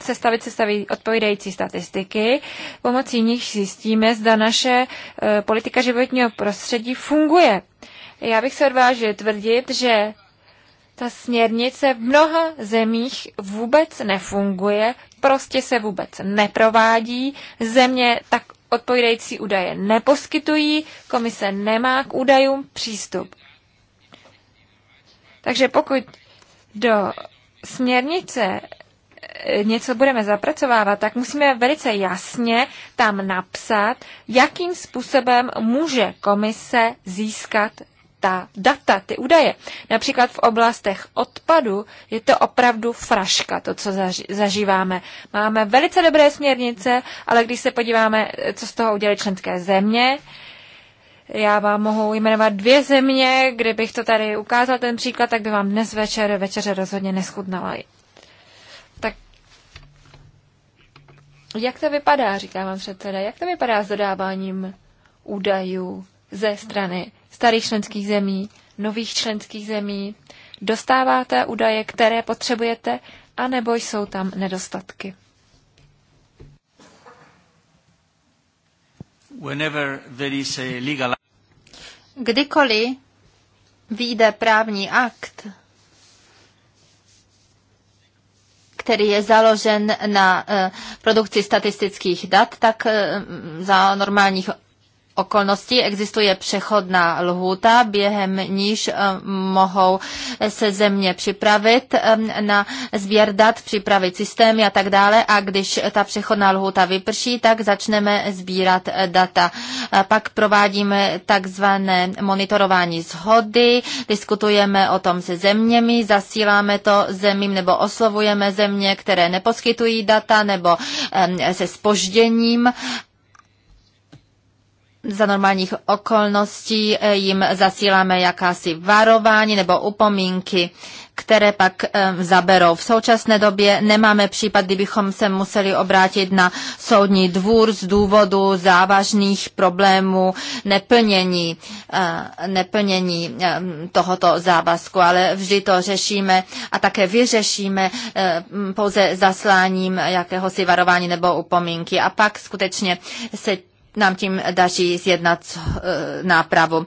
sestavit, sestavit odpovídající statistiky, pomocí nich zjistíme, zda naše eh, politika životního prostředí funguje. Já bych se odvážil tvrdit, že ta směrnice v mnoha zemích vůbec nefunguje, prostě se vůbec neprovádí, země tak odpovídající údaje neposkytují, komise nemá k údajům přístup. Takže pokud do směrnice eh, něco budeme zapracovávat, tak musíme velice jasně tam napsat, jakým způsobem může komise získat ta data, ty údaje. Například v oblastech odpadu je to opravdu fraška, to, co zažíváme. Máme velice dobré směrnice, ale když se podíváme, co z toho udělali členské země, já vám mohu jmenovat dvě země, kde bych to tady ukázal ten příklad, tak by vám dnes večer večeře rozhodně neschudnala. Tak jak to vypadá, říká vám předseda, jak to vypadá s dodáváním údajů ze strany starých členských zemí, nových členských zemí? Dostáváte údaje, které potřebujete, anebo jsou tam nedostatky? Kdykoliv výjde právní akt, který je založen na eh, produkci statistických dat, tak eh, za normálních okolností existuje přechodná lhůta, během níž eh, mohou eh, se země připravit eh, na sběr dat, připravit systémy a tak dále a když ta přechodná lhůta vyprší, tak začneme sbírat data. Pak provádíme takzvané monitorování zhody, diskutujeme o tom se zeměmi, zasíláme to zemím nebo oslovujeme země, které neposkytují data nebo se spožděním za normálních okolností eh, jim zasíláme jakási varování nebo upomínky, které pak eh, zaberou. V současné době nemáme případ, kdybychom se museli obrátit na soudní dvůr z důvodu závažných problémů neplnění, eh, neplnění tohoto závazku, ale vždy to řešíme a také vyřešíme pouze zasláním jakéhosi varování nebo upomínky. A pak skutečně se nám tím daří zjednat eh, nápravu.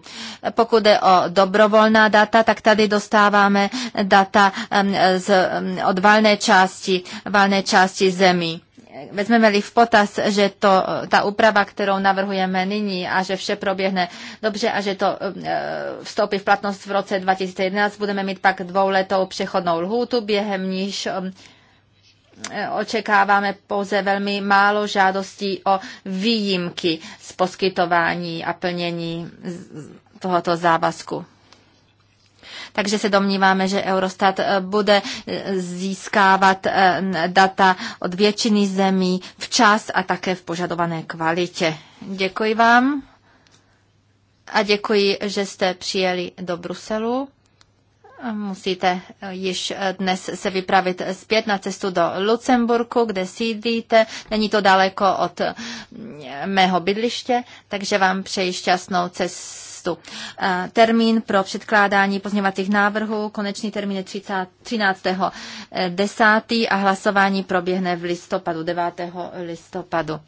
Pokud je o dobrovolná data, tak tady dostáváme data z, od valné části, valné části zemí vezmeme-li v potaz, že to, eh, ta úprava, kterou navrhujeme nyní a že vše proběhne dobře a že to eh, vstoupí v platnost v roce 2011, budeme mít pak dvouletou přechodnou lhůtu, během níž očekáváme pouze velmi málo žádostí o výjimky z poskytování a plnění tohoto závazku. Takže se domníváme, že Eurostat eh, bude eh, získávat eh, data od většiny zemí včas a také v požadované kvalitě. Děkuji vám a děkuji, že jste přijeli do Bruselu musíte eh, již eh, dnes se vypravit zpět na cestu do Lucemburku, kde sídlíte. Není to daleko od mm, mého bydliště, takže vám přeji šťastnou cestu. Eh, termín pro předkládání pozměvacích návrhů, konečný termín je 13.10. a hlasování proběhne v listopadu, 9. listopadu.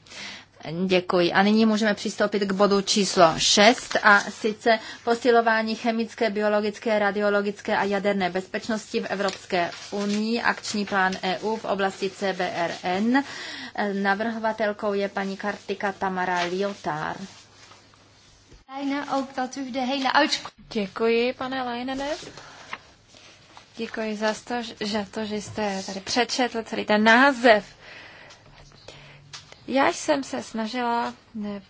Děkuji. A nyní můžeme přistoupit k bodu číslo 6 a sice posilování chemické, biologické, radiologické a jaderné bezpečnosti v Evropské unii, akční plán EU v oblasti CBRN. Navrhovatelkou je paní Kartika Tamara Liotár. Děkuji, pane Leinene. Děkuji za to, že, to, že jste tady přečetl celý ten název já jsem se snažila eh,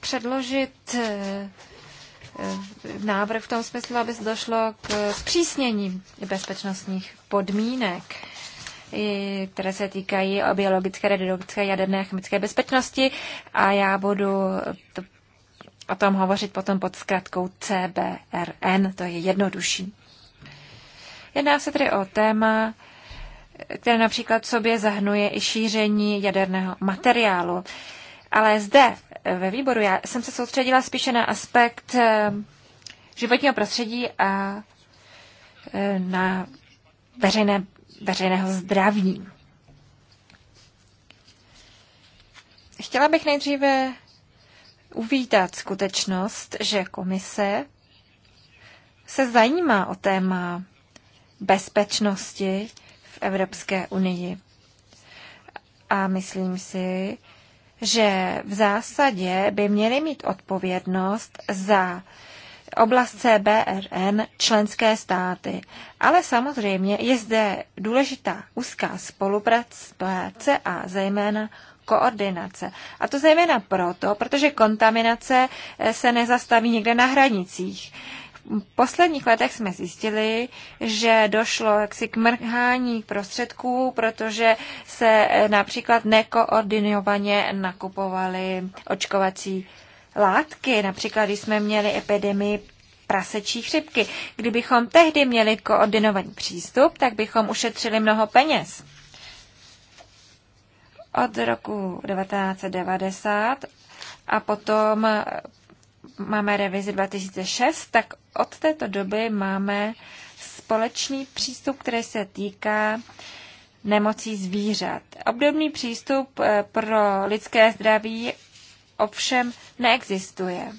předložit eh, eh, návrh v tom smyslu, aby došlo k zpřísnění bezpečnostních podmínek které se týkají o biologické, radiologické, jaderné a chemické bezpečnosti a já budu to, o tom hovořit potom pod zkratkou CBRN, to je jednodušší. Jedná se tedy o téma, které například v sobě zahnuje i šíření jaderného materiálu. Ale zde eh, ve výboru já jsem se soustředila spíše na aspekt eh, životního prostředí a eh, na veřejné, veřejného zdraví. Chtěla bych nejdříve uvítat skutečnost, že komise se zajímá o téma bezpečnosti v Evropské unii. A myslím si, že v zásadě by měly mít odpovědnost za oblast CBRN členské státy. Ale samozřejmě je zde důležitá úzká spolupráce a zejména koordinace. A to zejména proto, protože kontaminace se nezastaví někde na hranicích posledních letech jsme zjistili, že došlo jaksi k mrhání prostředků, protože se eh, například nekoordinovaně nakupovaly očkovací látky. Například, když jsme měli epidemii prasečí chřipky. Kdybychom tehdy měli koordinovaný přístup, tak bychom ušetřili mnoho peněz. Od roku 1990 a potom máme revizi 2006, tak od této doby máme společný přístup, který se týká nemocí zvířat. Obdobný přístup eh, pro lidské zdraví ovšem neexistuje.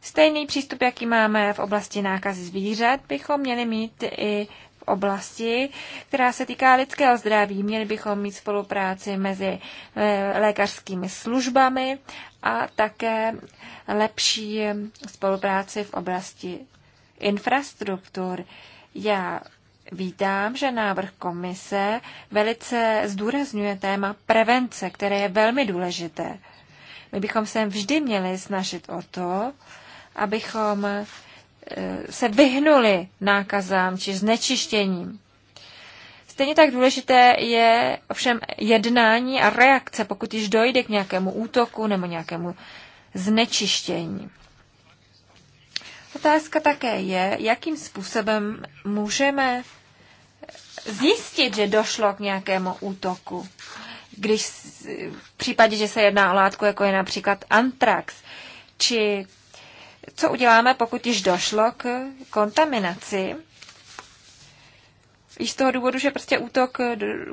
Stejný přístup, jaký máme v oblasti nákazy zvířat, bychom měli mít i v oblasti, která se týká lidského zdraví. Měli bychom mít spolupráci mezi eh, lékařskými službami a také lepší spolupráci v oblasti infrastruktur. Já vítám, že návrh komise velice zdůrazňuje téma prevence, které je velmi důležité. My bychom se vždy měli snažit o to, abychom eh, se vyhnuli nákazám či znečištěním. Stejně tak důležité je ovšem jednání a reakce, pokud již dojde k nějakému útoku nebo nějakému znečištění. Otázka také je, jakým způsobem můžeme zjistit, že došlo k nějakému útoku, když v případě, že se jedná o látku, jako je například antrax, či co uděláme, pokud již došlo k kontaminaci Již z toho důvodu, že prostě útok,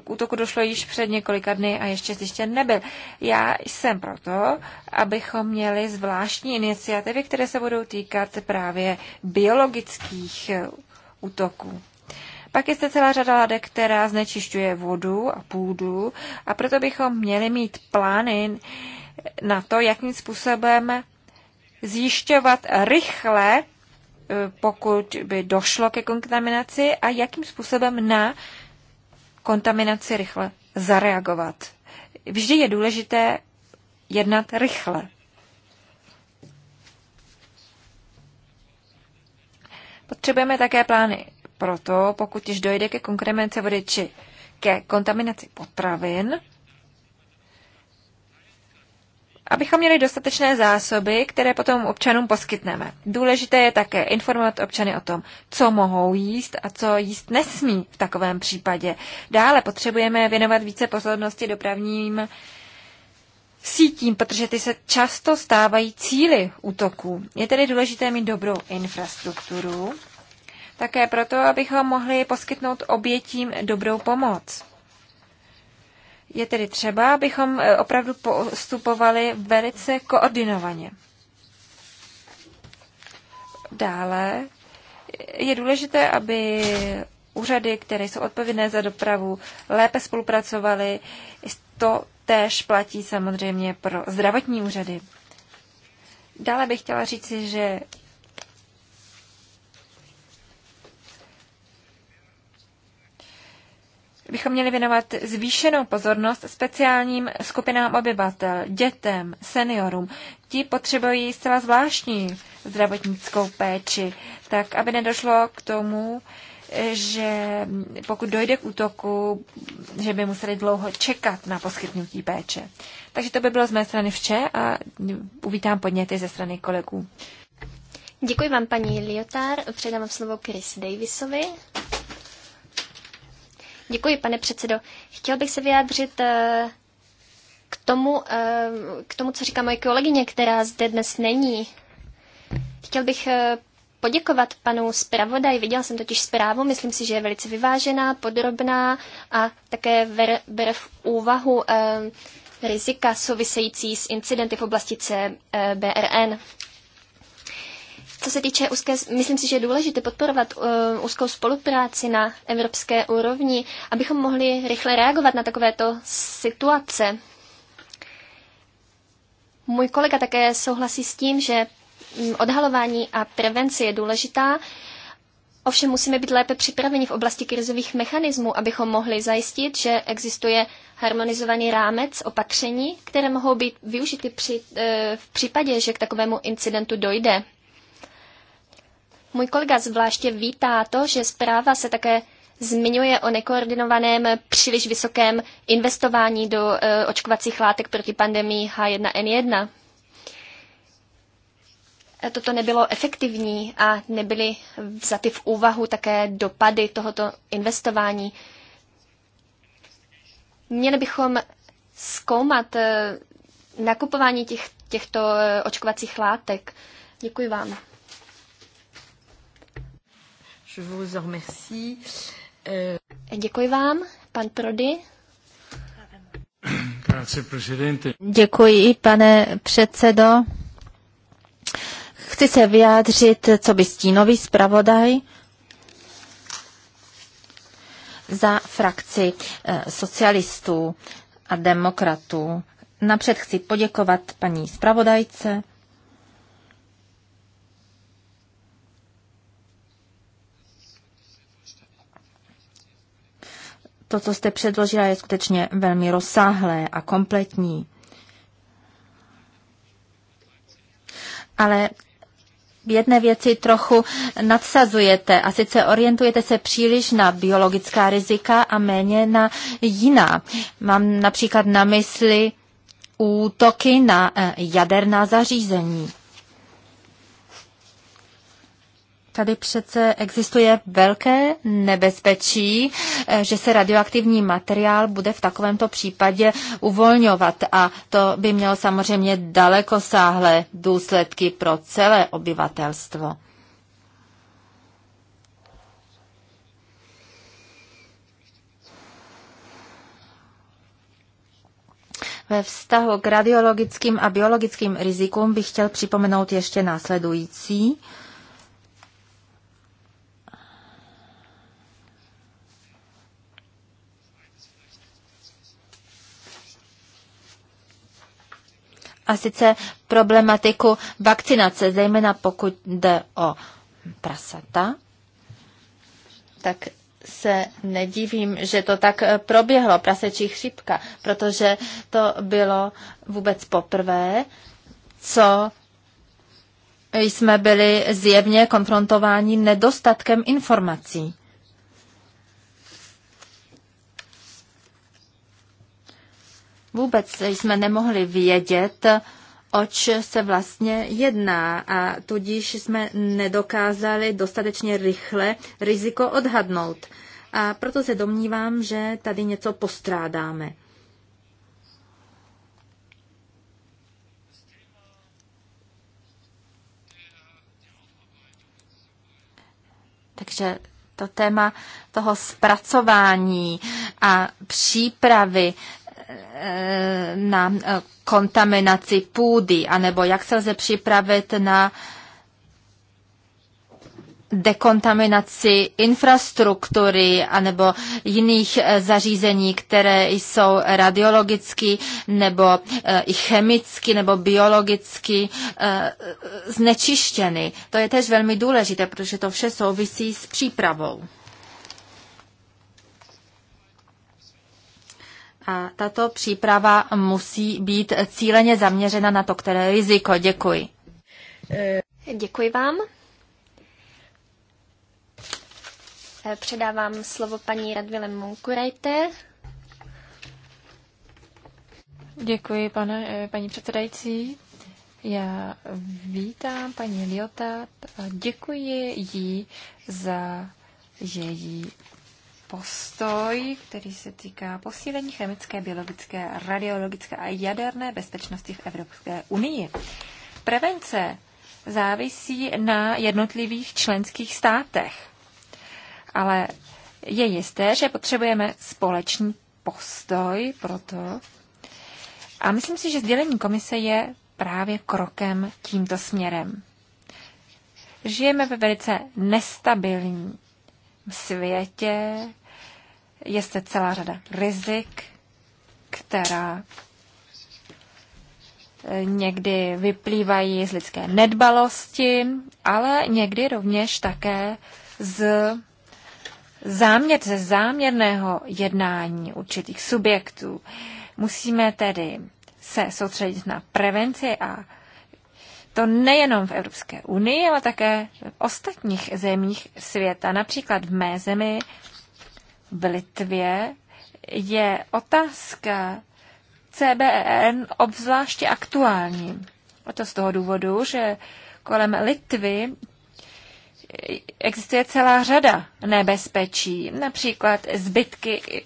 k útoku došlo již před několika dny a ještě zjištěn nebyl. Já jsem proto, abychom měli zvláštní iniciativy, které se budou týkat právě biologických eh, útoků. Pak je zde celá řada látek, která znečišťuje vodu a půdu a proto bychom měli mít plány na to, jakým způsobem zjišťovat rychle pokud by došlo ke kontaminaci a jakým způsobem na kontaminaci rychle zareagovat. Vždy je důležité jednat rychle. Potřebujeme také plány proto, pokud již dojde ke kontaminaci vody či ke kontaminaci potravin, abychom měli dostatečné zásoby, které potom občanům poskytneme. Důležité je také informovat občany o tom, co mohou jíst a co jíst nesmí v takovém případě. Dále potřebujeme věnovat více pozornosti dopravním sítím, protože ty se často stávají cíly útoků. Je tedy důležité mít dobrou infrastrukturu, také proto, abychom mohli poskytnout obětím dobrou pomoc. Je tedy třeba, abychom e, opravdu postupovali velice koordinovaně. Dále je důležité, aby úřady, které jsou odpovědné za dopravu, lépe spolupracovaly. To též platí samozřejmě pro zdravotní úřady. Dále bych chtěla říci, že bychom měli věnovat zvýšenou pozornost speciálním skupinám obyvatel, dětem, seniorům. Ti potřebují zcela zvláštní zdravotnickou péči, tak aby nedošlo k tomu, že pokud dojde k útoku, že by museli dlouho čekat na poskytnutí péče. Takže to by bylo z mé strany vše a uvítám podněty ze strany kolegů. Děkuji vám, paní Liotár. Předám slovo Chris Davisovi. Děkuji, pane předsedo. Chtěl bych se vyjádřit eh, k tomu, eh, k tomu, co říká moje kolegyně, která zde dnes není. Chtěl bych eh, poděkovat panu zpravodaj. Viděl jsem totiž zprávu, myslím si, že je velice vyvážená, podrobná a také ver, bere v úvahu rizika související s incidenty v oblasti CBRN. Co se týče úzké, myslím si, že je důležité podporovat uh, úzkou spolupráci na evropské úrovni, abychom mohli rychle reagovat na takovéto situace. Můj kolega také souhlasí s tím, že mm, odhalování a prevence je důležitá. Ovšem musíme být lépe připraveni v oblasti krizových mechanismů, abychom mohli zajistit, že existuje harmonizovaný rámec opatření, které mohou být využity při, eh, v případě, že k takovému incidentu dojde. Můj kolega zvláště vítá to, že zpráva se také zmiňuje o nekoordinovaném příliš vysokém investování do e, očkovacích látek proti pandemii H1N1. Toto nebylo efektivní a nebyly vzaty v úvahu také dopady tohoto investování. Měli bychom zkoumat eh, nakupování těch, těchto eh, očkovacích látek. Děkuji vám. Je vous remercie. Eh, děkuji vám, pan Prody. Děkuji, pane předsedo. Chci se vyjádřit, co by stínový zpravodaj za frakci eh, socialistů a demokratů. Napřed chci poděkovat paní zpravodajce to, co jste předložila, je skutečně velmi rozsáhlé a kompletní. Ale v jedné věci trochu nadsazujete a sice orientujete se příliš na biologická rizika a méně na jiná. Mám například na mysli útoky na eh, jaderná zařízení. Tady přece existuje velké nebezpečí, eh, že se radioaktivní materiál bude v takovémto případě uvolňovat a to by mělo samozřejmě sáhlé důsledky pro celé obyvatelstvo. Ve vztahu k radiologickým a biologickým rizikům bych chtěl připomenout ještě následující. a sice problematiku vakcinace, zejména pokud jde o prasata, tak se nedivím, že to tak eh, proběhlo, prasečí chřipka, protože to bylo vůbec poprvé, co jsme byli zjevně konfrontováni nedostatkem informací. Vůbec jsme nemohli vědět, oč se vlastně jedná a tudíž jsme nedokázali dostatečně rychle riziko odhadnout. A proto se domnívám, že tady něco postrádáme. Takže to téma toho zpracování a přípravy Eh, na eh, kontaminaci půdy, anebo jak se lze připravit na dekontaminaci infrastruktury anebo jiných eh, zařízení, které jsou radiologicky nebo i chemicky nebo biologicky znečištěny. To je tež velmi důležité, protože to vše souvisí s přípravou. A tato příprava musí být cíleně zaměřena na to, které riziko. Děkuji. Eh, děkuji vám. Eh, předávám slovo paní Radvile Munkurejte. Děkuji, pane, eh, paní předsedající. Já vítám paní Liotat a děkuji jí za její postoj, který se týká posílení chemické, biologické, radiologické a jaderné bezpečnosti v Evropské unii. Prevence závisí na jednotlivých členských státech, ale je jisté, že potřebujeme společný postoj pro to. A myslím si, že sdělení komise je právě krokem tímto směrem. Žijeme ve velice nestabilní světě, je zde celá řada rizik, která eh, někdy vyplývají z lidské nedbalosti, ale někdy rovněž také z záměr, ze záměrného jednání určitých subjektů. Musíme tedy se soustředit na prevenci a to nejenom v Evropské unii, ale také v ostatních zemích světa. Například v mé zemi v Litvě je otázka CBN e obzvláště aktuální. A to z toho důvodu, že kolem Litvy existuje celá řada nebezpečí, například zbytky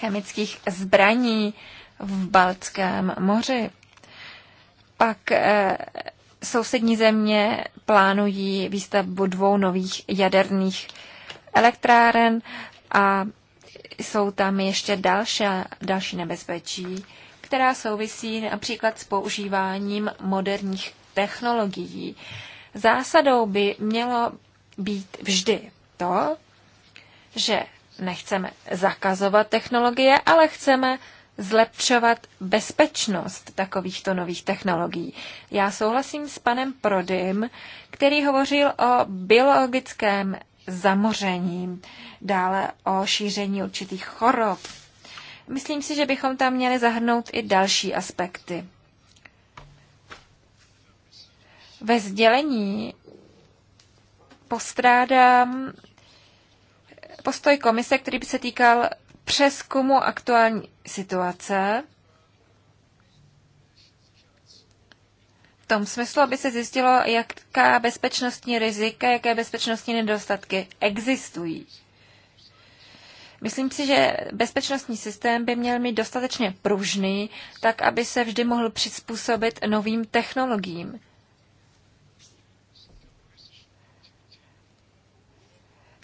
chemických zbraní v Baltském moři. Pak e, sousední země plánují výstavbu dvou nových jaderných elektráren a jsou tam ještě další, další nebezpečí, která souvisí například s používáním moderních technologií. Zásadou by mělo být vždy to, že nechceme zakazovat technologie, ale chceme zlepšovat bezpečnost takovýchto nových technologií. Já souhlasím s panem Prodym, který hovořil o biologickém zamořením, dále o šíření určitých chorob. Myslím si, že bychom tam měli zahrnout i další aspekty. Ve sdělení postrádám postoj komise, který by se týkal přeskumu aktuální situace v tom smyslu, aby se zjistilo, jaká bezpečnostní rizika, jaké bezpečnostní nedostatky existují. Myslím si, že bezpečnostní systém by měl mít dostatečně pružný, tak aby se vždy mohl přizpůsobit novým technologiím.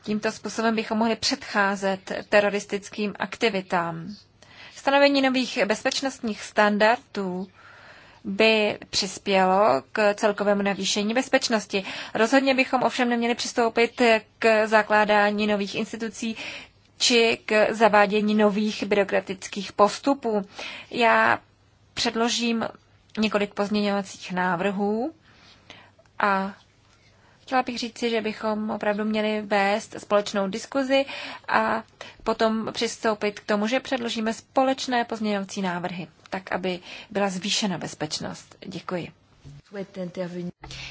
Tímto způsobem bychom mohli předcházet teroristickým aktivitám. Stanovení nových bezpečnostních standardů by přispělo k celkovému navýšení bezpečnosti. Rozhodně bychom ovšem neměli přistoupit k zakládání nových institucí či k zavádění nových byrokratických postupů. Já předložím několik pozměňovacích návrhů a Chtěla bych říci, že bychom opravdu měli vést společnou diskuzi a potom přistoupit k tomu, že předložíme společné pozměňovací návrhy, tak aby byla zvýšena bezpečnost. Děkuji.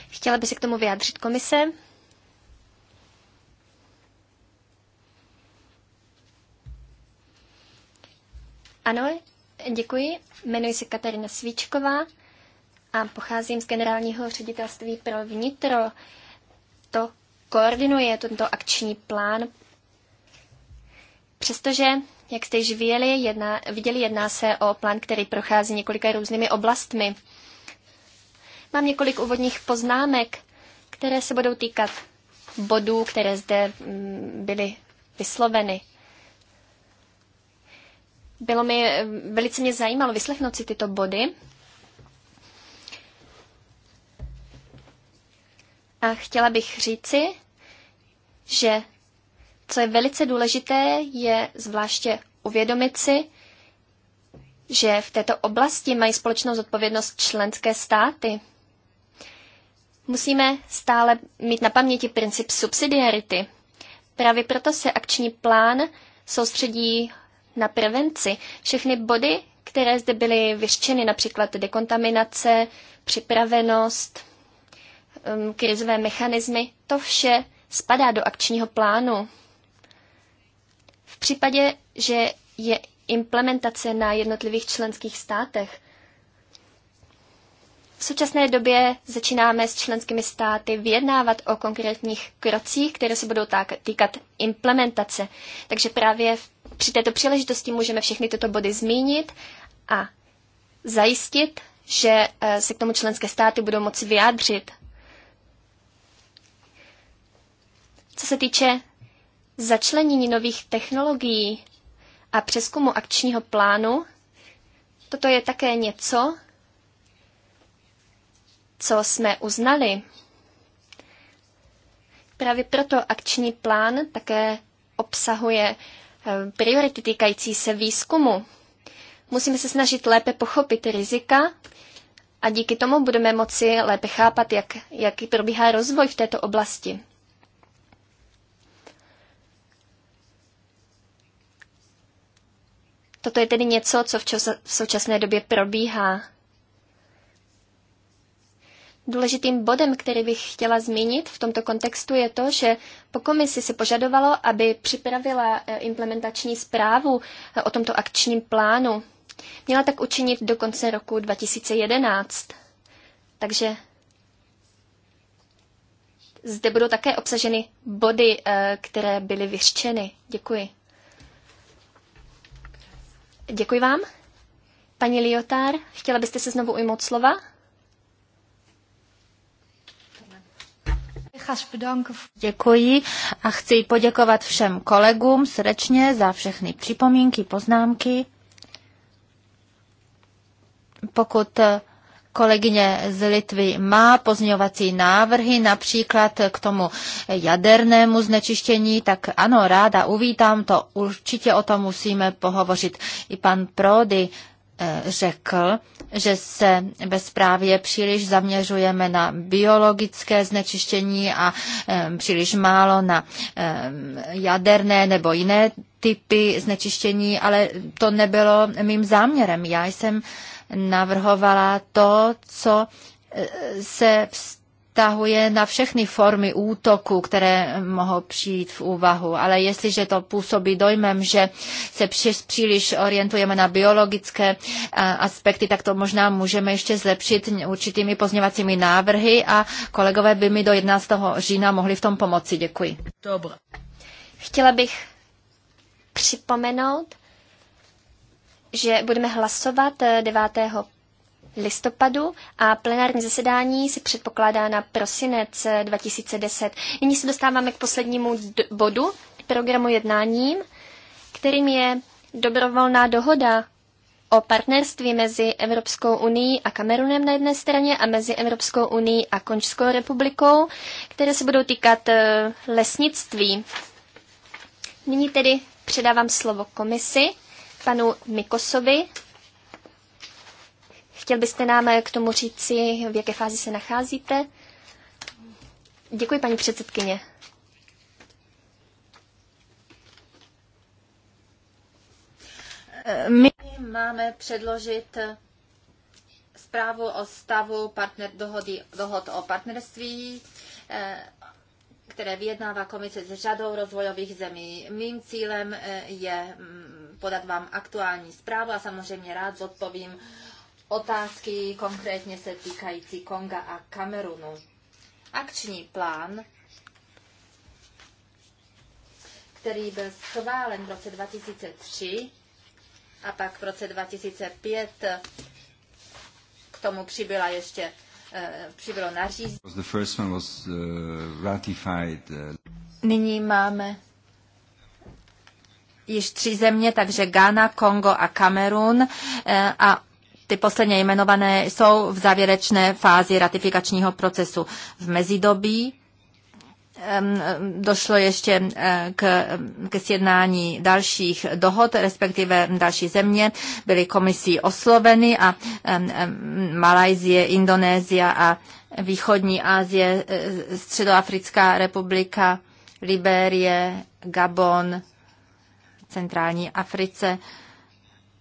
Chtěla by se k tomu vyjádřit komise? Ano, děkuji. Jmenuji se Katarina Svíčková a pocházím z generálního ředitelství pro vnitro to koordinuje, tento akční plán. Přestože, jak jste již viděli, jedná, viděli, jedná se o plán, který prochází několika různými oblastmi. Mám několik úvodních poznámek, které se budou týkat bodů, které zde mm, byly vysloveny. Bylo mi, mm, velice mě zajímalo vyslechnout si tyto body A chtěla bych říci, že co je velice důležité, je zvláště uvědomit si, že v této oblasti mají společnou zodpovědnost členské státy. Musíme stále mít na paměti princip subsidiarity. Právě proto se akční plán soustředí na prevenci. Všechny body, které zde byly vyřčeny, například dekontaminace, připravenost, um, krizové mechanismy, to vše spadá do akčního plánu. V případě, že je implementace na jednotlivých členských státech, v současné době začínáme s členskými státy vyjednávat o konkrétních krocích, které se budou tak týkat implementace. Takže právě při této příležitosti můžeme všechny tyto body zmínit a zajistit, že eh, se k tomu členské státy budou moci vyjádřit. Co se týče začlenění nových technologií a přeskumu akčního plánu, toto je také něco, co jsme uznali. Právě proto akční plán také obsahuje eh, priority týkající se výzkumu. Musíme se snažit lépe pochopit rizika a díky tomu budeme moci lépe chápat, jak, jaký probíhá rozvoj v této oblasti. Toto je tedy něco, co v, čas, v současné době probíhá. Důležitým bodem, který bych chtěla zmínit v tomto kontextu, je to, že po komisi se požadovalo, aby připravila eh, implementační zprávu eh, o tomto akčním plánu. Měla tak učinit do konce roku 2011. Takže zde budou také obsaženy body, eh, které byly vyřčeny. Děkuji. Děkuji vám. Paní Liotár, chtěla byste se znovu ujmout slova? Děkuji a chci poděkovat všem kolegům srdečně za všechny připomínky, poznámky. Pokud kolegyně z Litvy má pozňovací návrhy, například k tomu jadernému znečištění, tak ano, ráda uvítám to, určitě o tom musíme pohovořit. I pan Prody eh, řekl, že se bezprávě příliš zaměřujeme na biologické znečištění a eh, příliš málo na eh, jaderné nebo jiné typy znečištění, ale to nebylo mým záměrem. Já jsem navrhovala to, co e, se vztahuje na všechny formy útoku, které mohou přijít v úvahu. Ale jestliže to působí dojmem, že se příliš orientujeme na biologické e, aspekty, tak to možná můžeme ještě zlepšit určitými pozněvacími návrhy a kolegové by mi do 11. října mohli v tom pomoci. Děkuji. Dobro. Chtěla bych připomenout, že budeme hlasovat 9. Eh, listopadu a plenární zasedání se předpokládá na prosinec 2010. Eh, Nyní se dostáváme k poslednímu bodu programu jednáním, kterým je dobrovolná dohoda o partnerství mezi Evropskou unii a Kamerunem na jedné straně a mezi Evropskou unii a Končskou republikou, které se budou týkat eh, lesnictví. Nyní tedy předávám slovo komisi panu Mikosovi. Chtěl byste nám k tomu říci, v jaké fázi se nacházíte? Děkuji, paní předsedkyně. My máme předložit zprávu o stavu partner, dohody, dohod o partnerství, eh, které vyjednává komise s řadou rozvojových zemí. Mým cílem eh, je mm, podat vám aktuální zprávu a samozřejmě rád zodpovím otázky konkrétně se týkající Konga a Kamerunu. Akční plán, který byl schválen v roce 2003 a pak v roce 2005 k tomu přibyla ještě eh, přibylo nařízení. Eh, eh, Nyní máme již tři země, takže Ghana, Kongo a Kamerun eh, a ty posledně jmenované jsou v závěrečné fázi ratifikačního procesu. V mezidobí došlo ještě eh, k, k sjednání dalších dohod, respektive další země. Byly komisí osloveny a Malajzie, Indonésia a Východní Asie, eh, Středoafrická republika, Liberie, Gabon, centrální Africe.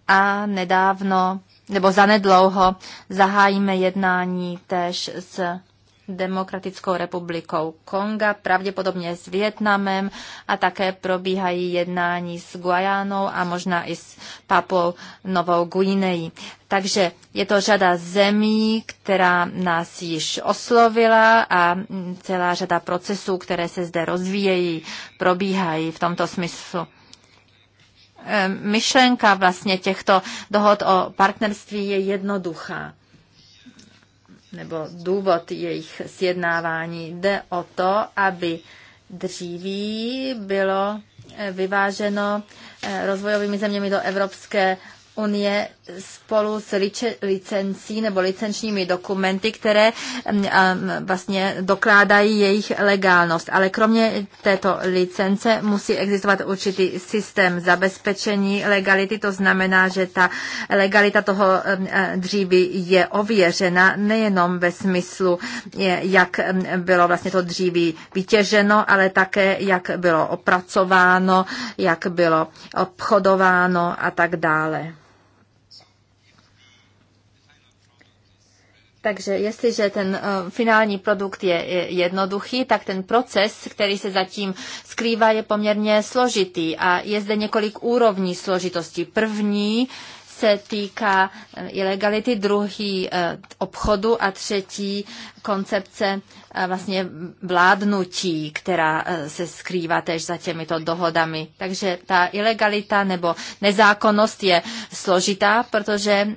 A nedávno, nebo zanedlouho, zahájíme jednání též s Demokratickou republikou Konga, pravděpodobně s Vietnamem a také probíhají jednání s Guajánou a možná i s Papou Novou Guinejí. Takže je to řada zemí, která nás již oslovila a celá řada procesů, které se zde rozvíjejí, probíhají v tomto smyslu. Eh, myšlenka vlastně těchto dohod o partnerství je jednoduchá nebo důvod jejich sjednávání. Jde o to, aby dříví bylo eh, vyváženo eh, rozvojovými zeměmi do Evropské unie spolu s licencí nebo licenčními dokumenty, které mm, mm, vlastně dokládají jejich legálnost. Ale kromě této licence musí existovat určitý systém zabezpečení legality, to znamená, že ta legalita toho mm, dříví je ověřena nejenom ve smyslu, jak bylo vlastně to dříví vytěženo, ale také jak bylo opracováno, jak bylo obchodováno a tak dále. Takže jestliže ten eh, finální produkt je jednoduchý, tak ten proces, který se zatím skrývá, je poměrně složitý a je zde několik úrovní složitosti. První se týká eh, ilegality, druhý eh, obchodu a třetí koncepce eh, vlastně vládnutí, která se skrývá tež za těmito dohodami. Takže ta ilegalita nebo nezákonnost je složitá, protože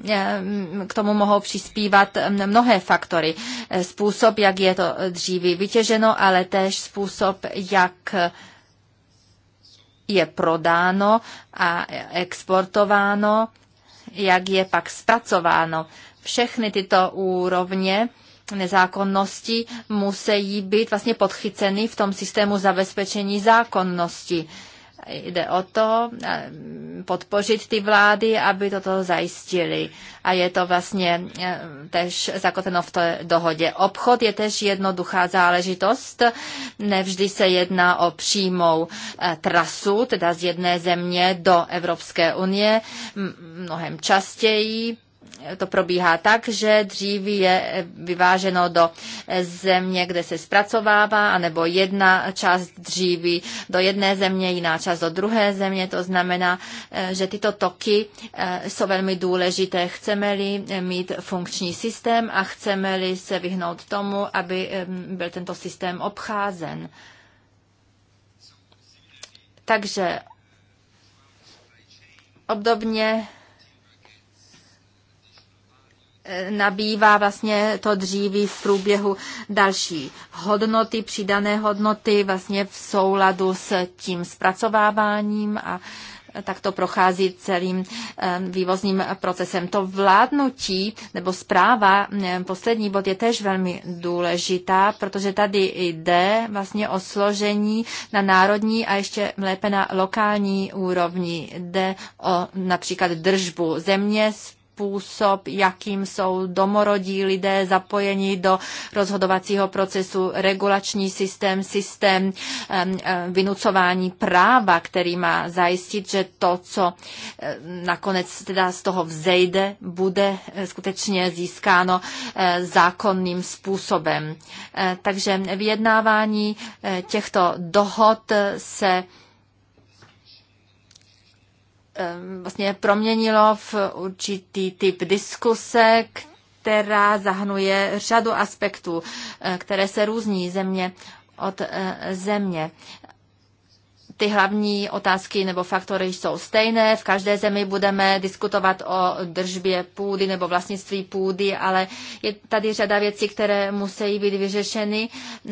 k tomu mohou přispívat mnohé faktory. Způsob, jak je to dříve vytěženo, ale též způsob, jak je prodáno a exportováno jak je pak zpracováno. Všechny tyto úrovně nezákonnosti musí být vlastně podchyceny v tom systému zabezpečení zákonnosti. Jde o to eh, podpořit ty vlády, aby toto zajistili. A je to vlastně eh, tež zakotveno v té dohodě. Obchod je tež jednoduchá záležitost. Nevždy se jedná o přímou eh, trasu, teda z jedné země do Evropské unie. Mnohem častěji to probíhá tak, že dříví je vyváženo do země, kde se zpracovává, anebo jedna část dříví do jedné země, jiná část do druhé země. To znamená, eh, že tyto toky eh, jsou velmi důležité. Chceme-li mít funkční systém a chceme-li se vyhnout tomu, aby eh, byl tento systém obcházen. Takže obdobně nabývá vlastně to dříví v průběhu další hodnoty, přidané hodnoty vlastně v souladu s tím zpracováváním a tak to prochází celým eh, vývozním procesem. To vládnutí nebo zpráva, eh, poslední bod je tež velmi důležitá, protože tady jde vlastně o složení na národní a ještě lépe na lokální úrovni. Jde o například držbu země, způsob, jakým jsou domorodí lidé zapojeni do rozhodovacího procesu, regulační systém, systém vynucování práva, který má zajistit, že to, co nakonec teda z toho vzejde, bude eh, skutečně získáno eh, zákonným způsobem. Eh, takže vyjednávání těchto dohod se Eh, vlastně proměnilo v určitý typ diskuse, která zahnuje řadu aspektů, eh, které se různí země od eh, země ty hlavní otázky nebo faktory jsou stejné. V každé zemi budeme diskutovat o držbě půdy nebo vlastnictví půdy, ale je tady řada věcí, které musí být vyřešeny,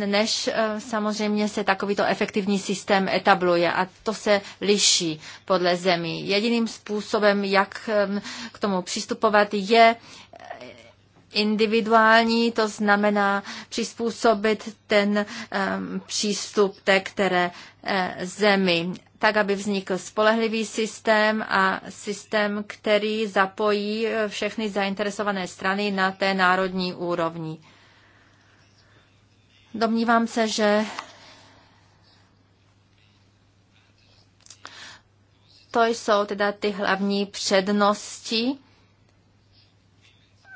než eh, samozřejmě se takovýto efektivní systém etabluje a to se liší podle zemí. Jediným způsobem, jak eh, k tomu přistupovat, je individuální, to znamená přizpůsobit ten přístup té které eh, zemi tak, aby vznikl spolehlivý systém a systém, který zapojí eh, všechny zainteresované strany na té národní úrovni. Domnívám se, že to jsou teda ty hlavní přednosti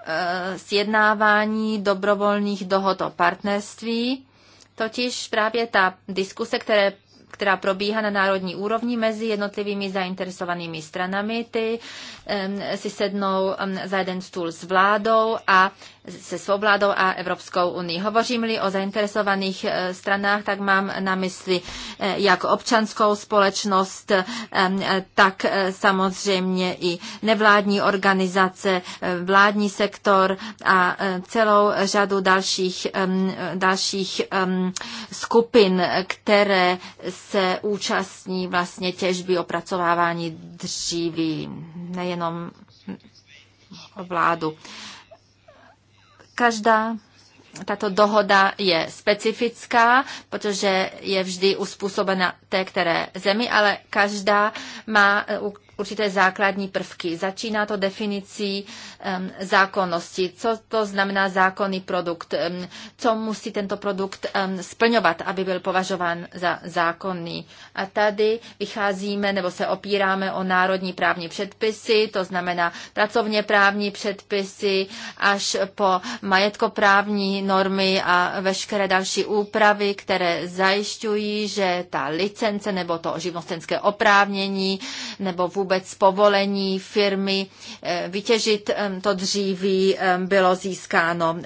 Eh, sjednávání dobrovolných dohod o partnerství, totiž právě ta diskuse, které která probíhá na národní úrovni mezi jednotlivými zainteresovanými stranami. Ty si sednou za jeden stůl s vládou a se svou vládou a Evropskou unii. Hovořím-li o zainteresovaných eh, stranách, tak mám na mysli eh, jak občanskou společnost, eh, tak samozřejmě i nevládní organizace, vládní sektor a celou řadu dalších, dalších skupin, které se účastní vlastně těžby opracovávání dříví, nejenom vládu. Každá tato dohoda je specifická, protože je vždy uspůsobena té které zemi, ale každá má určité základní prvky. Začíná to definicí um, zákonnosti. Co to znamená zákonný produkt? Um, co musí tento produkt um, splňovat, aby byl považován za zákonný? A tady vycházíme nebo se opíráme o národní právní předpisy, to znamená pracovně právní předpisy až po majetkoprávní normy a veškeré další úpravy, které zajišťují, že ta licence nebo to živnostenské oprávnění nebo vůbec vůbec povolení firmy eh, vytěžit to dříví bylo získáno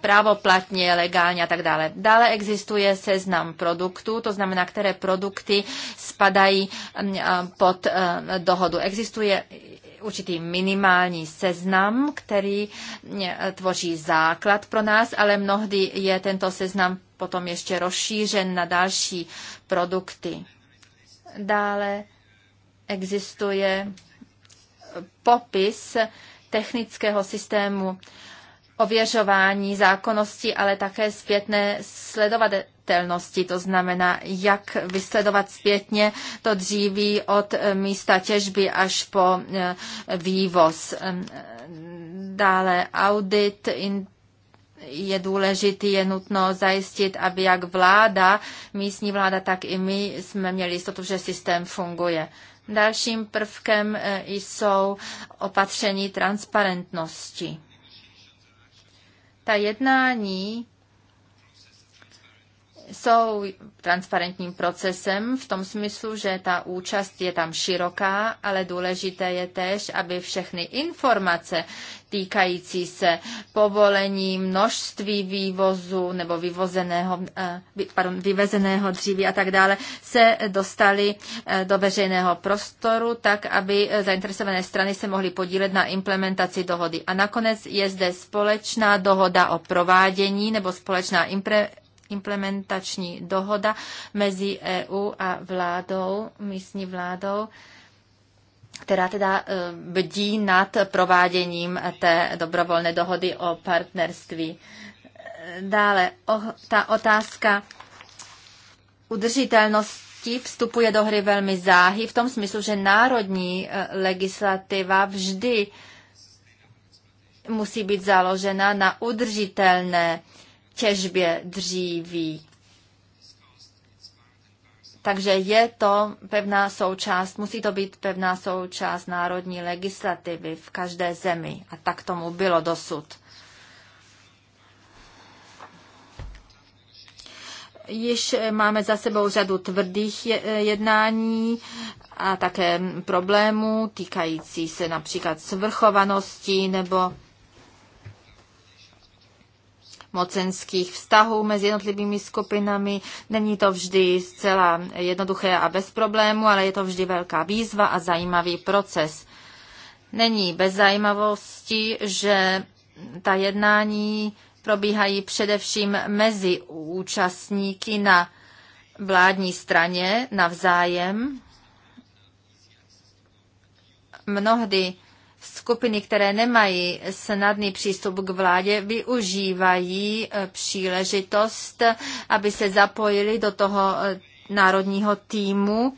právoplatně, legálně a tak dále. Dále existuje seznam produktů, to znamená, které produkty spadají pod eh, dohodu. Existuje určitý minimální seznam, který eh, tvoří základ pro nás, ale mnohdy je tento seznam potom ještě rozšířen na další produkty. Dále existuje popis technického systému ověřování zákonnosti, ale také zpětné sledovatelnosti, to znamená, jak vysledovat zpětně to dříví od eh, místa těžby až po eh, vývoz. Dále audit, je důležitý, je nutno zajistit, aby jak vláda, místní vláda, tak i my jsme měli jistotu, že systém funguje. Dalším prvkem e, jsou opatření transparentnosti. Ta jednání jsou transparentním procesem v tom smyslu, že ta účast je tam široká, ale důležité je též, aby všechny informace týkající se povolení, množství vývozu nebo vyvozeného, eh, pardon, vyvezeného dříví a tak dále, se dostaly eh, do veřejného prostoru, tak aby eh, zainteresované strany se mohly podílet na implementaci dohody. A nakonec je zde společná dohoda o provádění nebo společná impre, implementační dohoda mezi EU a vládou, místní vládou, která teda e, bdí nad prováděním té dobrovolné dohody o partnerství. Dále o, ta otázka udržitelnosti vstupuje do hry velmi záhy v tom smyslu, že národní e, legislativa vždy musí být založena na udržitelné eh, těžbě dříví. Takže je to pevná součást, musí to být pevná součást národní legislativy v každé zemi. A tak tomu bylo dosud. Již máme za sebou řadu tvrdých jednání a také problémů týkající se například svrchovanosti nebo mocenských vztahů mezi jednotlivými skupinami. Není to vždy zcela jednoduché a bez problému, ale je to vždy velká výzva a zajímavý proces. Není bez zajímavosti, že ta jednání probíhají především mezi účastníky na vládní straně navzájem. Mnohdy skupiny, které nemají snadný přístup k vládě, využívají eh, příležitost, aby se zapojili do toho eh, národního týmu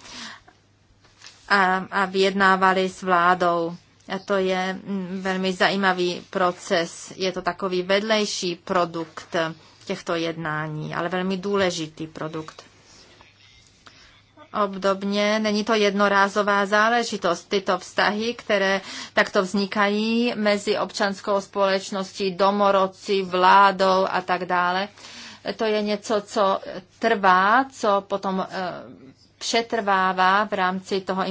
a, a vyjednávali s vládou. A to je mm, velmi zajímavý proces. Je to takový vedlejší produkt těchto jednání, ale velmi důležitý produkt. Obdobně není to jednorázová záležitost. Tyto vztahy, které takto vznikají mezi občanskou společností, domorodci, vládou a tak dále, to je něco, co trvá, co potom eh, přetrvává v rámci toho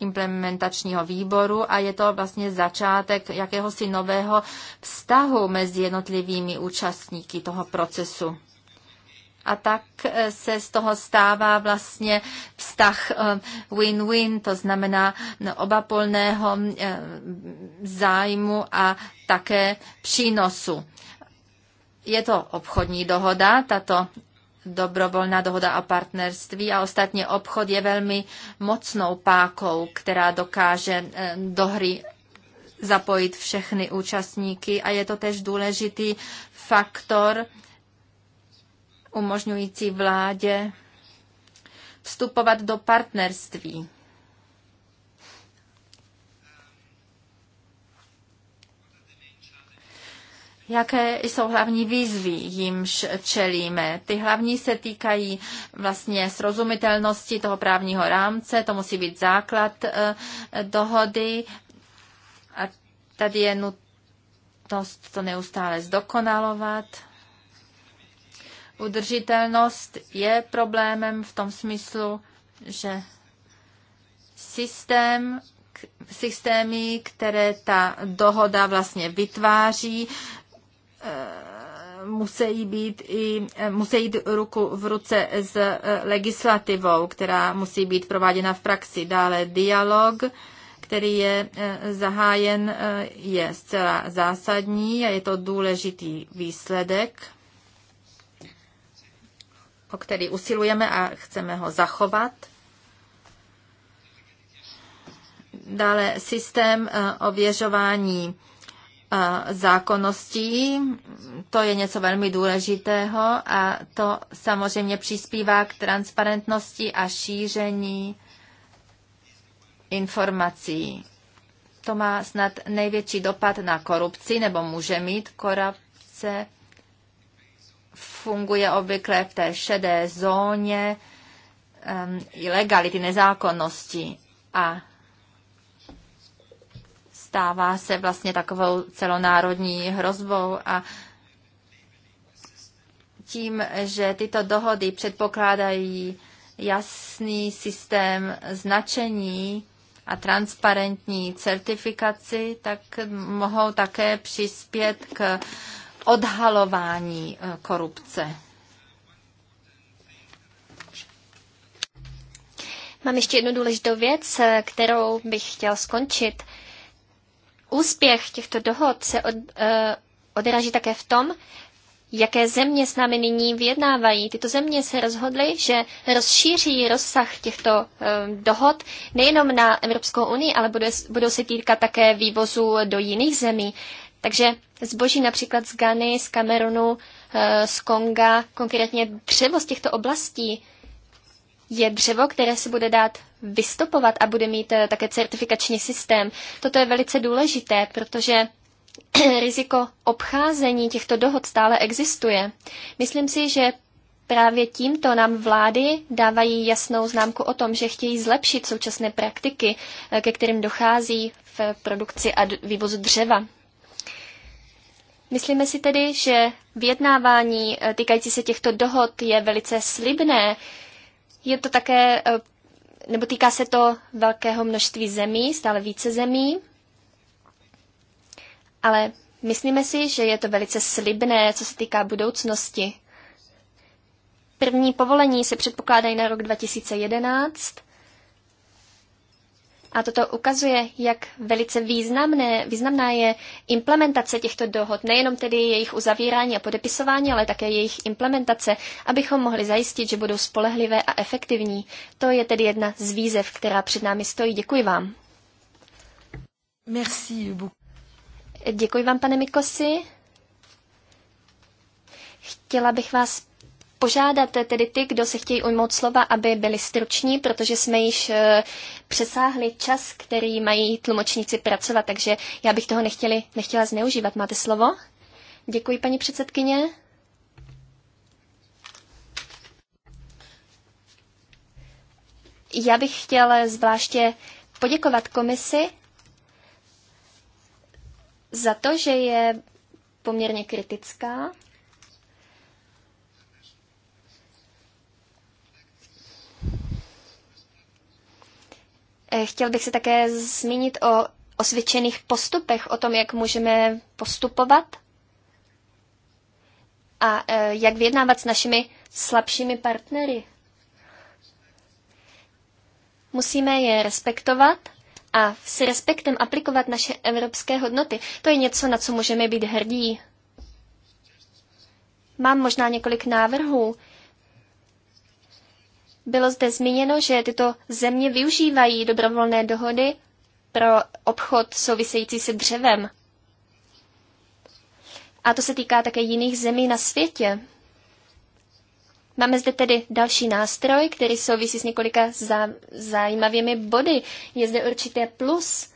implementačního výboru a je to vlastně začátek jakéhosi nového vztahu mezi jednotlivými účastníky toho procesu a tak eh, se z toho stává vlastně vztah eh, win-win, to znamená no, obapolného eh, zájmu a také přínosu. Je to obchodní dohoda, tato dobrovolná dohoda o partnerství a ostatně obchod je velmi mocnou pákou, která dokáže do hry zapojit všechny účastníky a je to tež důležitý faktor, umožňující vládě vstupovat do partnerství. Jaké jsou hlavní výzvy, jimž čelíme? Ty hlavní se týkají vlastně srozumitelnosti toho právního rámce, to musí být základ eh, dohody a tady je nutnost to neustále zdokonalovat. Udržitelnost je problémem v tom smyslu, že systém, systémy, které ta dohoda vlastně vytváří, eh, musí být i, eh, musí jít ruku v ruce s eh, legislativou, která musí být prováděna v praxi. Dále dialog, který je zahájen, je zcela zásadní a je to důležitý výsledek o který usilujeme a chceme ho zachovat. Dále systém eh, ověřování eh, zákonností, to je něco velmi důležitého a to samozřejmě přispívá k transparentnosti a šíření informací. To má snad největší dopad na korupci, nebo může mít korupce funguje obvykle v té šedé zóně um, ilegality, nezákonnosti a stává se vlastně takovou celonárodní hrozbou a tím, že tyto dohody předpokládají jasný systém značení a transparentní certifikaci, tak mohou také přispět k odhalování eh, korupce. Mám ještě jednu důležitou věc, eh, kterou bych chtěl skončit. Úspěch těchto dohod se od, uh, odráží také v tom, jaké země s námi nyní vyjednávají. Tyto země se rozhodly, že rozšíří rozsah těchto um, dohod nejenom na Evropskou unii, ale budou, budou se týkat také vývozu do jiných zemí. Takže zboží například z Gany, z Kamerunu, eh, z Konga, konkrétně dřevo z těchto oblastí, je dřevo, které se bude dát vystopovat a bude mít eh, také certifikační systém. Toto je velice důležité, protože riziko obcházení těchto dohod stále existuje. Myslím si, že právě tímto nám vlády dávají jasnou známku o tom, že chtějí zlepšit současné praktiky, eh, ke kterým dochází v produkci a vývozu dřeva. Myslíme si tedy, že vyjednávání eh, týkající se těchto dohod je velice slibné. Je to také, eh, nebo týká se to velkého množství zemí, stále více zemí, ale myslíme si, že je to velice slibné, co se týká budoucnosti. První povolení se předpokládají na rok 2011 a toto ukazuje, jak velice významné, významná je implementace těchto dohod, nejenom tedy jejich uzavírání a podepisování, ale také jejich implementace, abychom mohli zajistit, že budou spolehlivé a efektivní. To je tedy jedna z výzev, která před námi stojí. Děkuji vám. Merci Děkuji vám, pane Mikosi. Chtěla bych vás požádat tedy ty, kdo se chtějí ujmout slova, aby byli struční, protože jsme již eh, přesáhli čas, který mají tlumočníci pracovat, takže já bych toho nechtěli, nechtěla zneužívat. Máte slovo? Děkuji, paní předsedkyně. Já bych chtěla zvláště poděkovat komisi za to, že je poměrně kritická Eh, chtěl bych se také zmínit o osvědčených postupech, o tom, jak můžeme postupovat a eh, jak vyjednávat s našimi slabšími partnery. Musíme je respektovat a s respektem aplikovat naše evropské hodnoty. To je něco, na co můžeme být hrdí. Mám možná několik návrhů. Bylo zde zmíněno, že tyto země využívají dobrovolné dohody pro obchod související se dřevem. A to se týká také jiných zemí na světě. Máme zde tedy další nástroj, který souvisí s několika zá, zajímavými body. Je zde určité plus.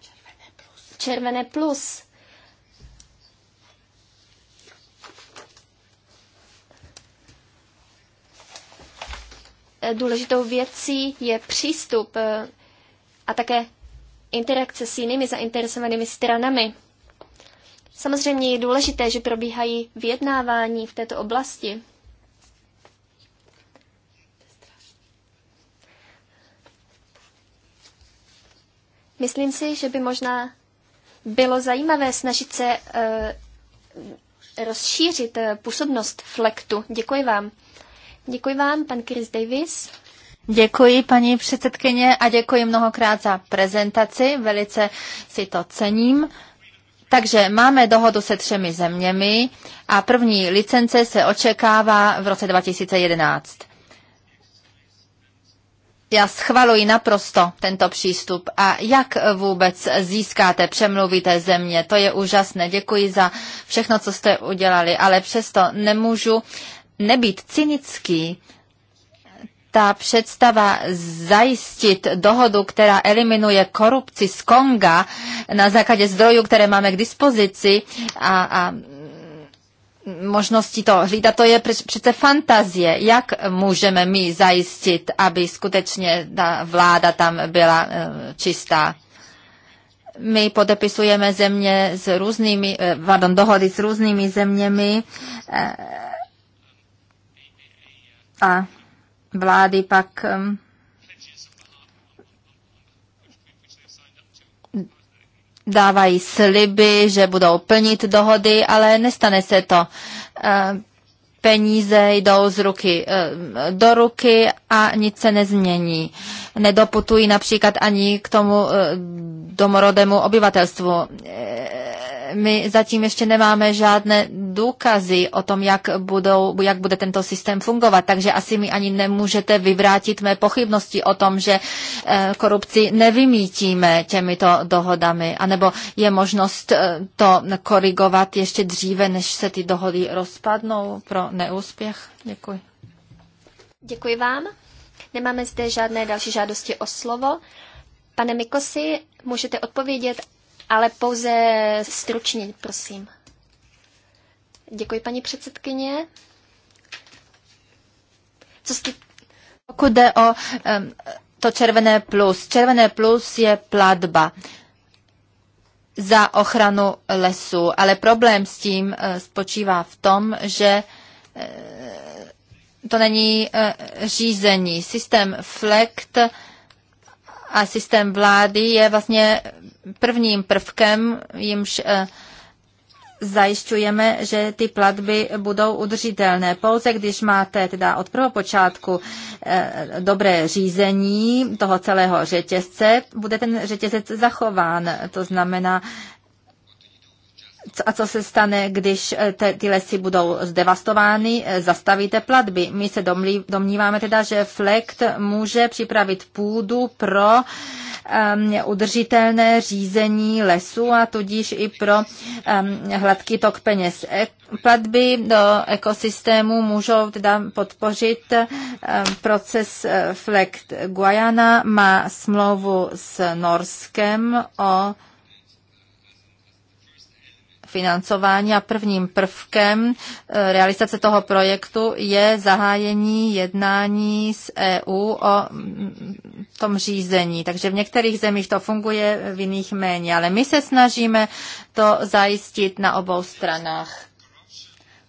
Červené plus. Červené plus. důležitou věcí je přístup eh, a také interakce s jinými zainteresovanými stranami. Samozřejmě je důležité, že probíhají vyjednávání v této oblasti. Myslím si, že by možná bylo zajímavé snažit se eh, rozšířit eh, působnost flektu. Děkuji vám. Děkuji vám, pan Chris Davis. Děkuji, paní předsedkyně, a děkuji mnohokrát za prezentaci. Velice si to cením. Takže máme dohodu se třemi zeměmi a první licence se očekává v roce 2011. Já schvaluji naprosto tento přístup. A jak vůbec získáte, přemluvíte země? To je úžasné. Děkuji za všechno, co jste udělali, ale přesto nemůžu nebýt cynický, ta představa zajistit dohodu, která eliminuje korupci z Konga na základě zdrojů, které máme k dispozici a, a možnosti to hlídat, to je přece fantazie. Jak můžeme my zajistit, aby skutečně ta vláda tam byla eh, čistá? My podepisujeme země s různými, eh, pardon, dohody s různými zeměmi eh, a vlády pak um, dávají sliby, že budou plnit dohody, ale nestane se to. Uh, peníze jdou z ruky uh, do ruky a nic se nezmění. Nedoputují například ani k tomu uh, domorodému obyvatelstvu my zatím ještě nemáme žádné důkazy o tom, jak, budou, jak bude tento systém fungovat, takže asi mi ani nemůžete vyvrátit mé pochybnosti o tom, že eh, korupci nevymítíme těmito dohodami, anebo je možnost eh, to korigovat ještě dříve, než se ty dohody rozpadnou pro neúspěch? Děkuji. Děkuji vám. Nemáme zde žádné další žádosti o slovo. Pane Mikosi, můžete odpovědět ale pouze stručně, prosím. Děkuji, paní předsedkyně. Co jste... Pokud jde o um, to červené plus. Červené plus je platba za ochranu lesu, ale problém s tím e, spočívá v tom, že e, to není e, řízení. Systém FLECT a systém vlády je vlastně prvním prvkem, jimž eh, zajišťujeme, že ty platby budou udržitelné. Pouze když máte teda od prvopočátku eh, dobré řízení toho celého řetězce, bude ten řetězec zachován. To znamená, a co se stane, když eh, te, ty lesy budou zdevastovány, eh, zastavíte platby. My se domlí, domníváme teda, že FLECT může připravit půdu pro um, udržitelné řízení lesů a tudíž i pro um, hladký tok peněz. E- platby do ekosystému můžou teda podpořit um, proces eh, FLECT. Guayana má smlouvu s Norskem o financování a prvním prvkem eh, realizace toho projektu je zahájení jednání s EU o mm, tom řízení. Takže v některých zemích to funguje, v jiných méně, ale my se snažíme to zajistit na obou stranách.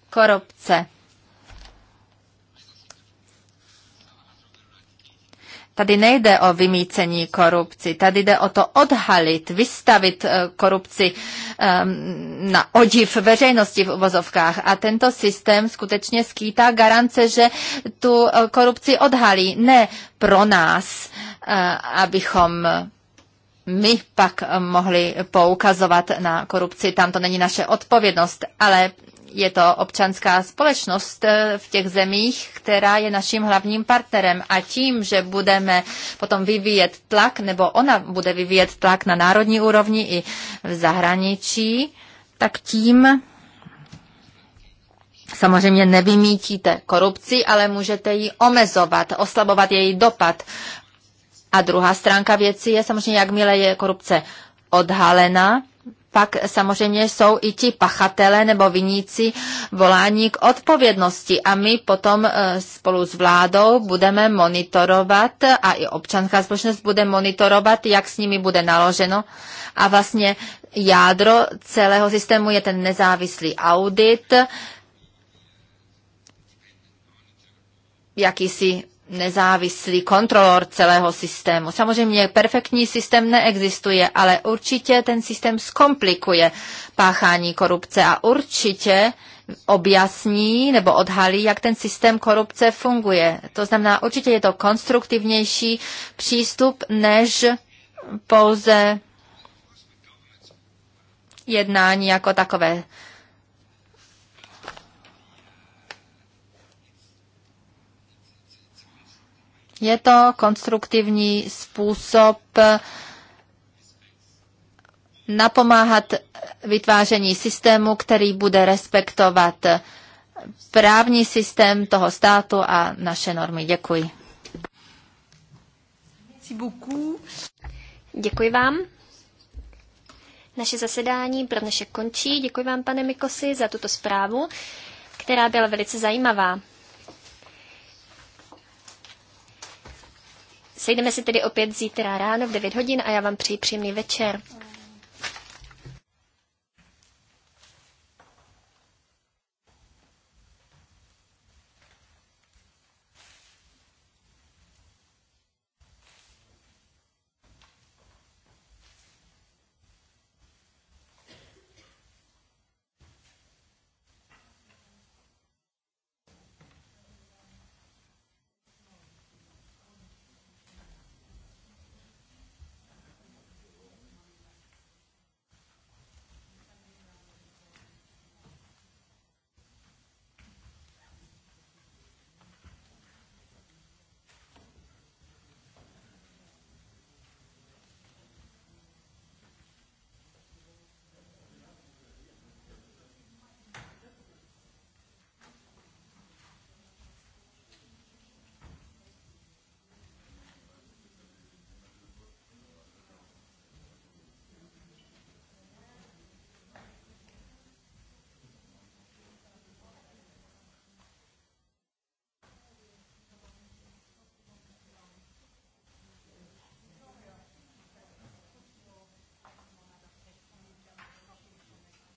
Korupce. Tady nejde o vymícení korupci, tady jde o to odhalit, vystavit eh, korupci ehm, na odiv veřejnosti v uvozovkách. A tento systém skutečně skýtá garance, že tu eh, korupci odhalí. Ne pro nás, eh, abychom my pak mohli poukazovat na korupci, tam to není naše odpovědnost, ale je to občanská společnost eh, v těch zemích, která je naším hlavním partnerem. A tím, že budeme potom vyvíjet tlak, nebo ona bude vyvíjet tlak na národní úrovni i v zahraničí, tak tím samozřejmě nevymítíte korupci, ale můžete ji omezovat, oslabovat její dopad. A druhá stránka věci je samozřejmě, jakmile je korupce odhalena, pak samozřejmě jsou i ti pachatele nebo viníci volání k odpovědnosti a my potom e, spolu s vládou budeme monitorovat a i občanská společnost bude monitorovat, jak s nimi bude naloženo a vlastně jádro celého systému je ten nezávislý audit, jakýsi nezávislý kontrolor celého systému. Samozřejmě perfektní systém neexistuje, ale určitě ten systém zkomplikuje páchání korupce a určitě objasní nebo odhalí, jak ten systém korupce funguje. To znamená, určitě je to konstruktivnější přístup než pouze jednání jako takové. Vlastně je to konstruktivní způsob eh, napomáhat vytváření systému, který bude respektovat právní systém toho státu a naše normy. Děkuji. Děkuji vám. Naše zasedání pro dnešek končí. Děkuji vám, pane Mikosi, za tuto zprávu, která byla velice zajímavá. Sejdeme se tedy opět zítra ráno v 9 hodin a já vám přeji příjemný večer.